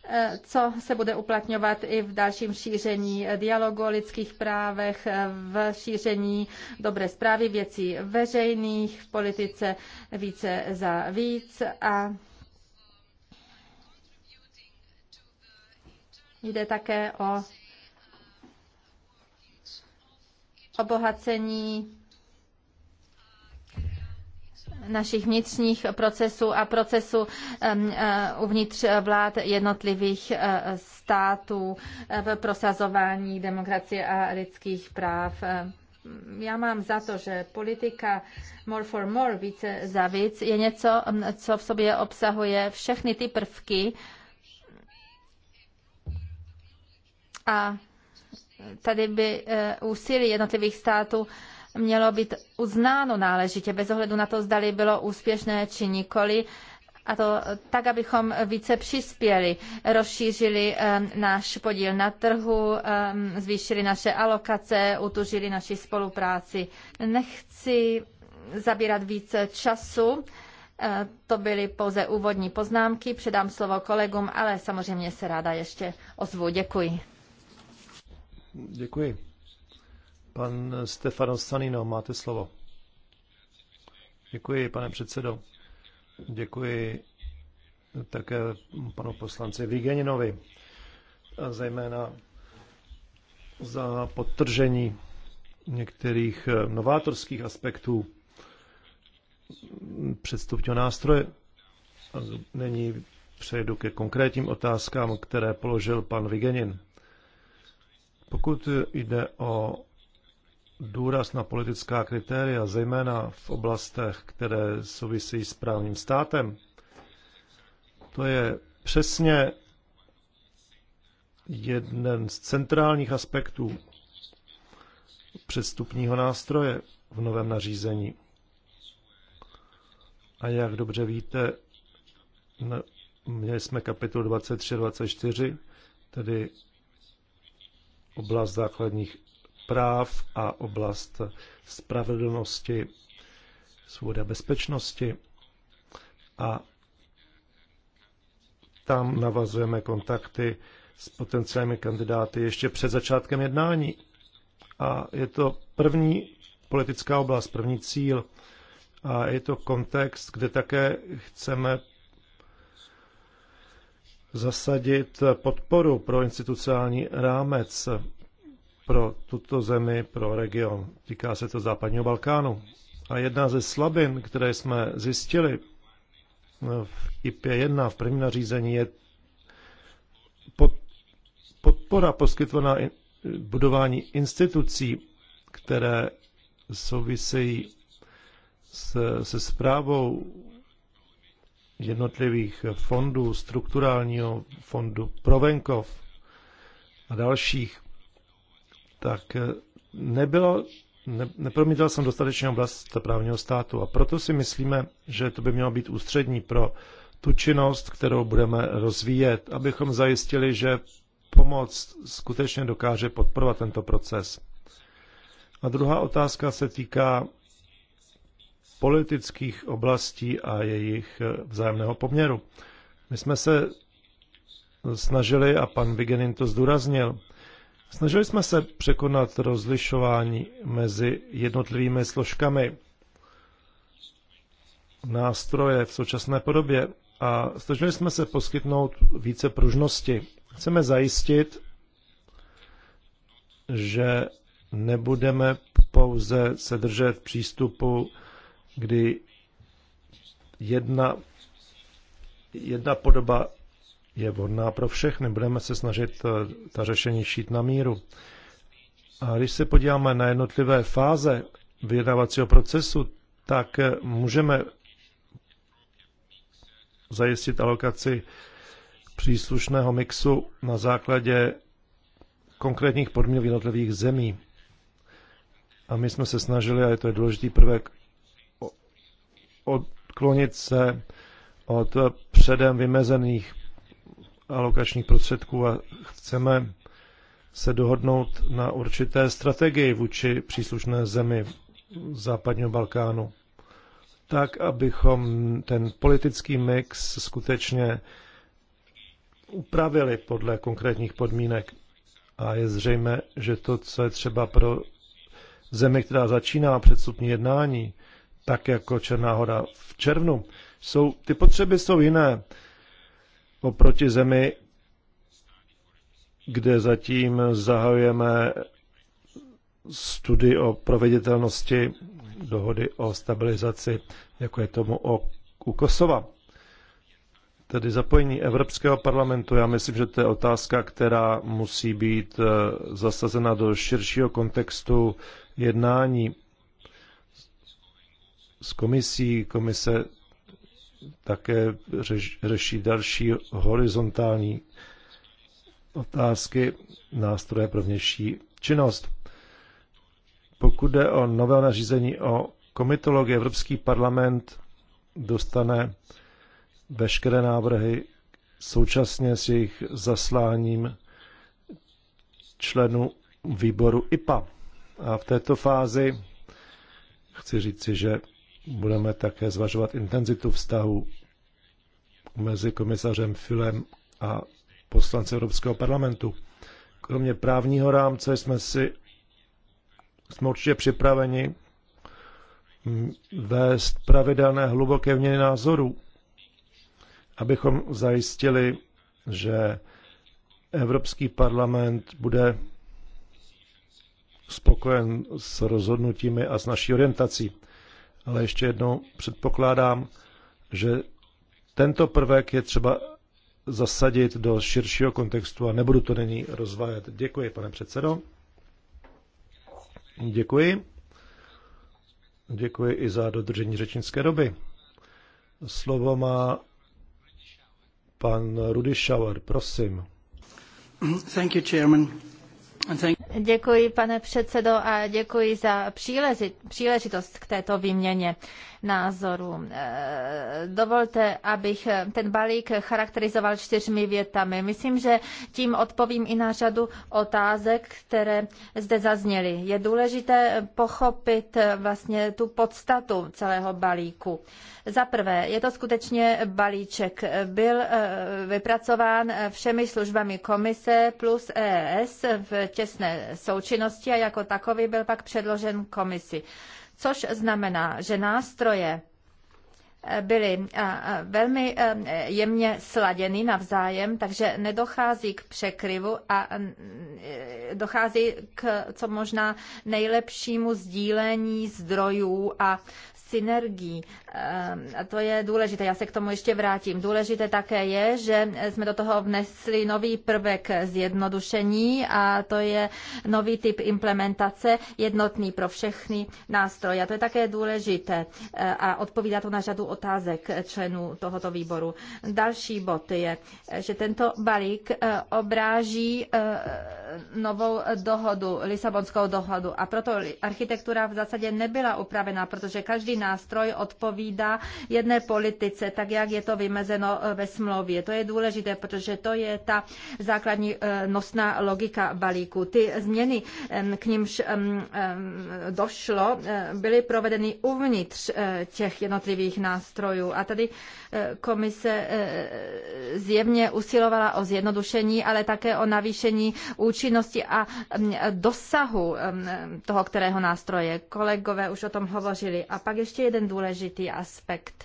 [SPEAKER 4] Eh, co se bude uplatňovat i v dalším šíření dialogu o lidských právech, eh, v šíření dobré zprávy věcí veřejných, v politice více za víc a jde také o obohacení našich vnitřních procesů a procesů um, uh, uvnitř vlád jednotlivých uh, států uh, v prosazování demokracie a lidských práv. Já mám za to, že politika more for more, více za víc, je něco, um, co v sobě obsahuje všechny ty prvky a tady by úsilí jednotlivých států mělo být uznáno náležitě, bez ohledu na to, zdali bylo úspěšné či nikoli, a to tak, abychom více přispěli, rozšířili eh, náš podíl na trhu, eh, zvýšili naše alokace, utužili naši spolupráci. Nechci zabírat více času, eh, to byly pouze úvodní poznámky, předám slovo kolegům, ale samozřejmě se ráda ještě ozvu. Děkuji.
[SPEAKER 3] Děkuji. Pan Stefano Sanino, máte slovo. Děkuji, pane předsedo. Děkuji také panu poslanci Vigeninovi, a zejména za podtržení některých eh, novátorských aspektů předstupního nástroje. A přejdu ke konkrétním otázkám, které položil pan Vigenin. Pokud jde o důraz na politická kritéria, zejména v oblastech, které souvisí s právním státem, to je přesně jeden z centrálních aspektů předstupního nástroje v novém nařízení. A jak dobře víte, měli jsme kapitolu 23-24, tedy oblast základních práv a oblast spravedlnosti, svobody a bezpečnosti. A tam navazujeme kontakty s potenciálními kandidáty ještě před začátkem jednání. A je to první politická oblast, první cíl. A je to kontext, kde také chceme zasadit podporu pro institucionální rámec pro tuto zemi, pro region. Týká se to západního Balkánu. A jedna ze slabin, které jsme zjistili eh, v IP1, v prvním nařízení, je podpora poskytovaná budování institucí, které souvisejí se, se zprávou jednotlivých fondů, strukturálního fondu Provenkov a dalších tak eh, nebylo, ne, nepromítal jsem dostatečně oblast právního státu a proto si myslíme, že to by mělo být ústřední pro tu činnost, kterou budeme rozvíjet, abychom zajistili, že pomoc skutečně dokáže podporovat tento proces. A druhá otázka se týká politických oblastí a jejich eh, vzájemného poměru. My jsme se snažili, a pan Vigenin to zdůraznil, Snažili jsme se překonat rozlišování mezi jednotlivými složkami nástroje v současné podobě a snažili jsme se poskytnout více pružnosti. Chceme zajistit, že nebudeme pouze se držet přístupu, kdy jedna, jedna podoba je vhodná pro všechny. Budeme se snažit eh, ta řešení šít na míru. A když se podíváme na jednotlivé fáze vyjednávacího procesu, tak eh, můžeme zajistit alokaci příslušného mixu na základě konkrétních podmínek jednotlivých zemí. A my jsme se snažili, a je to důležitý prvek, odklonit se od eh, předem vymezených alokačních prostředků a chceme se dohodnout na určité strategii vůči příslušné zemi západního Balkánu, tak abychom ten politický mix skutečně upravili podle konkrétních podmínek. A je zřejmé, že to, co je třeba pro zemi, která začíná předstupní jednání, tak jako Černá hora v červnu, jsou, ty potřeby jsou jiné oproti zemi, kde zatím zahajujeme studii o proveditelnosti dohody o stabilizaci, jako je tomu o, u Kosova. Tedy zapojení Evropského parlamentu, já myslím, že to je otázka, která musí být eh, zasazena do širšího kontextu jednání s komisí. Komise také řeší další horizontální otázky nástroje pro vnější činnost. Pokud jde o nové nařízení o komitologii, Evropský parlament dostane veškeré návrhy současně s jejich zasláním členů výboru IPA. A v této fázi chci říci, že Budeme také zvažovat intenzitu vztahu mezi komisařem Filem a poslancem Evropského parlamentu. Kromě právního rámce jsme si jsme určitě připraveni vést pravidelné hluboké vněny názorů, abychom zajistili, že Evropský parlament bude spokojen s rozhodnutími a s naší orientací ale ještě jednou předpokládám, že tento prvek je třeba zasadit do širšího kontextu a nebudu to nyní rozvájet. Děkuji, pane předsedo. Děkuji. Děkuji i za dodržení řečnické doby. Slovo má pan Rudy Schauer, prosím.
[SPEAKER 2] Thank you, chairman.
[SPEAKER 4] Děkuji, pane předsedo, a děkuji za příležitost k této výměně názorů. Eh, dovolte, abych ten balík charakterizoval čtyřmi větami. Myslím, že tím odpovím i na řadu otázek, které zde zazněly. Je důležité pochopit eh, vlastně tu podstatu celého balíku. Za prvé, je to skutečně balíček. Byl eh, vypracován všemi službami komise plus ES v těsné součinnosti a jako takový byl pak předložen komisi. Což znamená, že nástroje eh, byly eh, eh, velmi jemně sladěny navzájem, takže nedochází k překryvu a mm, dochází k co možná nejlepšímu sdílení zdrojů a synergií. Ehm, a to je důležité, já se k tomu ještě vrátím. Důležité také je, že jsme do toho vnesli nový prvek zjednodušení a to je nový typ implementace, jednotný pro všechny nástroje. A to je také důležité eh, a odpovídá to na řadu otázek členů tohoto výboru. Další bod je, že tento balík eh, obráží eh, novou dohodu, Lisabonskou dohodu a proto architektura v zásadě nebyla upravená, protože každý nástroj odpovídá jedné politice, tak jak je to vymezeno eh, ve smlouvě. To je důležité, protože to je ta základní eh, nosná logika balíku. Ty změny, k nímž došlo, eh, byly provedeny uvnitř těch jednotlivých nástrojů. A tady komise zjevně usilovala o zjednodušení, ale také o navýšení účinnosti a dosahu toho, kterého nástroje. Kolegové už o tom hovořili. A pak ještě ještě jeden důležitý aspekt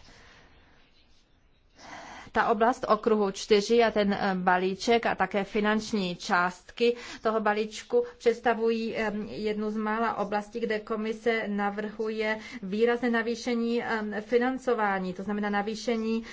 [SPEAKER 4] ta oblast okruhu 4 a ten eh, balíček a také finanční částky toho balíčku představují eh, jednu z mála oblastí, kde komise navrhuje výrazné navýšení eh, financování, to znamená navýšení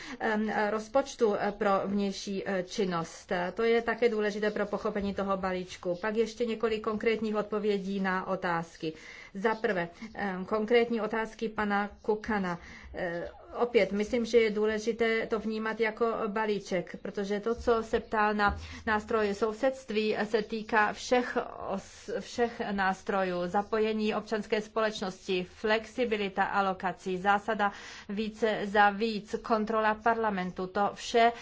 [SPEAKER 4] rozpočtu pro vnější činnost. To je také důležité pro pochopení toho balíčku. Pak ještě několik konkrétních odpovědí na otázky. Za prvé, eh, konkrétní otázky pana Kukana eh, opět, myslím, že je důležité to vnímat jako balíček, protože to, co se ptal na nástroje sousedství, se týká všech, os, všech nástrojů. Zapojení občanské společnosti, flexibilita alokací, zásada více za víc, kontrola parlamentu. To vše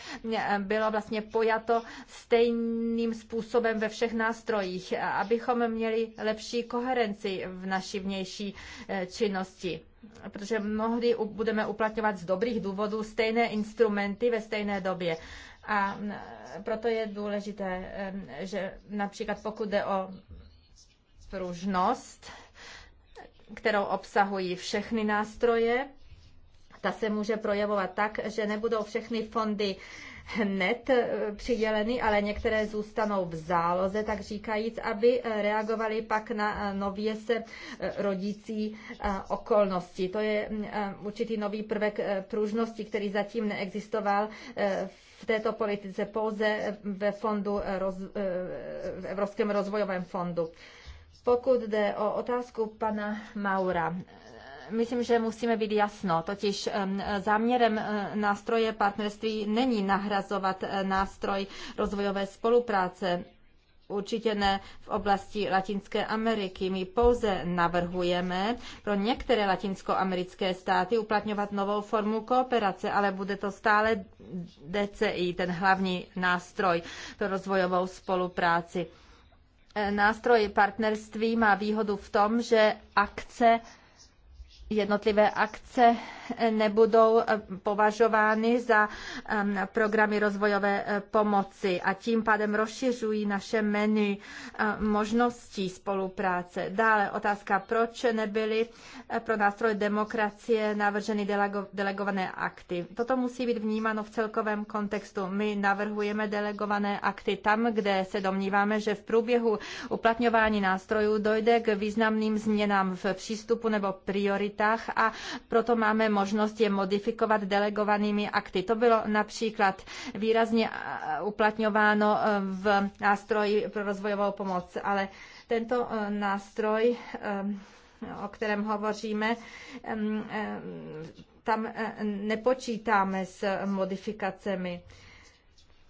[SPEAKER 4] bylo vlastně pojato stejným způsobem ve všech nástrojích, abychom měli lepší koherenci v naší vnější eh, činnosti protože mnohdy budeme uplatňovat z dobrých důvodů stejné instrumenty ve stejné době. A proto je důležité, že například pokud jde o pružnost, kterou obsahují všechny nástroje, ta se může projevovat tak, že nebudou všechny fondy hned eh, přiděleny, ale některé zůstanou v záloze, tak říkajíc, aby eh, reagovali pak na eh, nově se rodící okolnosti. To je mm, určitý nový prvek pružnosti, který zatím neexistoval v této politice pouze ve fondu v Evropském rozvojovém fondu. Pokud jde o otázku pana Maura, myslím, že musíme být jasno, totiž záměrem eh, nástroje partnerství není nahrazovat eh, nástroj rozvojové spolupráce, Určitě ne v oblasti Latinské Ameriky. My pouze navrhujeme pro některé latinskoamerické státy uplatňovat novou formu kooperace, ale bude to stále DCI, ten hlavní nástroj pro rozvojovou spolupráci. Eh, nástroj partnerství má výhodu v tom, že akce jednotlivé akce nebudou eh, považovány za programy rozvojové eh, pomoci a tím pádem rozšiřují naše menu eh, možností spolupráce. Dále otázka, proč nebyly pro nástroj demokracie navrženy delegované akty. Toto musí být vnímáno v celkovém kontextu. My navrhujeme delegované akty tam, kde se domníváme, že v průběhu uplatňování nástrojů dojde k významným změnám v přístupu nebo prioritách prioritách a proto máme možnost je modifikovat delegovanými akty. To bylo například výrazně uplatňováno e, v nástroji pro rozvojovou pomoc, ale tento e, nástroj, e, o kterém hovoříme, tam nepočítáme s modifikacemi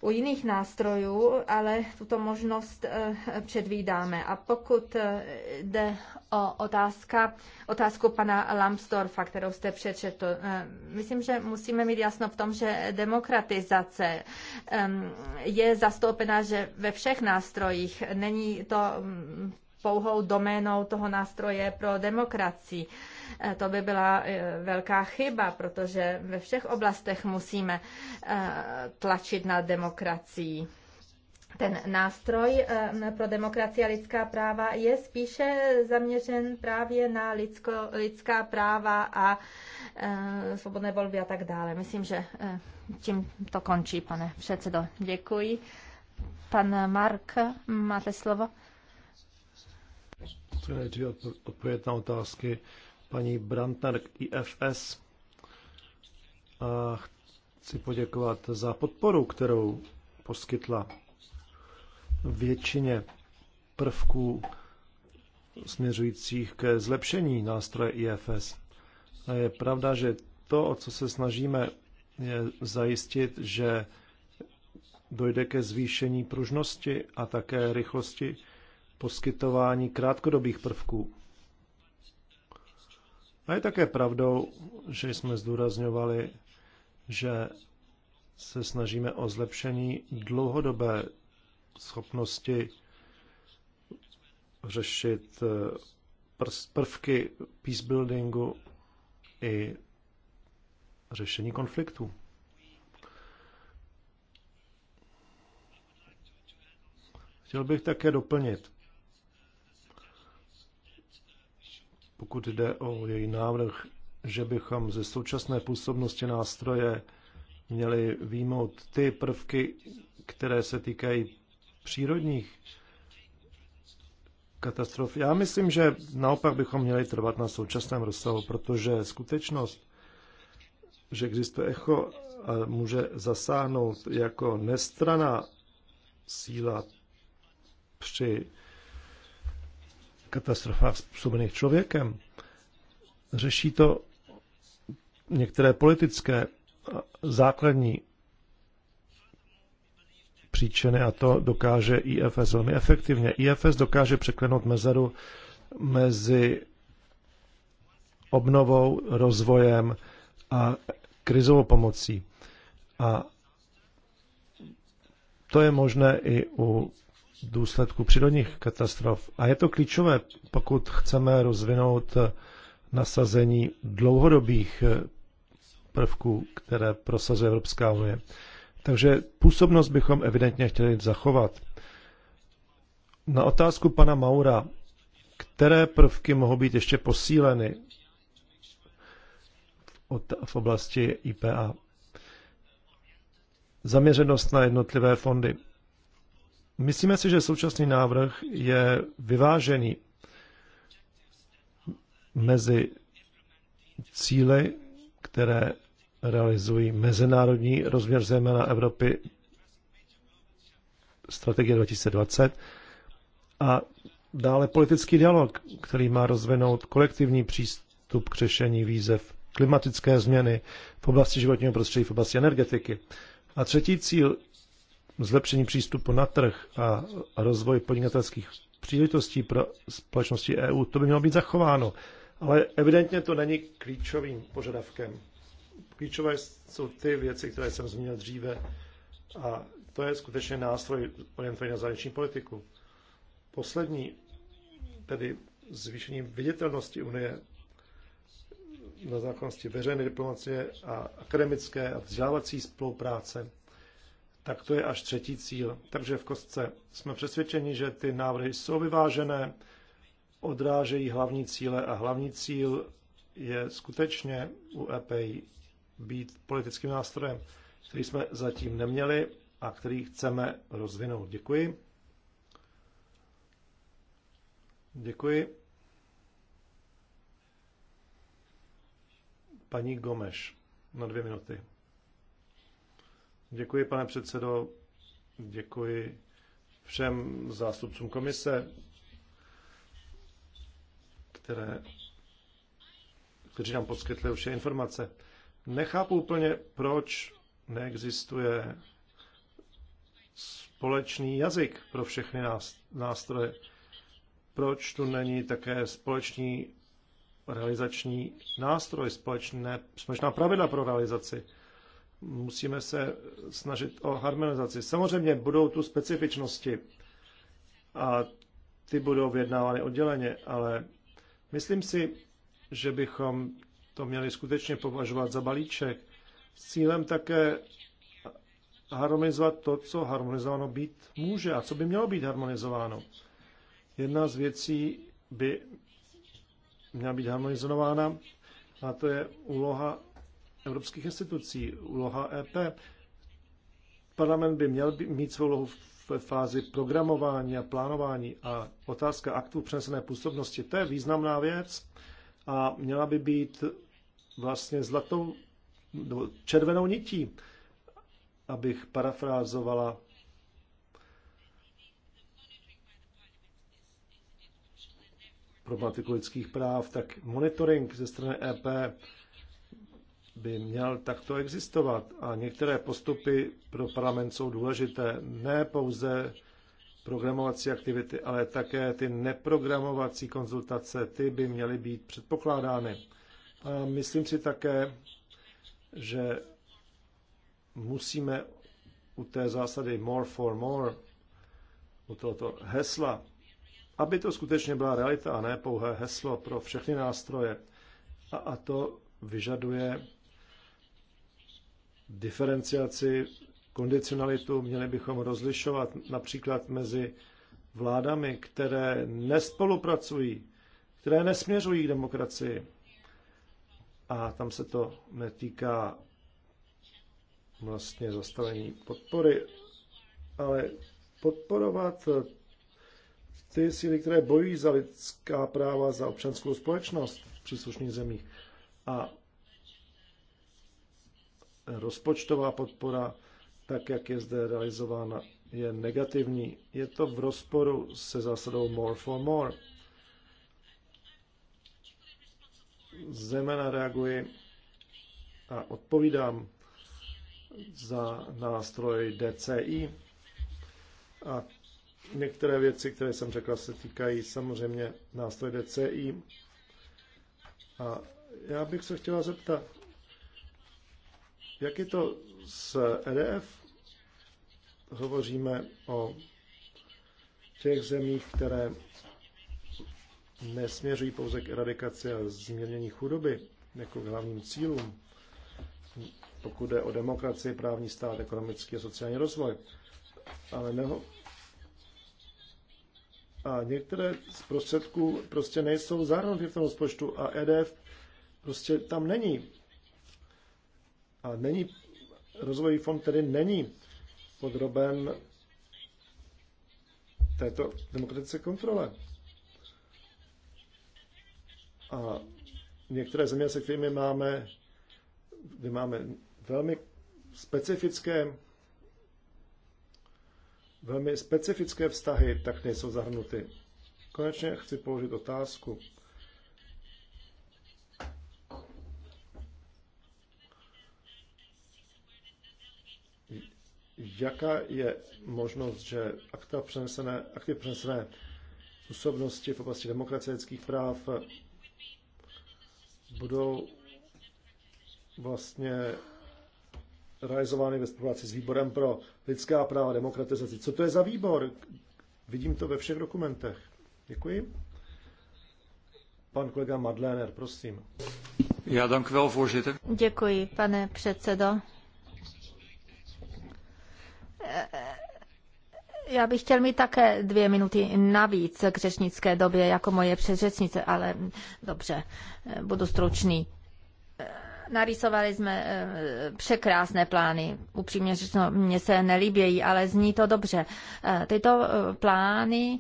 [SPEAKER 4] u jiných nástrojů, ale tuto možnost eh, předvídáme. A pokud eh, jde o otázka, otázku pana Lambsdorfa, kterou jste přečetl, eh, myslím, že musíme mít jasno v tom, že demokratizace ehm, je zastoupena že ve všech nástrojích. Není to mm, pouhou doménou toho nástroje pro demokracii. Eh, to by byla eh, velká chyba, protože ve všech oblastech musíme eh, tlačit na demokracii. Ten nástroj pro demokracii a lidská práva je spíše zaměřen právě na lidsko, lidská práva a svobodné volby a tak dále. Myslím, že tím to končí, pane předsedo. Děkuji. Pan Mark, máte slovo?
[SPEAKER 3] Nejdříve odpovědět na otázky paní Brantner k IFS a chci poděkovat za podporu, kterou poskytla většině prvků směřujících ke zlepšení nástroje IFS. A je pravda, že to, o co se snažíme, je zajistit, že dojde ke zvýšení pružnosti a také rychlosti poskytování krátkodobých prvků. A je také pravdou, že jsme zdůrazňovali, že se snažíme o zlepšení dlouhodobé schopnosti řešit eh, prvky peacebuildingu i řešení konfliktů. Chtěl bych také doplnit, pokud jde o její návrh, že bychom ze současné působnosti nástroje měli výjmout ty prvky, které se týkají přírodních katastrof. Já myslím, že naopak bychom měli trvat na současném rozsahu, protože skutečnost, že existuje echo a může zasáhnout jako nestraná síla při katastrofách způsobených člověkem. Řeší to některé politické základní příčiny a to dokáže IFS velmi efektivně. IFS dokáže překlenout mezeru mezi obnovou, rozvojem a krizovou pomocí. A to je možné i u důsledků přírodních katastrof. A je to klíčové, pokud chceme rozvinout nasazení dlouhodobých eh, prvků, které prosazuje Evropská unie. Takže působnost bychom evidentně chtěli zachovat. Na otázku pana Maura, které prvky mohou být ještě posíleny v oblasti IPA? Zaměřenost na jednotlivé fondy. Myslíme si, že současný návrh je vyvážený mezi cíly, které realizují mezinárodní rozměr zejména Evropy strategie 2020 a dále politický dialog, který má rozvinout kolektivní přístup k řešení výzev klimatické změny v oblasti životního prostředí, v oblasti energetiky. A třetí cíl zlepšení přístupu na trh a rozvoj podnikatelských příležitostí pro společnosti EU, to by mělo být zachováno. Ale evidentně to není klíčovým požadavkem. Klíčové jsou ty věci, které jsem zmínil dříve a to je skutečně nástroj orientovaný na zahraniční politiku. Poslední, tedy zvýšení viditelnosti Unie na základnosti veřejné diplomacie a akademické a vzdělávací spolupráce tak to je až třetí cíl. Takže v kostce jsme přesvědčeni, že ty návrhy jsou vyvážené, odrážejí hlavní cíle a hlavní cíl je skutečně u EPI být politickým nástrojem, který jsme zatím neměli a který chceme rozvinout. Děkuji. Děkuji. Paní Gomeš na dvě minuty. Děkuji, pane předsedo. Děkuji všem zástupcům komise, které, kteří nám poskytli vše informace. Nechápu úplně, proč neexistuje společný jazyk pro všechny nástroje. Proč tu není také společný realizační nástroj, společné, společná pravidla pro realizaci? musíme se snažit o harmonizaci. Samozřejmě budou tu specifičnosti a ty budou vyjednávány odděleně, ale myslím si, že bychom to měli skutečně považovat za balíček s cílem také harmonizovat to, co harmonizováno být může a co by mělo být harmonizováno. Jedna z věcí by měla být harmonizována a to je úloha evropských institucí, úloha EP. Parlament by měl mít svou úlohu ve fázi programování a plánování a otázka aktů přenesené působnosti, to je významná věc a měla by být vlastně zlatou nebo červenou nití, abych parafrázovala problematiku lidských práv, tak monitoring ze strany EP by měl takto existovat. A některé postupy pro parlament jsou důležité. Ne pouze programovací aktivity, ale také ty neprogramovací konzultace, ty by měly být předpokládány. A myslím si také, že musíme u té zásady more for more, u tohoto hesla, aby to skutečně byla realita a ne pouhé heslo pro všechny nástroje. A, a to vyžaduje diferenciaci, kondicionalitu, měli bychom rozlišovat například mezi vládami, které nespolupracují, které nesměřují k demokracii. A tam se to netýká vlastně zastavení podpory, ale podporovat ty síly, které bojují za lidská práva, za občanskou společnost v příslušných zemích. A rozpočtová podpora, tak jak je zde realizována, je negativní. Je to v rozporu se zásadou more for more. Zemena reaguji a odpovídám za nástroj DCI. A některé věci, které jsem řekla, se týkají samozřejmě nástroje DCI. A já bych se chtěla zeptat, jak je to s EDF? Hovoříme o těch zemích, které nesměřují pouze k eradikaci a změnění chudoby jako k hlavním cílům, pokud jde o demokracii, právní stát, ekonomický a sociální rozvoj. Ale neho... A některé z prostředků prostě nejsou zároveň v tom rozpočtu a EDF prostě tam není. A není, rozvojový fond tedy není podroben této demokratické kontrole. A některé země, se kterými máme, kde máme velmi specifické velmi specifické vztahy, tak nejsou zahrnuty. Konečně chci položit otázku. jaká je možnost, že akta přenesené, akty přenesené působnosti v oblasti demokratických práv budou vlastně realizovány ve spolupráci s výborem pro lidská práva a demokratizaci. Co to je za výbor? Vidím to ve všech dokumentech. Děkuji. Pan kolega Madlener, prosím. Já dank wel, voorzitter.
[SPEAKER 4] Děkuji, pane předsedo. Já bych chtěl mít také dvě minuty navíc k řečnické době jako moje předřečnice, ale dobře, budu stručný. Narysovali jsme eh, překrásné plány. Upřímně řečeno, mně se nelíbějí, ale zní to dobře. Eh, tyto eh, plány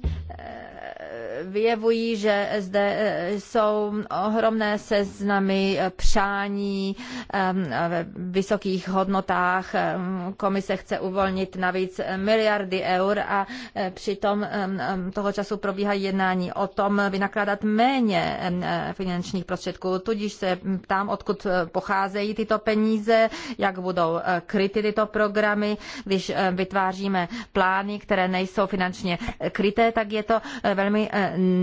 [SPEAKER 4] vyjevují, že zde eh, jsou ohromné seznamy eh, přání ehm, ve vysokých hodnotách. Ehm, komise chce uvolnit navíc miliardy eur a eh, přitom ehm, toho času probíhají jednání o tom vynakládat méně finančních prostředků. Tudíž se ptám, odkud pocházejí tyto peníze, jak budou kryty tyto programy. Když vytváříme plány, které nejsou finančně kryté, tak je to velmi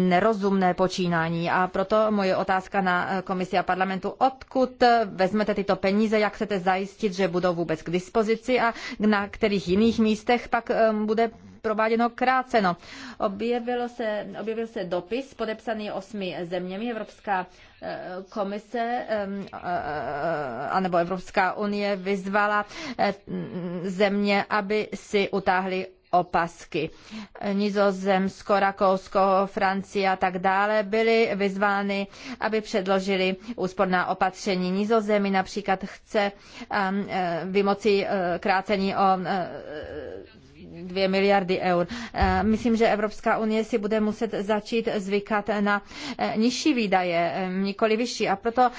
[SPEAKER 4] nerozumné počínání. A proto moje otázka na eh, komisi a parlamentu, odkud vezmete tyto peníze, jak chcete zajistit, že budou vůbec k dispozici a na kterých jiných místech pak eh, bude prováděno kráceno. Objevilo se, objevil se dopis podepsaný osmi zeměmi. Evropská eh, komise anebo Evropská unie vyzvala země, aby si utáhly opasky. Nizozemsko, Rakousko, Francie a tak dále byly vyzvány, aby předložili úsporná opatření. Nizozemí například chce um, eh, vymoci eh, krácení o eh, dvě miliardy eur. Eh, myslím, že Evropská unie si bude muset začít zvykat na eh, nižší výdaje, eh, nikoli vyšší. A proto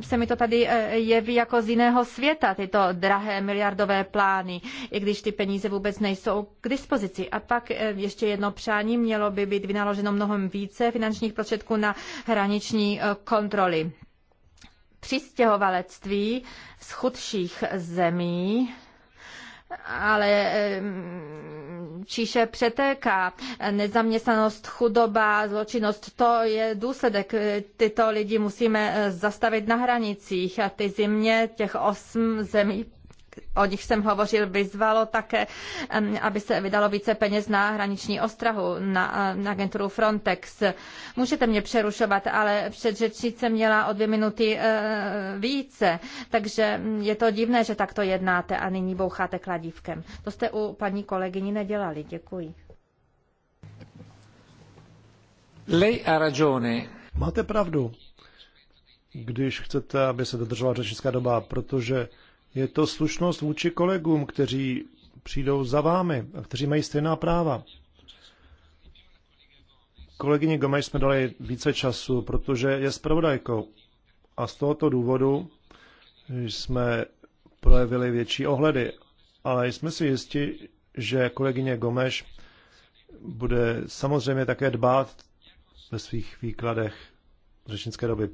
[SPEAKER 4] se mi to tady jeví jako z jiného světa, tyto drahé miliardové plány, i když ty peníze vůbec nejsou k dispozici. A pak ještě jedno přání, mělo by být vynaloženo mnohem více finančních prostředků na hraniční kontroly. Přistěhovalectví z chudších zemí ale číše přetéká. Nezaměstnanost, chudoba, zločinnost, to je důsledek. Tyto lidi musíme eh, zastavit na hranicích a ty zimě těch osm zemí o nich jsem hovořil, vyzvalo také, aby se vydalo více peněz na hraniční ostrahu, na, na agenturu Frontex. Můžete mě přerušovat, ale předřečnice měla o dvě minuty eh, více, takže mm, je to divné, že takto jednáte a nyní boucháte kladívkem. To jste u paní kolegyni nedělali. Děkuji.
[SPEAKER 1] Lei
[SPEAKER 3] a ragione. Máte pravdu, když chcete, aby se dodržovala řečnická doba, protože je to slušnost vůči kolegům, kteří přijdou za vámi a kteří mají stejná práva. Kolegyně Gomeš jsme dali více času, protože je spravodajkou. A z tohoto důvodu jsme projevili větší ohledy. Ale jsme si jisti, že kolegyně Gomeš bude samozřejmě také dbát ve svých výkladech řečnické doby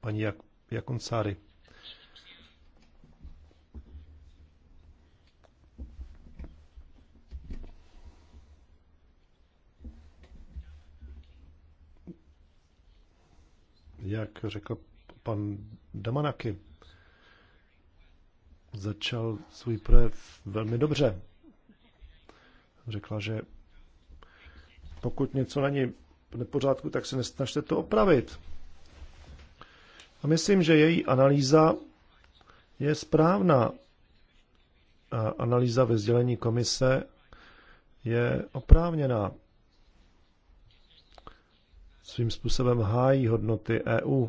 [SPEAKER 3] paní Jak- Jakoncáry. Jak řekl pan Damanaky, začal svůj projev velmi dobře. Řekla, že pokud něco není v nepořádku, tak se nesnažte to opravit. A myslím, že její analýza je správná. A analýza ve sdělení komise je oprávněná svým způsobem hájí hodnoty EU.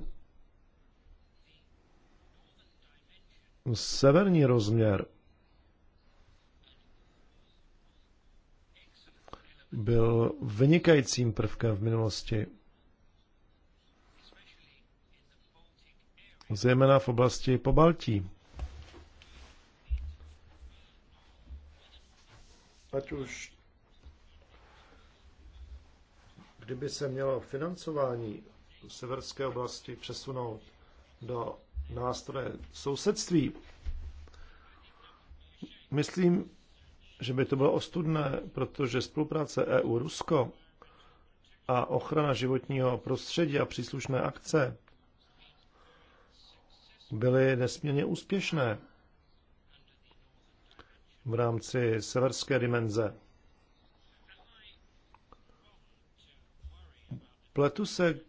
[SPEAKER 3] Severní rozměr byl vynikajícím prvkem v minulosti, zejména v oblasti po Baltí. Ať už kdyby se mělo financování severské oblasti přesunout do nástroje sousedství, myslím, že by to bylo ostudné, protože spolupráce EU-Rusko a ochrana životního prostředí a příslušné akce byly nesmírně úspěšné v rámci severské dimenze. Pletu se,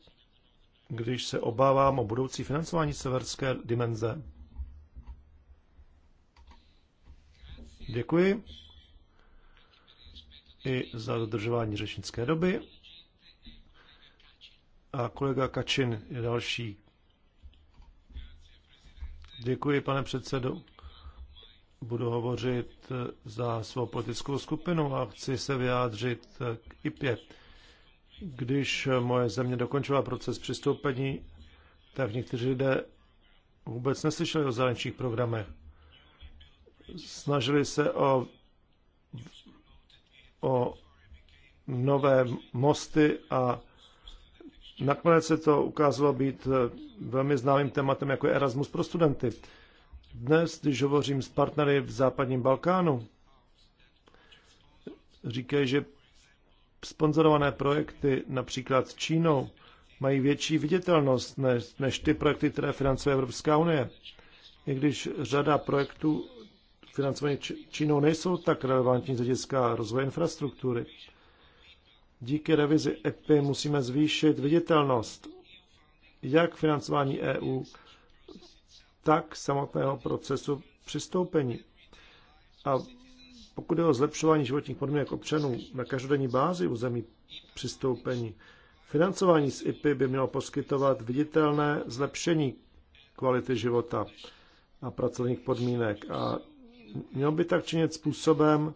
[SPEAKER 3] když se obávám o budoucí financování severské dimenze. Děkuji i za dodržování řečnické doby. A kolega Kačin je další. Děkuji, pane předsedo. Budu hovořit za svou politickou skupinu a chci se vyjádřit k IPě. Když moje země dokončila proces přistoupení, tak někteří lidé vůbec neslyšeli o zahraničních programech. Snažili se o, o nové mosty a nakonec se to ukázalo být velmi známým tématem, jako je Erasmus pro studenty. Dnes, když hovořím s partnery v západním Balkánu, říkají, že sponzorované projekty, například s Čínou, mají větší viditelnost než, než ty projekty, které financuje Evropská unie. I když řada projektů financovaných Čínou nejsou tak relevantní z hlediska rozvoje infrastruktury. Díky revizi EPI musíme zvýšit viditelnost jak financování EU, tak samotného procesu přistoupení. A pokud je o zlepšování životních podmínek jako občanů na každodenní bázi u zemí přistoupení, financování z IPy by mělo poskytovat viditelné zlepšení kvality života a pracovních podmínek a mělo by tak činit způsobem,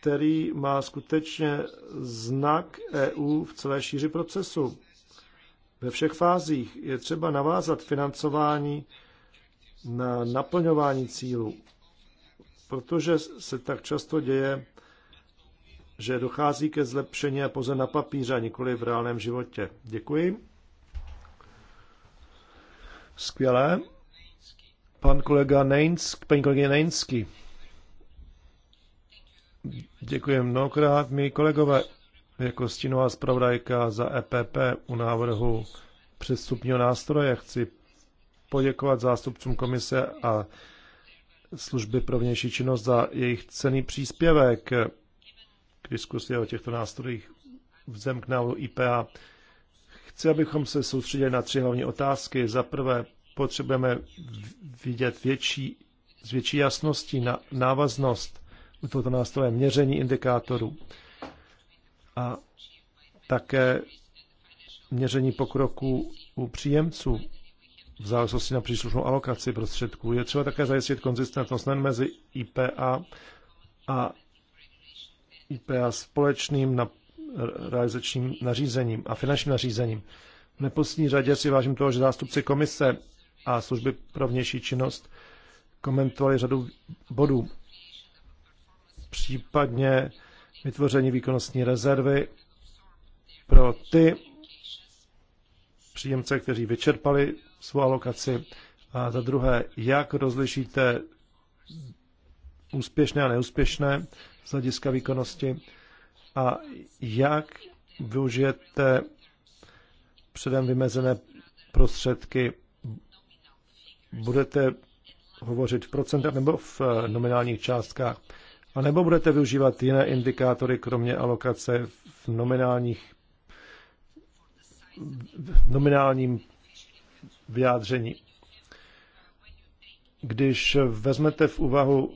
[SPEAKER 3] který má skutečně znak EU v celé šíři procesu. Ve všech fázích je třeba navázat financování na naplňování cílů protože se tak často děje, že dochází ke zlepšení a pouze na papíře, a nikoli v reálném životě. Děkuji. Skvělé. Pan kolega Nejnsk, paní kolegyně Nejnský. Děkuji mnohokrát, milí kolegové. Jako stínová zpravodajka za EPP u návrhu přestupního nástroje chci poděkovat zástupcům komise a služby pro vnější činnost za jejich cený příspěvek k diskusi o těchto nástrojích vzem k IPA. Chci, abychom se soustředili na tři hlavní otázky. Za prvé, potřebujeme vidět větší, z větší jasností na návaznost u tohoto nástroje měření indikátorů a také měření pokroku u příjemců v závislosti na příslušnou alokaci prostředků. Je třeba také zajistit konzistentnost nejen mezi IPA a IPA společným na realizačním nařízením a finančním nařízením. V neposlední řadě si vážím toho, že zástupci komise a služby pro vnější činnost komentovali řadu bodů, případně vytvoření výkonnostní rezervy pro ty příjemce, kteří vyčerpali svou alokaci? A za druhé, jak rozlišíte úspěšné a neúspěšné z hlediska výkonnosti? A jak využijete předem vymezené prostředky? Budete hovořit v procentech nebo v eh, nominálních částkách? A nebo budete využívat jiné indikátory, kromě alokace v nominálních v nominálním vyjádření. Když vezmete v úvahu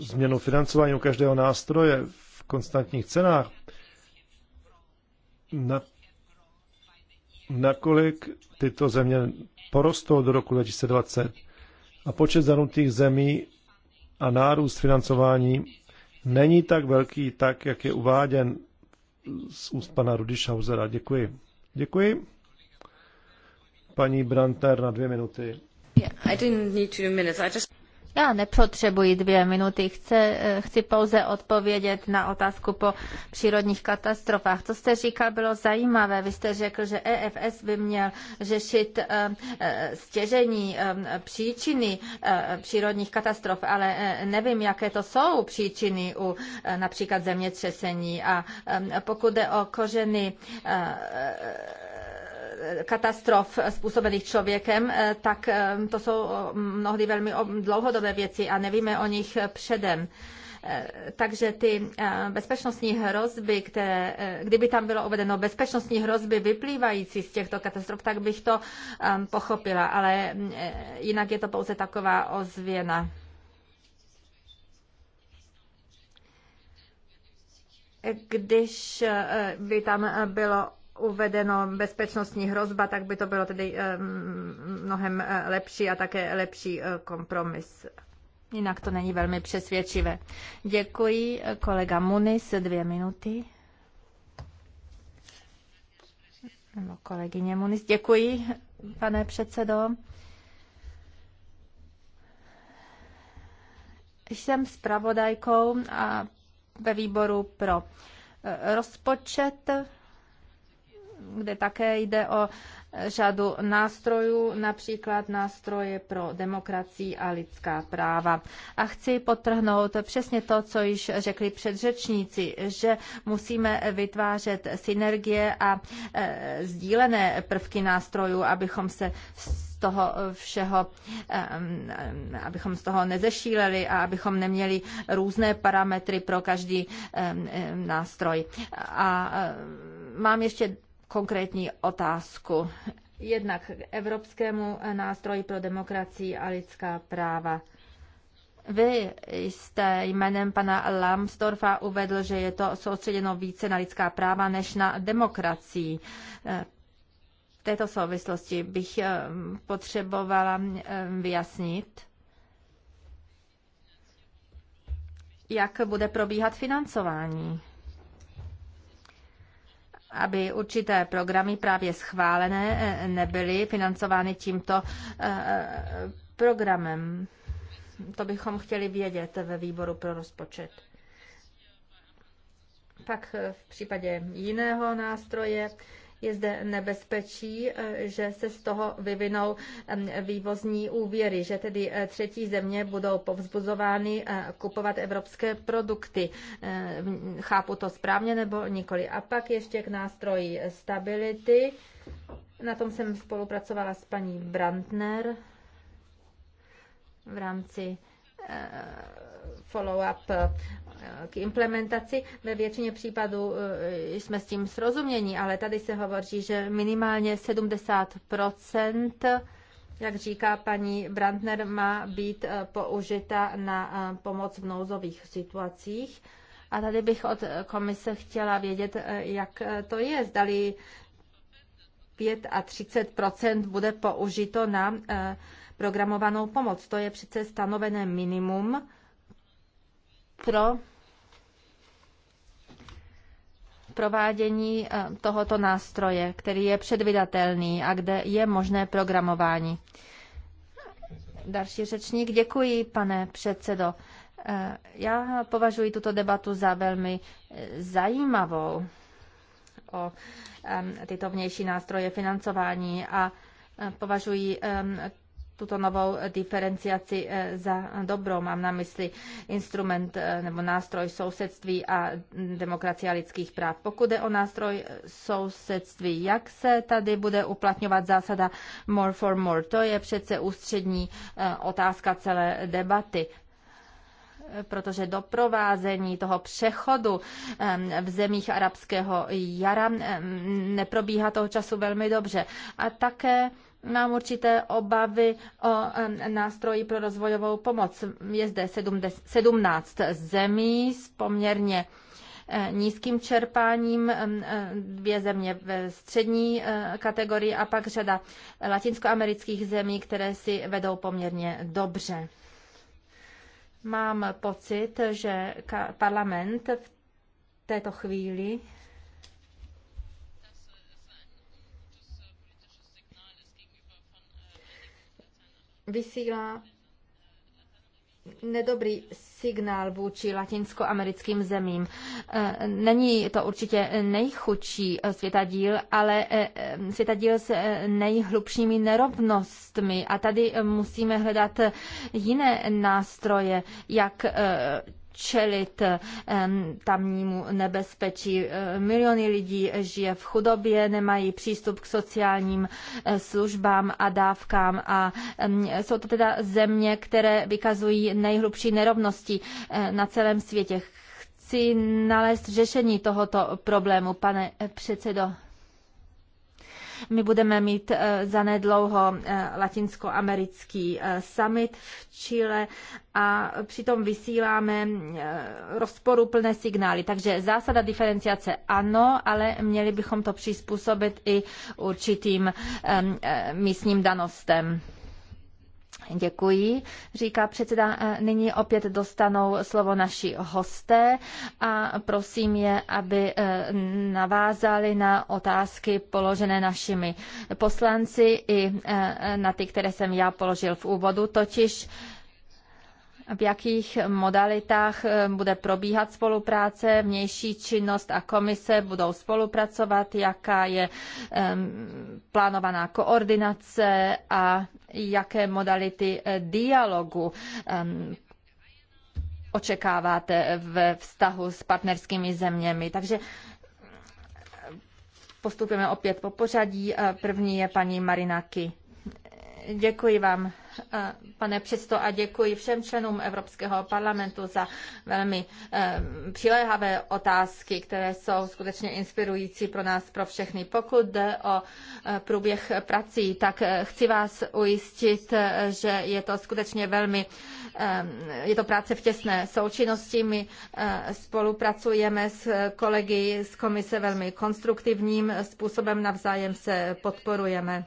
[SPEAKER 3] změnu financování u každého nástroje v konstantních cenách, na, nakolik tyto země porostou do roku 2020 a počet zanutých zemí a nárůst financování není tak velký, tak jak je uváděn z úst pana Rudišauzera. Děkuji. Děkuji paní Branter na dvě minuty.
[SPEAKER 4] Já nepotřebuji dvě minuty. Chci eh, chci pouze odpovědět na otázku po přírodních katastrofách. Co jste říkal, bylo zajímavé. Vy jste řekl, že EFS by měl řešit eh, eh, stěžení příčiny přírodních katastrof, ale nevím, jaké to jsou příčiny u například zemětřesení. A pokud jde o kořeny katastrof způsobených člověkem, eh, tak eh, to jsou eh, mnohdy velmi dlouhodobé věci a nevíme o nich předem. Takže ty bezpečnostní hrozby, které, kdyby tam bylo uvedeno bezpečnostní hrozby vyplývající z těchto katastrof, tak bych to pochopila, ale jinak je to pouze taková ozvěna. Když by tam bylo uvedeno bezpečnostní hrozba, tak by to bylo tedy eh, mnohem eh, lepší a také lepší eh, kompromis. Jinak to není velmi přesvědčivé. Děkuji. Kolega Munis, dvě minuty. Nebo kolegyně Munis, děkuji, pane předsedo. Jsem zpravodajkou a ve výboru pro rozpočet kde také jde o řadu nástrojů, například nástroje pro demokracii a lidská práva. A chci potrhnout přesně to, co již řekli předřečníci, že musíme vytvářet synergie a e, sdílené prvky nástrojů, abychom se z toho všeho, e, e, abychom z toho nezešíleli a abychom neměli různé parametry pro každý e, nástroj. A mám ještě konkrétní otázku. Jednak k Evropskému nástroji pro demokracii a lidská práva. Vy jste jménem pana Lambsdorfa uvedl, že je to soustředěno více na lidská práva než na demokracii. V této souvislosti bych eh, potřebovala eh, vyjasnit, jak bude probíhat financování aby určité programy právě schválené eh, nebyly financovány tímto eh, programem. To bychom chtěli vědět ve výboru pro rozpočet. Pak eh, v případě jiného nástroje je zde nebezpečí, eh, že se z toho vyvinou vývozní úvěry, že tedy eh, třetí země budou povzbuzovány eh, kupovat evropské produkty. Chápu to správně nebo nikoli. A pak ještě k nástroji stability. Na tom jsem spolupracovala s paní Brandner v rámci Eh, follow-up eh, k implementaci. Ve většině případů eh, jsme s tím srozuměni, ale tady se hovoří, že minimálně 70 jak říká paní Brandner, má být použita na pomoc v nouzových situacích. A tady bych od komise chtěla vědět, jak to je. Zdali 35 bude použito na programovanou pomoc. To je přece stanovené minimum pro provádění eh, tohoto nástroje, který je předvydatelný a kde je možné programování. Další řečník. Děkuji, pane předsedo. Eh, já považuji tuto debatu za velmi eh, zajímavou o tyto vnější nástroje financování a považuji tuto novou diferenciaci eh, za dobrou. Mám na mysli instrument eh, nebo nástroj sousedství a demokracie a lidských práv. Pokud je o nástroj sousedství, jak se tady bude uplatňovat zásada more for more? To je přece ústřední eh, otázka celé debaty protože doprovázení toho přechodu v zemích arabského jara neprobíhá toho času velmi dobře. A také mám určité obavy o nástroji pro rozvojovou pomoc. Je zde 17 zemí s poměrně eh, nízkým čerpáním, eh, dvě země ve střední eh, kategorii a pak řada latinskoamerických zemí, které si vedou poměrně dobře. Mám pocit, že parlament v této chvíli vysílá nedobrý signál vůči latinskoamerickým zemím. Eh, není to určitě nejchudší eh, světadíl, ale eh, světadíl s nejhlubšími nerovnostmi. A tady musíme hledat jiné nástroje, jak čelit tamnímu nebezpečí. Eh, miliony lidí žije v chudobě, nemají přístup k sociálním eh, službám a dávkám a jsou to teda země, které vykazují nejhlubší nerovnosti eh, na celém světě. Chci nalézt řešení tohoto problému, pane předsedo my budeme mít eh, zanedlouho eh, latinskoamerický eh, summit v Chile a přitom vysíláme rozporuplné signály. Takže zásada diferenciace ano, ale měli bychom to přizpůsobit i určitým místním danostem. Děkuji, říká předseda. E, nyní opět dostanou slovo naši hosté a prosím je, aby e, navázali na otázky položené našimi poslanci i e, na ty, které jsem já položil v úvodu, totiž v jakých modalitách eh, bude probíhat spolupráce, vnější činnost a komise budou spolupracovat, jaká je plánovaná koordinace a jaké modality eh, dialogu očekáváte ve vztahu s partnerskými zeměmi. Takže eh, postupujeme opět po pořadí. První je paní Marinaky. Děkuji vám. Eh, pane předsedo, a děkuji všem členům Evropského parlamentu za velmi eh, přiléhavé otázky, které jsou skutečně inspirující pro nás, pro všechny. Pokud jde o eh, průběh prací, tak chci vás ujistit, že je to skutečně velmi je to práce v těsné součinnosti. My spolupracujeme s kolegy z komise velmi konstruktivním způsobem, navzájem se podporujeme.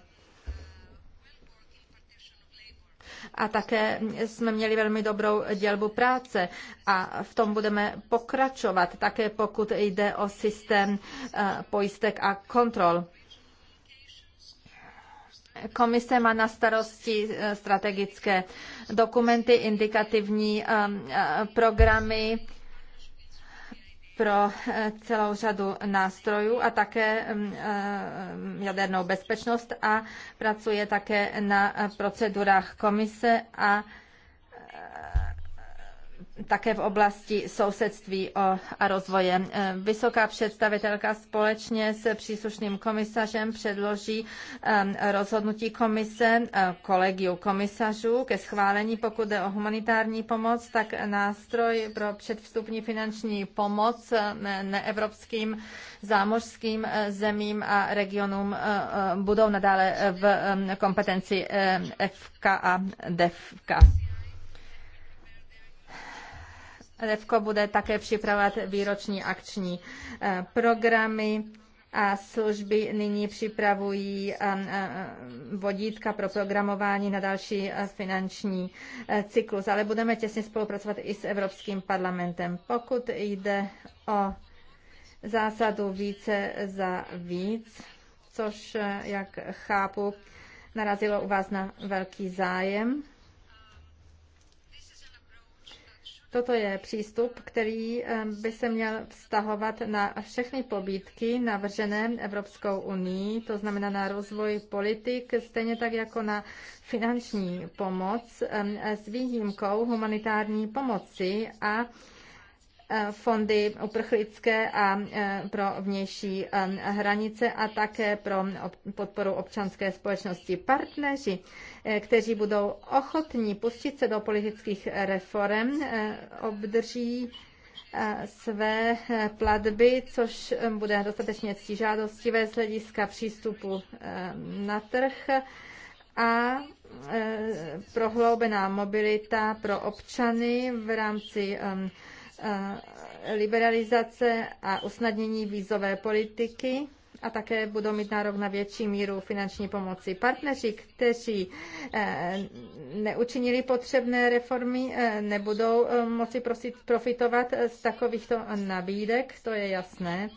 [SPEAKER 4] a také jsme měli velmi dobrou dělbu práce a v tom budeme pokračovat, také pokud jde o systém eh, pojistek a kontrol. Komise má na starosti eh, strategické dokumenty, indikativní eh, programy, pro eh, celou řadu nástrojů a také mm, eh, jadernou bezpečnost a pracuje také na eh, procedurách komise a také v oblasti sousedství a rozvoje. Eh, vysoká představitelka společně s příslušným komisařem předloží eh, rozhodnutí komise eh, kolegiu komisařů ke schválení, pokud jde o humanitární pomoc, tak nástroj pro předvstupní finanční pomoc neevropským zámořským zemím a regionům budou nadále v kompetenci FK a DEFCA. Levko bude také připravovat výroční akční eh, programy a služby nyní připravují eh, eh, vodítka pro programování na další finanční cyklus, ale budeme těsně spolupracovat i s Evropským parlamentem. Pokud jde o zásadu více za víc, což, jak chápu, narazilo u vás na velký zájem. Toto je přístup, který by se měl vztahovat na všechny pobídky navržené Evropskou unii, to znamená na rozvoj politik, stejně tak jako na finanční pomoc s výjimkou humanitární pomoci a Eh, fondy uprchlické a eh, pro vnější eh, hranice a také pro podporu občanské společnosti. Partneři, kteří budou ochotní pustit se do politických reform, obdrží své platby, což bude dostatečně ctižádostivé z hlediska přístupu na trh a prohloubená mobilita pro občany v rámci liberalizace a usnadnění vízové politiky a také budou mít nárok na větší míru finanční pomoci. Partneři, kteří eh, neučinili potřebné reformy, eh, nebudou eh, moci profitovat z takovýchto nabídek, to je jasné.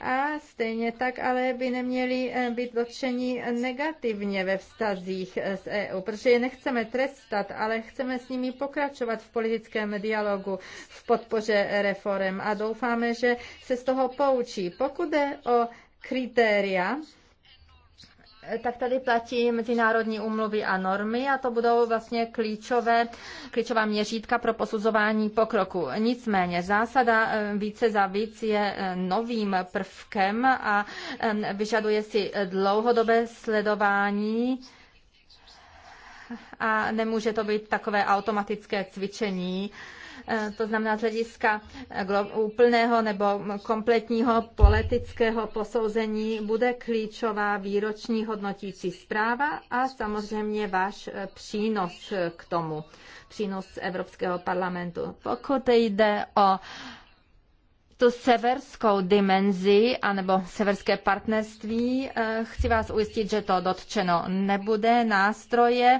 [SPEAKER 4] A stejně tak ale by neměli eh, být dotčeni negativně ve vztazích eh, s EU, protože je nechceme trestat, ale chceme s nimi pokračovat v politickém dialogu, v podpoře reform a doufáme, že se z toho poučí. Pokud jde o kritéria, tak tady platí mezinárodní úmluvy a normy a to budou vlastně klíčové, klíčová měřítka pro posuzování pokroku. Nicméně zásada eh, více za víc je eh, novým prvkem a eh, vyžaduje si dlouhodobé sledování a nemůže to být takové automatické cvičení, Eh, to znamená z hlediska eh, úplného nebo kompletního politického posouzení, bude klíčová výroční hodnotící zpráva a samozřejmě váš eh, přínos k tomu, přínos Evropského parlamentu. Pokud jde o tu severskou dimenzi anebo severské partnerství. Chci vás ujistit, že to dotčeno nebude. Nástroje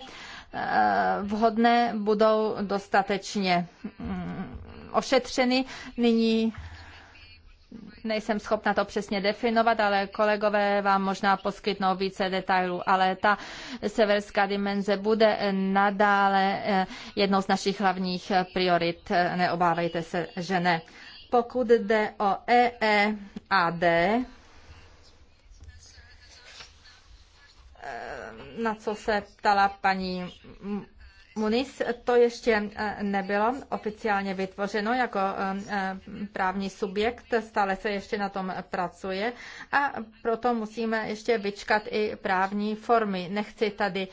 [SPEAKER 4] vhodné, budou dostatečně mm, ošetřeny. Nyní nejsem schopna to přesně definovat, ale kolegové vám možná poskytnou více detailů, ale ta severská dimenze bude nadále eh, jednou z našich hlavních priorit. Neobávejte se, že ne. Pokud jde o EEAD, Eh, na co se ptala paní Munis, to ještě eh, nebylo oficiálně vytvořeno jako eh, právní subjekt, stále se ještě na tom pracuje a proto musíme ještě vyčkat i právní formy. Nechci tady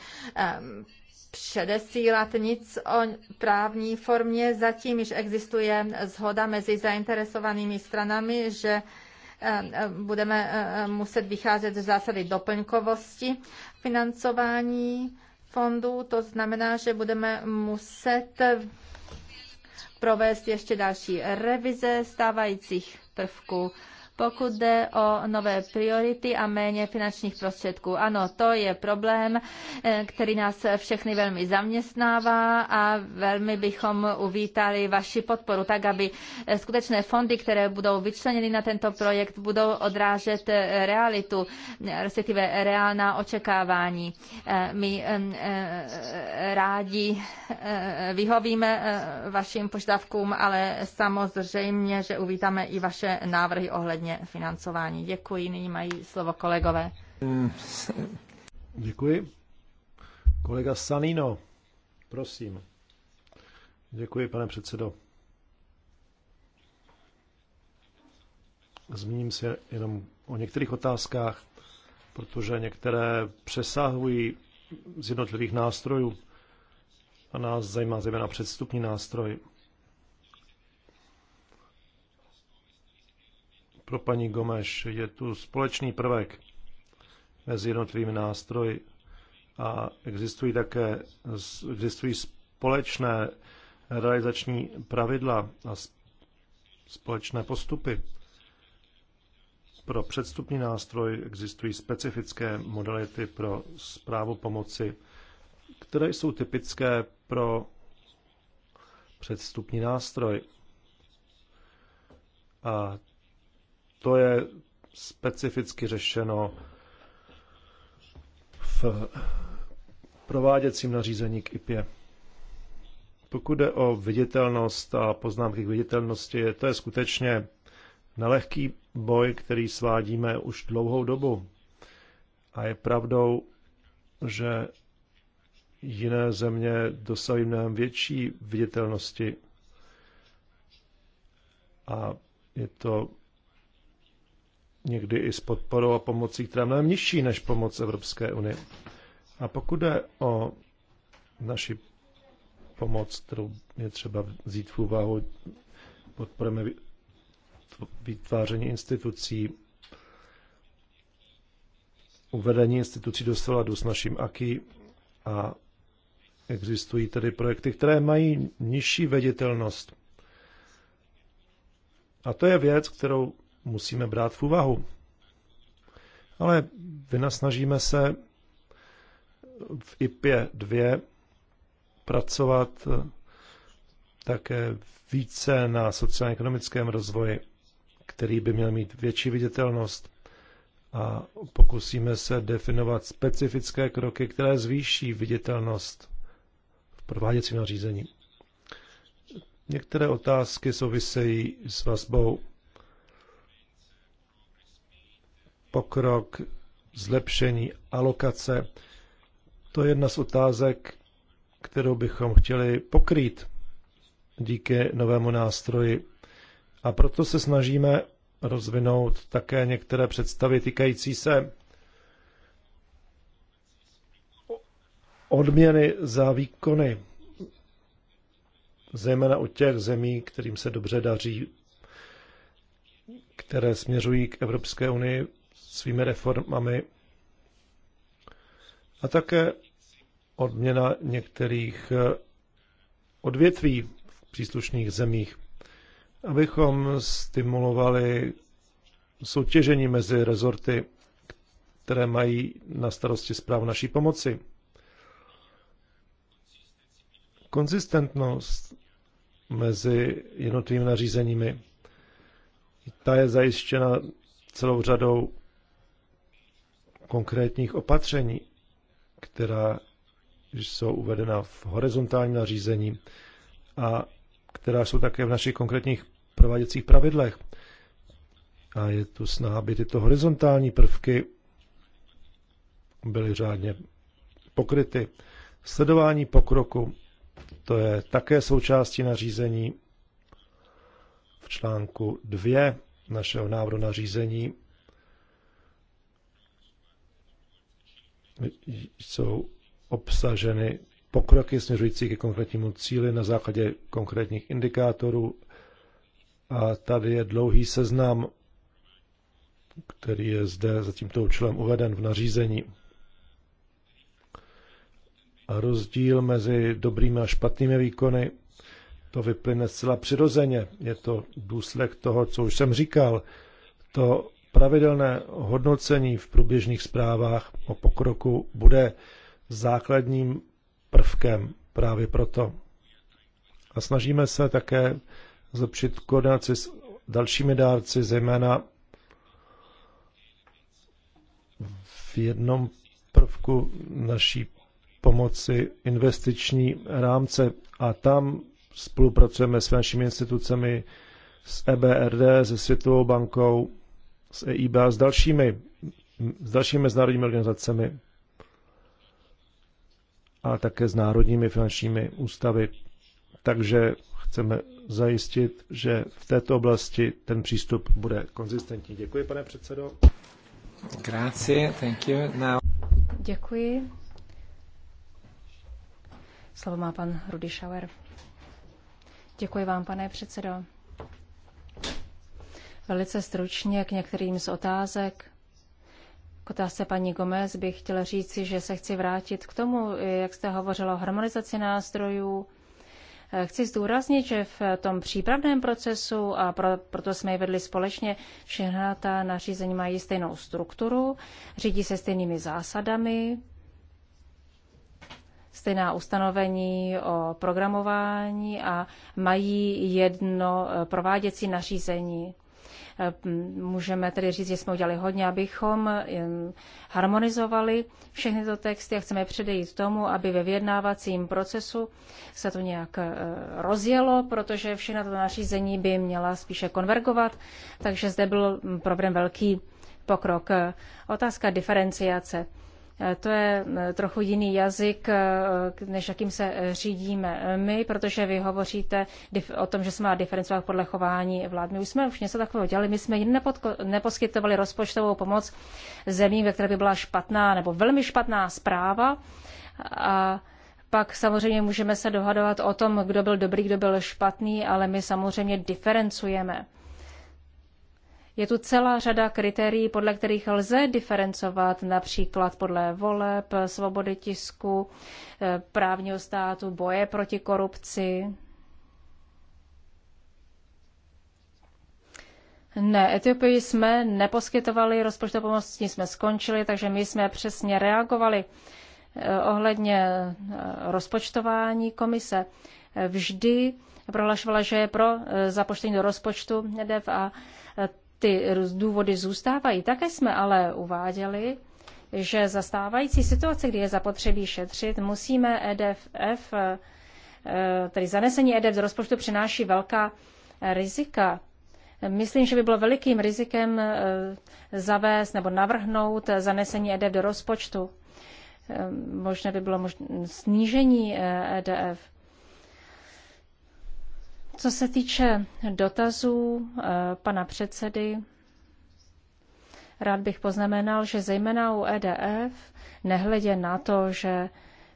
[SPEAKER 4] předesílat nic o právní formě, zatím již existuje zhoda mezi zainteresovanými stranami, že budeme eh, eh, muset vycházet z zásady doplňkovosti financování fondů. To znamená, že budeme muset provést ještě další revize stávajících prvků pokud jde o nové priority a méně finančních prostředků, ano, to je problém, eh, který nás všechny velmi zaměstnává a velmi bychom uvítali vaši podporu, tak aby eh, skutečné fondy, které budou vyčleněny na tento projekt, budou odrážet eh, realitu, respektive reálná očekávání. My rádi vyhovíme vašim požadavkům, ale samozřejmě, že uvítáme i vaše návrhy ohledně ohledně financování. Děkuji, nyní mají slovo kolegové.
[SPEAKER 3] Děkuji. Kolega Sanino, prosím. Děkuji, pane předsedo. Zmíním se jenom o některých otázkách, protože některé přesahují z jednotlivých nástrojů a nás zajímá zejména předstupní nástroj. pro paní Gomeš. Je tu společný prvek mezi jednotlivými nástroji a existují také existují společné realizační pravidla a společné postupy. Pro předstupní nástroj existují specifické modality pro zprávu pomoci, které jsou typické pro předstupní nástroj. A to je specificky řešeno v prováděcím nařízení k IPě. Pokud jde o viditelnost a poznámky k viditelnosti, to je skutečně nelehký boj, který svádíme už dlouhou dobu. A je pravdou, že jiné země dosahují mnohem větší viditelnosti. A je to někdy i s podporou a pomocí, která je mnohem nižší než pomoc Evropské unie. A pokud jde o naši pomoc, kterou je třeba vzít v úvahu, podporujeme vytváření institucí, uvedení institucí do souladu s naším AKI a existují tedy projekty, které mají nižší veditelnost. A to je věc, kterou musíme brát v úvahu. Ale vynasnažíme se v IPě 2 pracovat eh, také více na sociálně-ekonomickém rozvoji, který by měl mít větší viditelnost a pokusíme se definovat specifické kroky, které zvýší viditelnost v prováděcím nařízení. Některé otázky souvisejí s vazbou pokrok, zlepšení alokace. To je jedna z otázek, kterou bychom chtěli pokrýt díky novému nástroji. A proto se snažíme rozvinout také některé představy týkající se odměny za výkony, zejména u těch zemí, kterým se dobře daří, které směřují k Evropské unii svými reformami a také odměna některých eh, odvětví v příslušných zemích, abychom stimulovali soutěžení mezi rezorty, které mají na starosti zpráv naší pomoci. Konzistentnost mezi jednotlivými nařízeními, ta je zajištěna celou řadou konkrétních opatření, která jsou uvedena v horizontálním nařízení a která jsou také v našich konkrétních prováděcích pravidlech. A je tu snaha, aby tyto horizontální prvky byly řádně pokryty. Sledování pokroku, to je také součástí nařízení v článku 2 našeho návrhu nařízení jsou obsaženy pokroky směřující ke konkrétnímu cíli na základě konkrétních indikátorů. A tady je dlouhý seznam, který je zde za tímto účelem uveden v nařízení. A rozdíl mezi dobrými a špatnými výkony, to vyplyne zcela přirozeně. Je to důsledek toho, co už jsem říkal. To Pravidelné hodnocení v průběžných zprávách o pokroku bude základním prvkem právě proto. A snažíme se také zlepšit koordinaci s dalšími dárci, zejména v jednom prvku naší pomoci investiční rámce a tam spolupracujeme s našimi institucemi, s EBRD, se Světovou bankou, s EIB a s dalšími, s dalšími mezinárodními organizacemi a také s národními finančními ústavy. Takže chceme zajistit, že v této oblasti ten přístup bude konzistentní. Děkuji, pane předsedo. Grazie, thank you. Now...
[SPEAKER 2] Děkuji. Slovo má pan Rudy Schauer. Děkuji vám, pane předsedo. Velice stručně k některým z otázek. K otázce paní Gomez bych chtěla říci, že se chci vrátit k tomu, jak jste hovořila o harmonizaci nástrojů. Chci zdůraznit, že v tom přípravném procesu, a pro, proto jsme je vedli společně, všechna ta nařízení mají stejnou strukturu, řídí se stejnými zásadami, stejná ustanovení o programování a mají jedno eh, prováděcí nařízení. Můžeme tedy říct, že jsme udělali hodně, abychom harmonizovali všechny tyto texty a chceme předejít tomu, aby ve vyjednávacím procesu se to nějak eh, rozjelo, protože všechna to nařízení by měla spíše konvergovat, takže zde byl mm, problém velký pokrok. Eh, otázka diferenciace. Eh, to je eh, trochu jiný jazyk, eh, než jakým se řídíme my, protože vy hovoříte o tom, že se má diferencovat podle chování vlád. My už jsme už něco takového dělali, my jsme neposkytovali rozpočtovou pomoc zemím, ve které by byla špatná nebo velmi špatná zpráva. A pak samozřejmě můžeme se dohadovat o tom, kdo byl dobrý, kdo byl špatný, ale my samozřejmě diferencujeme je tu celá řada kritérií, podle kterých lze diferencovat, například podle voleb, svobody tisku, eh, právního státu, boje proti korupci. Ne, Etiopii jsme neposkytovali rozpočtovou pomoc, s ní jsme skončili, takže my jsme přesně reagovali eh, ohledně eh, rozpočtování komise. Vždy prohlašovala, že je pro započtení do rozpočtu DEV a ty důvody zůstávají. Také jsme ale uváděli, že za stávající situace, kdy je zapotřebí šetřit, musíme EDF, e, tedy zanesení EDF do rozpočtu přináší velká rizika. Myslím, že by bylo velikým rizikem e, zavést nebo navrhnout zanesení EDF do rozpočtu. E, možná by bylo snížení EDF. Co se týče dotazů eh, pana předsedy, rád bych poznamenal, že zejména u EDF, nehledě na to, že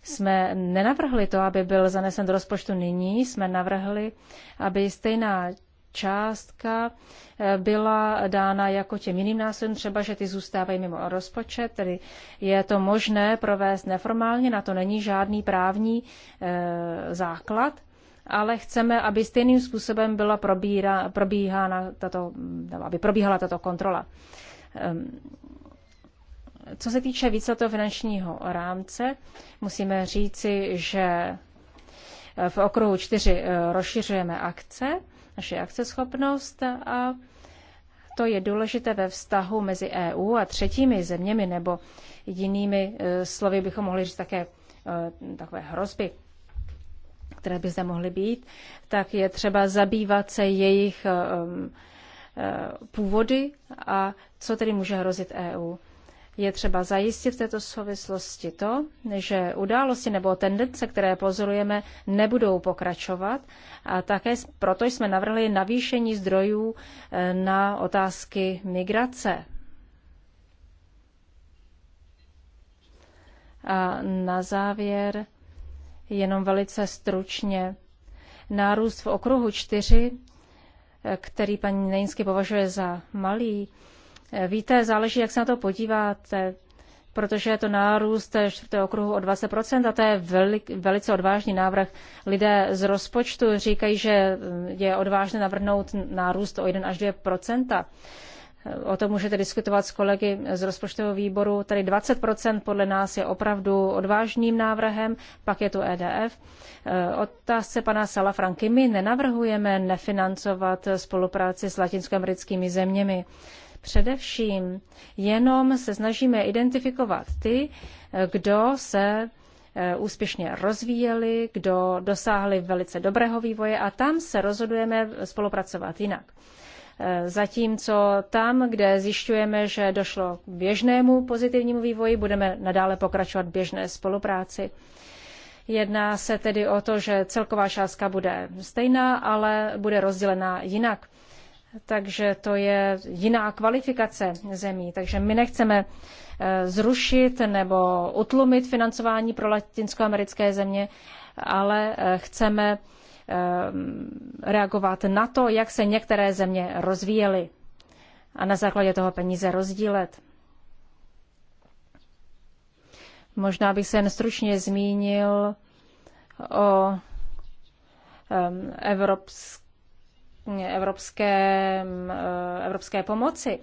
[SPEAKER 2] jsme nenavrhli to, aby byl zanesen do rozpočtu nyní, jsme navrhli, aby stejná částka eh, byla dána jako těm jiným nástrojům, třeba, že ty zůstávají mimo rozpočet, tedy je to možné provést neformálně, na to není žádný právní e, základ, ale chceme, aby stejným způsobem byla probíra, probíhána tato, aby probíhala tato kontrola. Ehm, co se týče víceletého finančního rámce, musíme říci, že eh, v okruhu 4 eh, rozšiřujeme akce, naše akceschopnost a to je důležité ve vztahu mezi EU a třetími zeměmi, nebo jinými eh, slovy bychom mohli říct také takové hrozby které by zde mohly být, tak je třeba zabývat se jejich eh, eh, původy a co tedy může hrozit EU. Je třeba zajistit v této souvislosti to, že události nebo tendence, které pozorujeme, nebudou pokračovat. A také proto jsme navrhli navýšení zdrojů eh, na otázky migrace. A na závěr jenom velice stručně. Nárůst v okruhu 4, který paní Nejinsky považuje za malý, víte, záleží, jak se na to podíváte, protože je to nárůst čtvrtého okruhu o 20% a to je velik, velice odvážný návrh. Lidé z rozpočtu říkají, že je odvážné navrhnout nárůst o 1 až 2%. O tom můžete diskutovat s kolegy z rozpočtového výboru. Tady 20% podle nás je opravdu odvážným návrhem, pak je tu EDF. Eh, otázce pana Franky: My nenavrhujeme nefinancovat spolupráci s latinskoamerickými zeměmi. Především jenom se snažíme identifikovat ty, eh, kdo se eh, úspěšně rozvíjeli, kdo dosáhli velice dobrého vývoje a tam se rozhodujeme spolupracovat jinak. Zatímco tam, kde zjišťujeme, že došlo k běžnému pozitivnímu vývoji, budeme nadále pokračovat běžné spolupráci. Jedná se tedy o to, že celková částka bude stejná, ale bude rozdělená jinak. Takže to je jiná kvalifikace zemí. Takže my nechceme eh, zrušit nebo utlumit financování pro latinskoamerické země, ale eh, chceme Eh, reagovat na to, jak se některé země rozvíjely a na základě toho peníze rozdílet. Možná bych se jen stručně zmínil o evropské evropské, eh, evropské pomoci.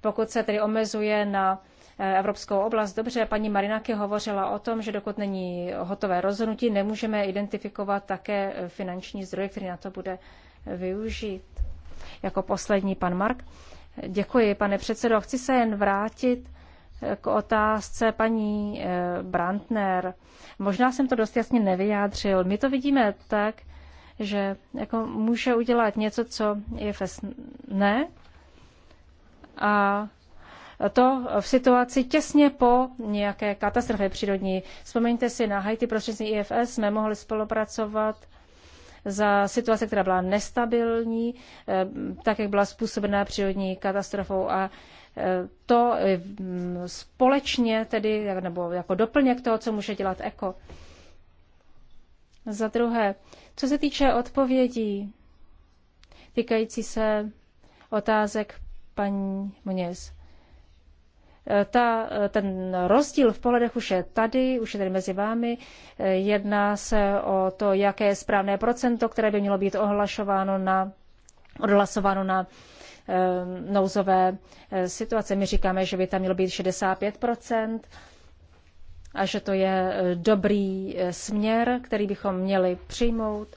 [SPEAKER 2] Pokud se tedy omezuje na evropskou oblast. Dobře, paní Marinaky hovořila o tom, že dokud není hotové rozhodnutí, nemůžeme identifikovat také finanční zdroje, který na to bude využít. Jako poslední pan Mark. Děkuji, pane předsedo. Chci se jen vrátit k otázce paní eh, Brandner. Možná jsem to dost jasně nevyjádřil. My to vidíme tak, že jako může udělat něco, co je fest ne, a to v situaci těsně po nějaké katastrofě přírodní. Vzpomeňte si na Haiti prostřednictvím IFS, jsme mohli spolupracovat za situace, která byla nestabilní, eh, tak jak byla způsobená přírodní katastrofou a eh, to eh, společně tedy, nebo jako doplněk toho, co může dělat eko. Za druhé, co se týče odpovědí týkající se otázek paní Muněz ta, ten rozdíl v pohledech už je tady, už je tady mezi vámi. Jedná se o to, jaké je správné procento, které by mělo být ohlašováno na, odhlasováno na e, nouzové eh, situace. My říkáme, že by tam mělo být 65 a že to je eh, dobrý směr, který bychom měli přijmout.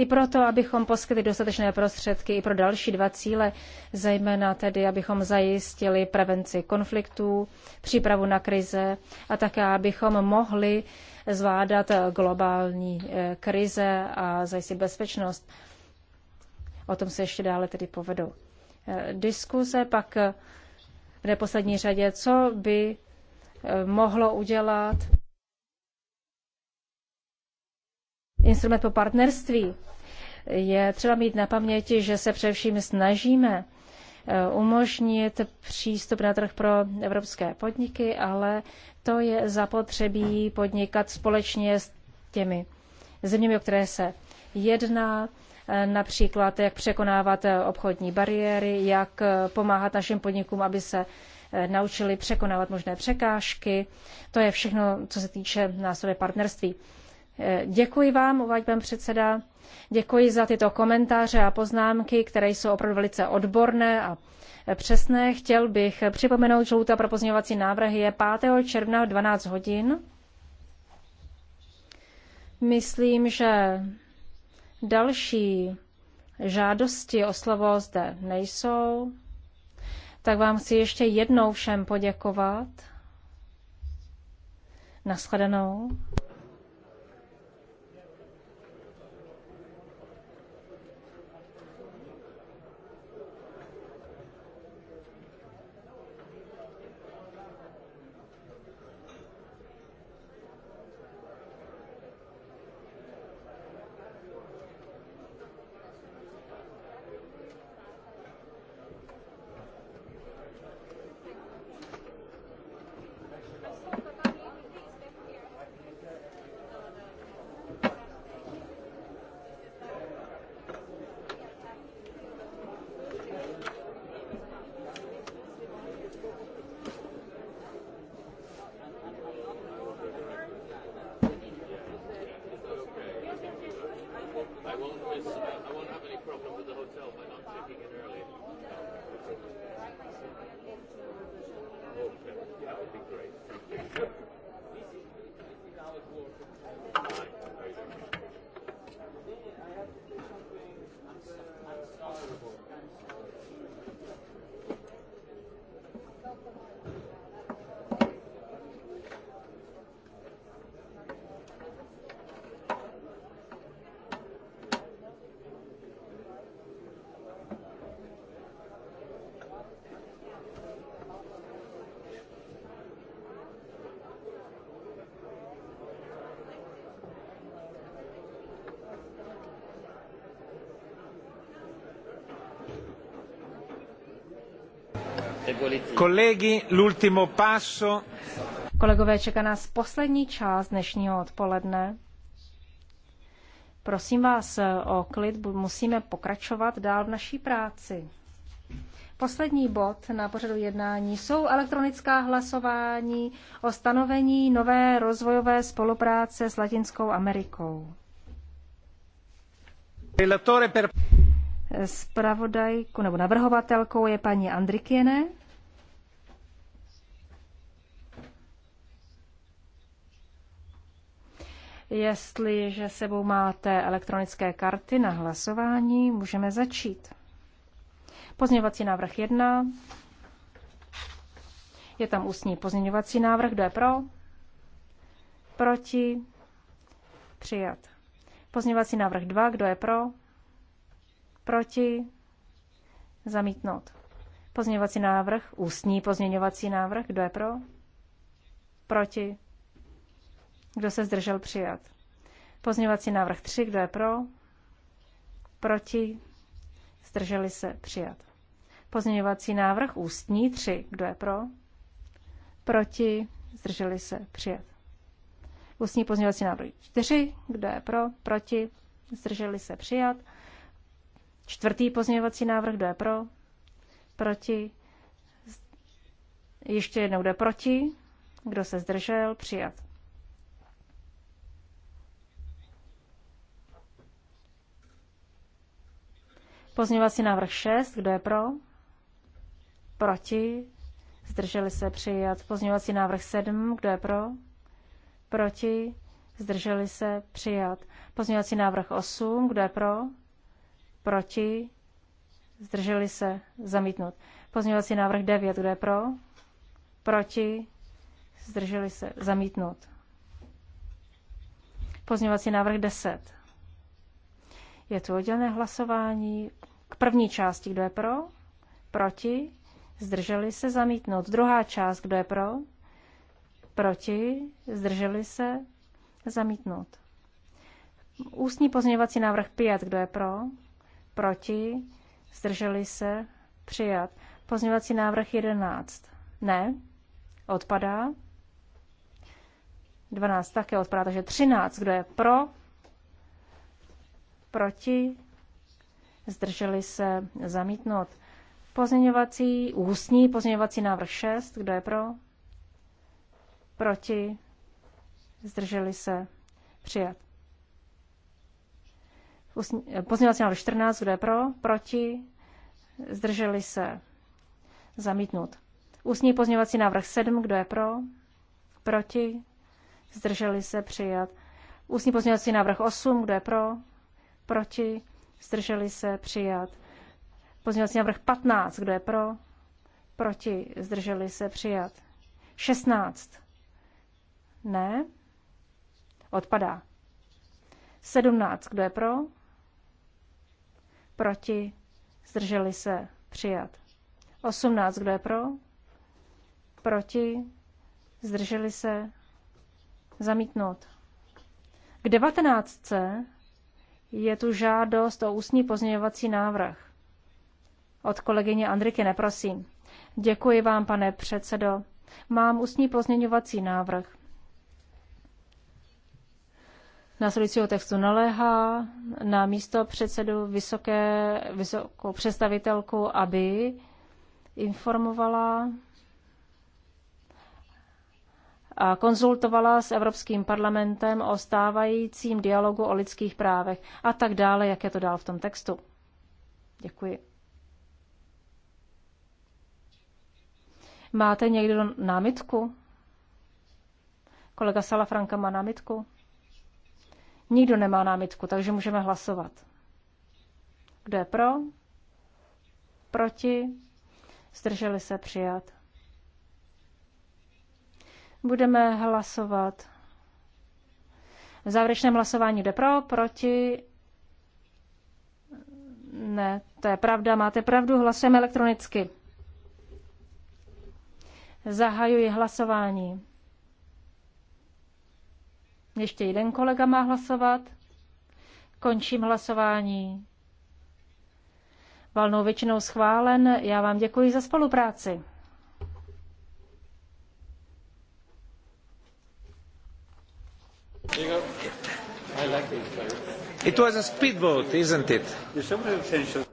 [SPEAKER 2] I proto, abychom poskytli dostatečné prostředky i pro další dva cíle, zejména tedy, abychom zajistili prevenci konfliktů, přípravu na krize a také, abychom mohli zvládat globální eh, krize a zajistit bezpečnost. O tom se ještě dále tedy povedou. Eh, Diskuze pak eh, v neposlední řadě, co by mohlo udělat instrument po partnerství, je třeba mít na paměti, že se především snažíme eh, umožnit přístup na trh pro evropské podniky, ale to je zapotřebí podnikat společně s těmi zeměmi, o které se jedná, eh, například jak překonávat eh, obchodní bariéry, jak pomáhat našim podnikům, aby se naučili překonávat možné překážky. To je všechno, co se týče nástroje partnerství. Děkuji vám, uvádí pan předseda. Děkuji za tyto komentáře a poznámky, které jsou opravdu velice odborné a přesné. Chtěl bych připomenout, že lhůta pro pozměňovací návrhy je 5. června v 12 hodin. Myslím, že další žádosti o slovo zde nejsou, tak vám chci ještě jednou všem poděkovat. Naschledanou. Kolegové, čeká nás poslední část dnešního odpoledne. Prosím vás o klid, musíme pokračovat dál v naší práci. Poslední bod na pořadu jednání jsou elektronická hlasování o stanovení nové rozvojové spolupráce s Latinskou Amerikou. Spravodajku nebo navrhovatelkou je paní Andrikiene. Jestliže sebou máte elektronické karty na hlasování, můžeme začít. Pozměňovací návrh 1. Je tam ústní pozměňovací návrh. Kdo je pro? Proti? Přijat. Pozměňovací návrh 2. Kdo je pro? Proti? Zamítnout. Pozměňovací návrh, ústní pozměňovací návrh. Kdo je pro? Proti? Kdo se zdržel přijat? Pozměňovací návrh 3. Kdo je pro? Proti? Zdrželi se přijat. Pozměňovací návrh ústní 3. Kdo je pro? Proti? Zdrželi se přijat. Ústní pozměňovací návrh 4. Kdo je pro? Proti? Zdrželi se přijat. Čtvrtý pozměňovací návrh. Kdo je pro? Proti? Ještě jednou jde proti. Kdo se zdržel? Přijat. Pozměňovací návrh 6, kdo je pro? Proti? Zdrželi se přijat. Pozměňovací návrh 7, kdo je pro? Proti? Zdrželi se přijat. Pozměňovací návrh 8, kdo je pro? Proti? Zdrželi se zamítnut. Pozměňovací návrh 9, kdo je pro? Proti? Zdrželi se zamítnut. Pozměňovací návrh 10. Je tu oddělené hlasování k první části, kdo je pro? Proti? Zdrželi se zamítnout. Druhá část, kdo je pro? Proti? Zdrželi se zamítnout. Ústní pozměňovací návrh 5, kdo je pro? Proti? Zdrželi se přijat. Pozměňovací návrh 11. Ne? Odpadá? 12 také odpadá, takže 13. Kdo je pro? Proti? zdrželi se zamítnout. Pozměňovací, ústní pozměňovací návrh 6, kdo je pro? Proti? Zdrželi se přijat. Eh, pozměňovací návrh 14, kdo je pro? Proti? Zdrželi se zamítnout. Ústní pozměňovací návrh 7, kdo je pro? Proti? Zdrželi se přijat. Ústní pozměňovací návrh 8, kdo je pro? Proti? zdrželi se přijat. Pozměňovací návrh 15, kdo je pro, proti, zdrželi se přijat. 16, ne, odpadá. 17, kdo je pro, proti, zdrželi se přijat. 18, kdo je pro, proti, zdrželi se zamítnout. K 19 je tu žádost o ústní pozměňovací návrh. Od kolegyně Andriky neprosím. Děkuji vám, pane předsedo. Mám ústní pozměňovací návrh. Následujícího textu naléhá na místo předsedu vysoké, vysokou představitelku, aby informovala a konzultovala s Evropským parlamentem o stávajícím dialogu o lidských právech a tak dále, jak je to dál v tom textu. Děkuji. Máte někdo námitku? Kolega Salafranka má námitku? Nikdo nemá námitku, takže můžeme hlasovat. Kdo je pro? Proti? Zdrželi se přijat. Budeme hlasovat. V závěrečném hlasování jde pro, proti. Ne, to je pravda, máte pravdu, hlasujeme elektronicky. Zahajuji hlasování. Ještě jeden kolega má hlasovat. Končím hlasování. Valnou většinou schválen. Já vám děkuji za spolupráci.
[SPEAKER 1] It was a speedboat, isn't
[SPEAKER 3] it?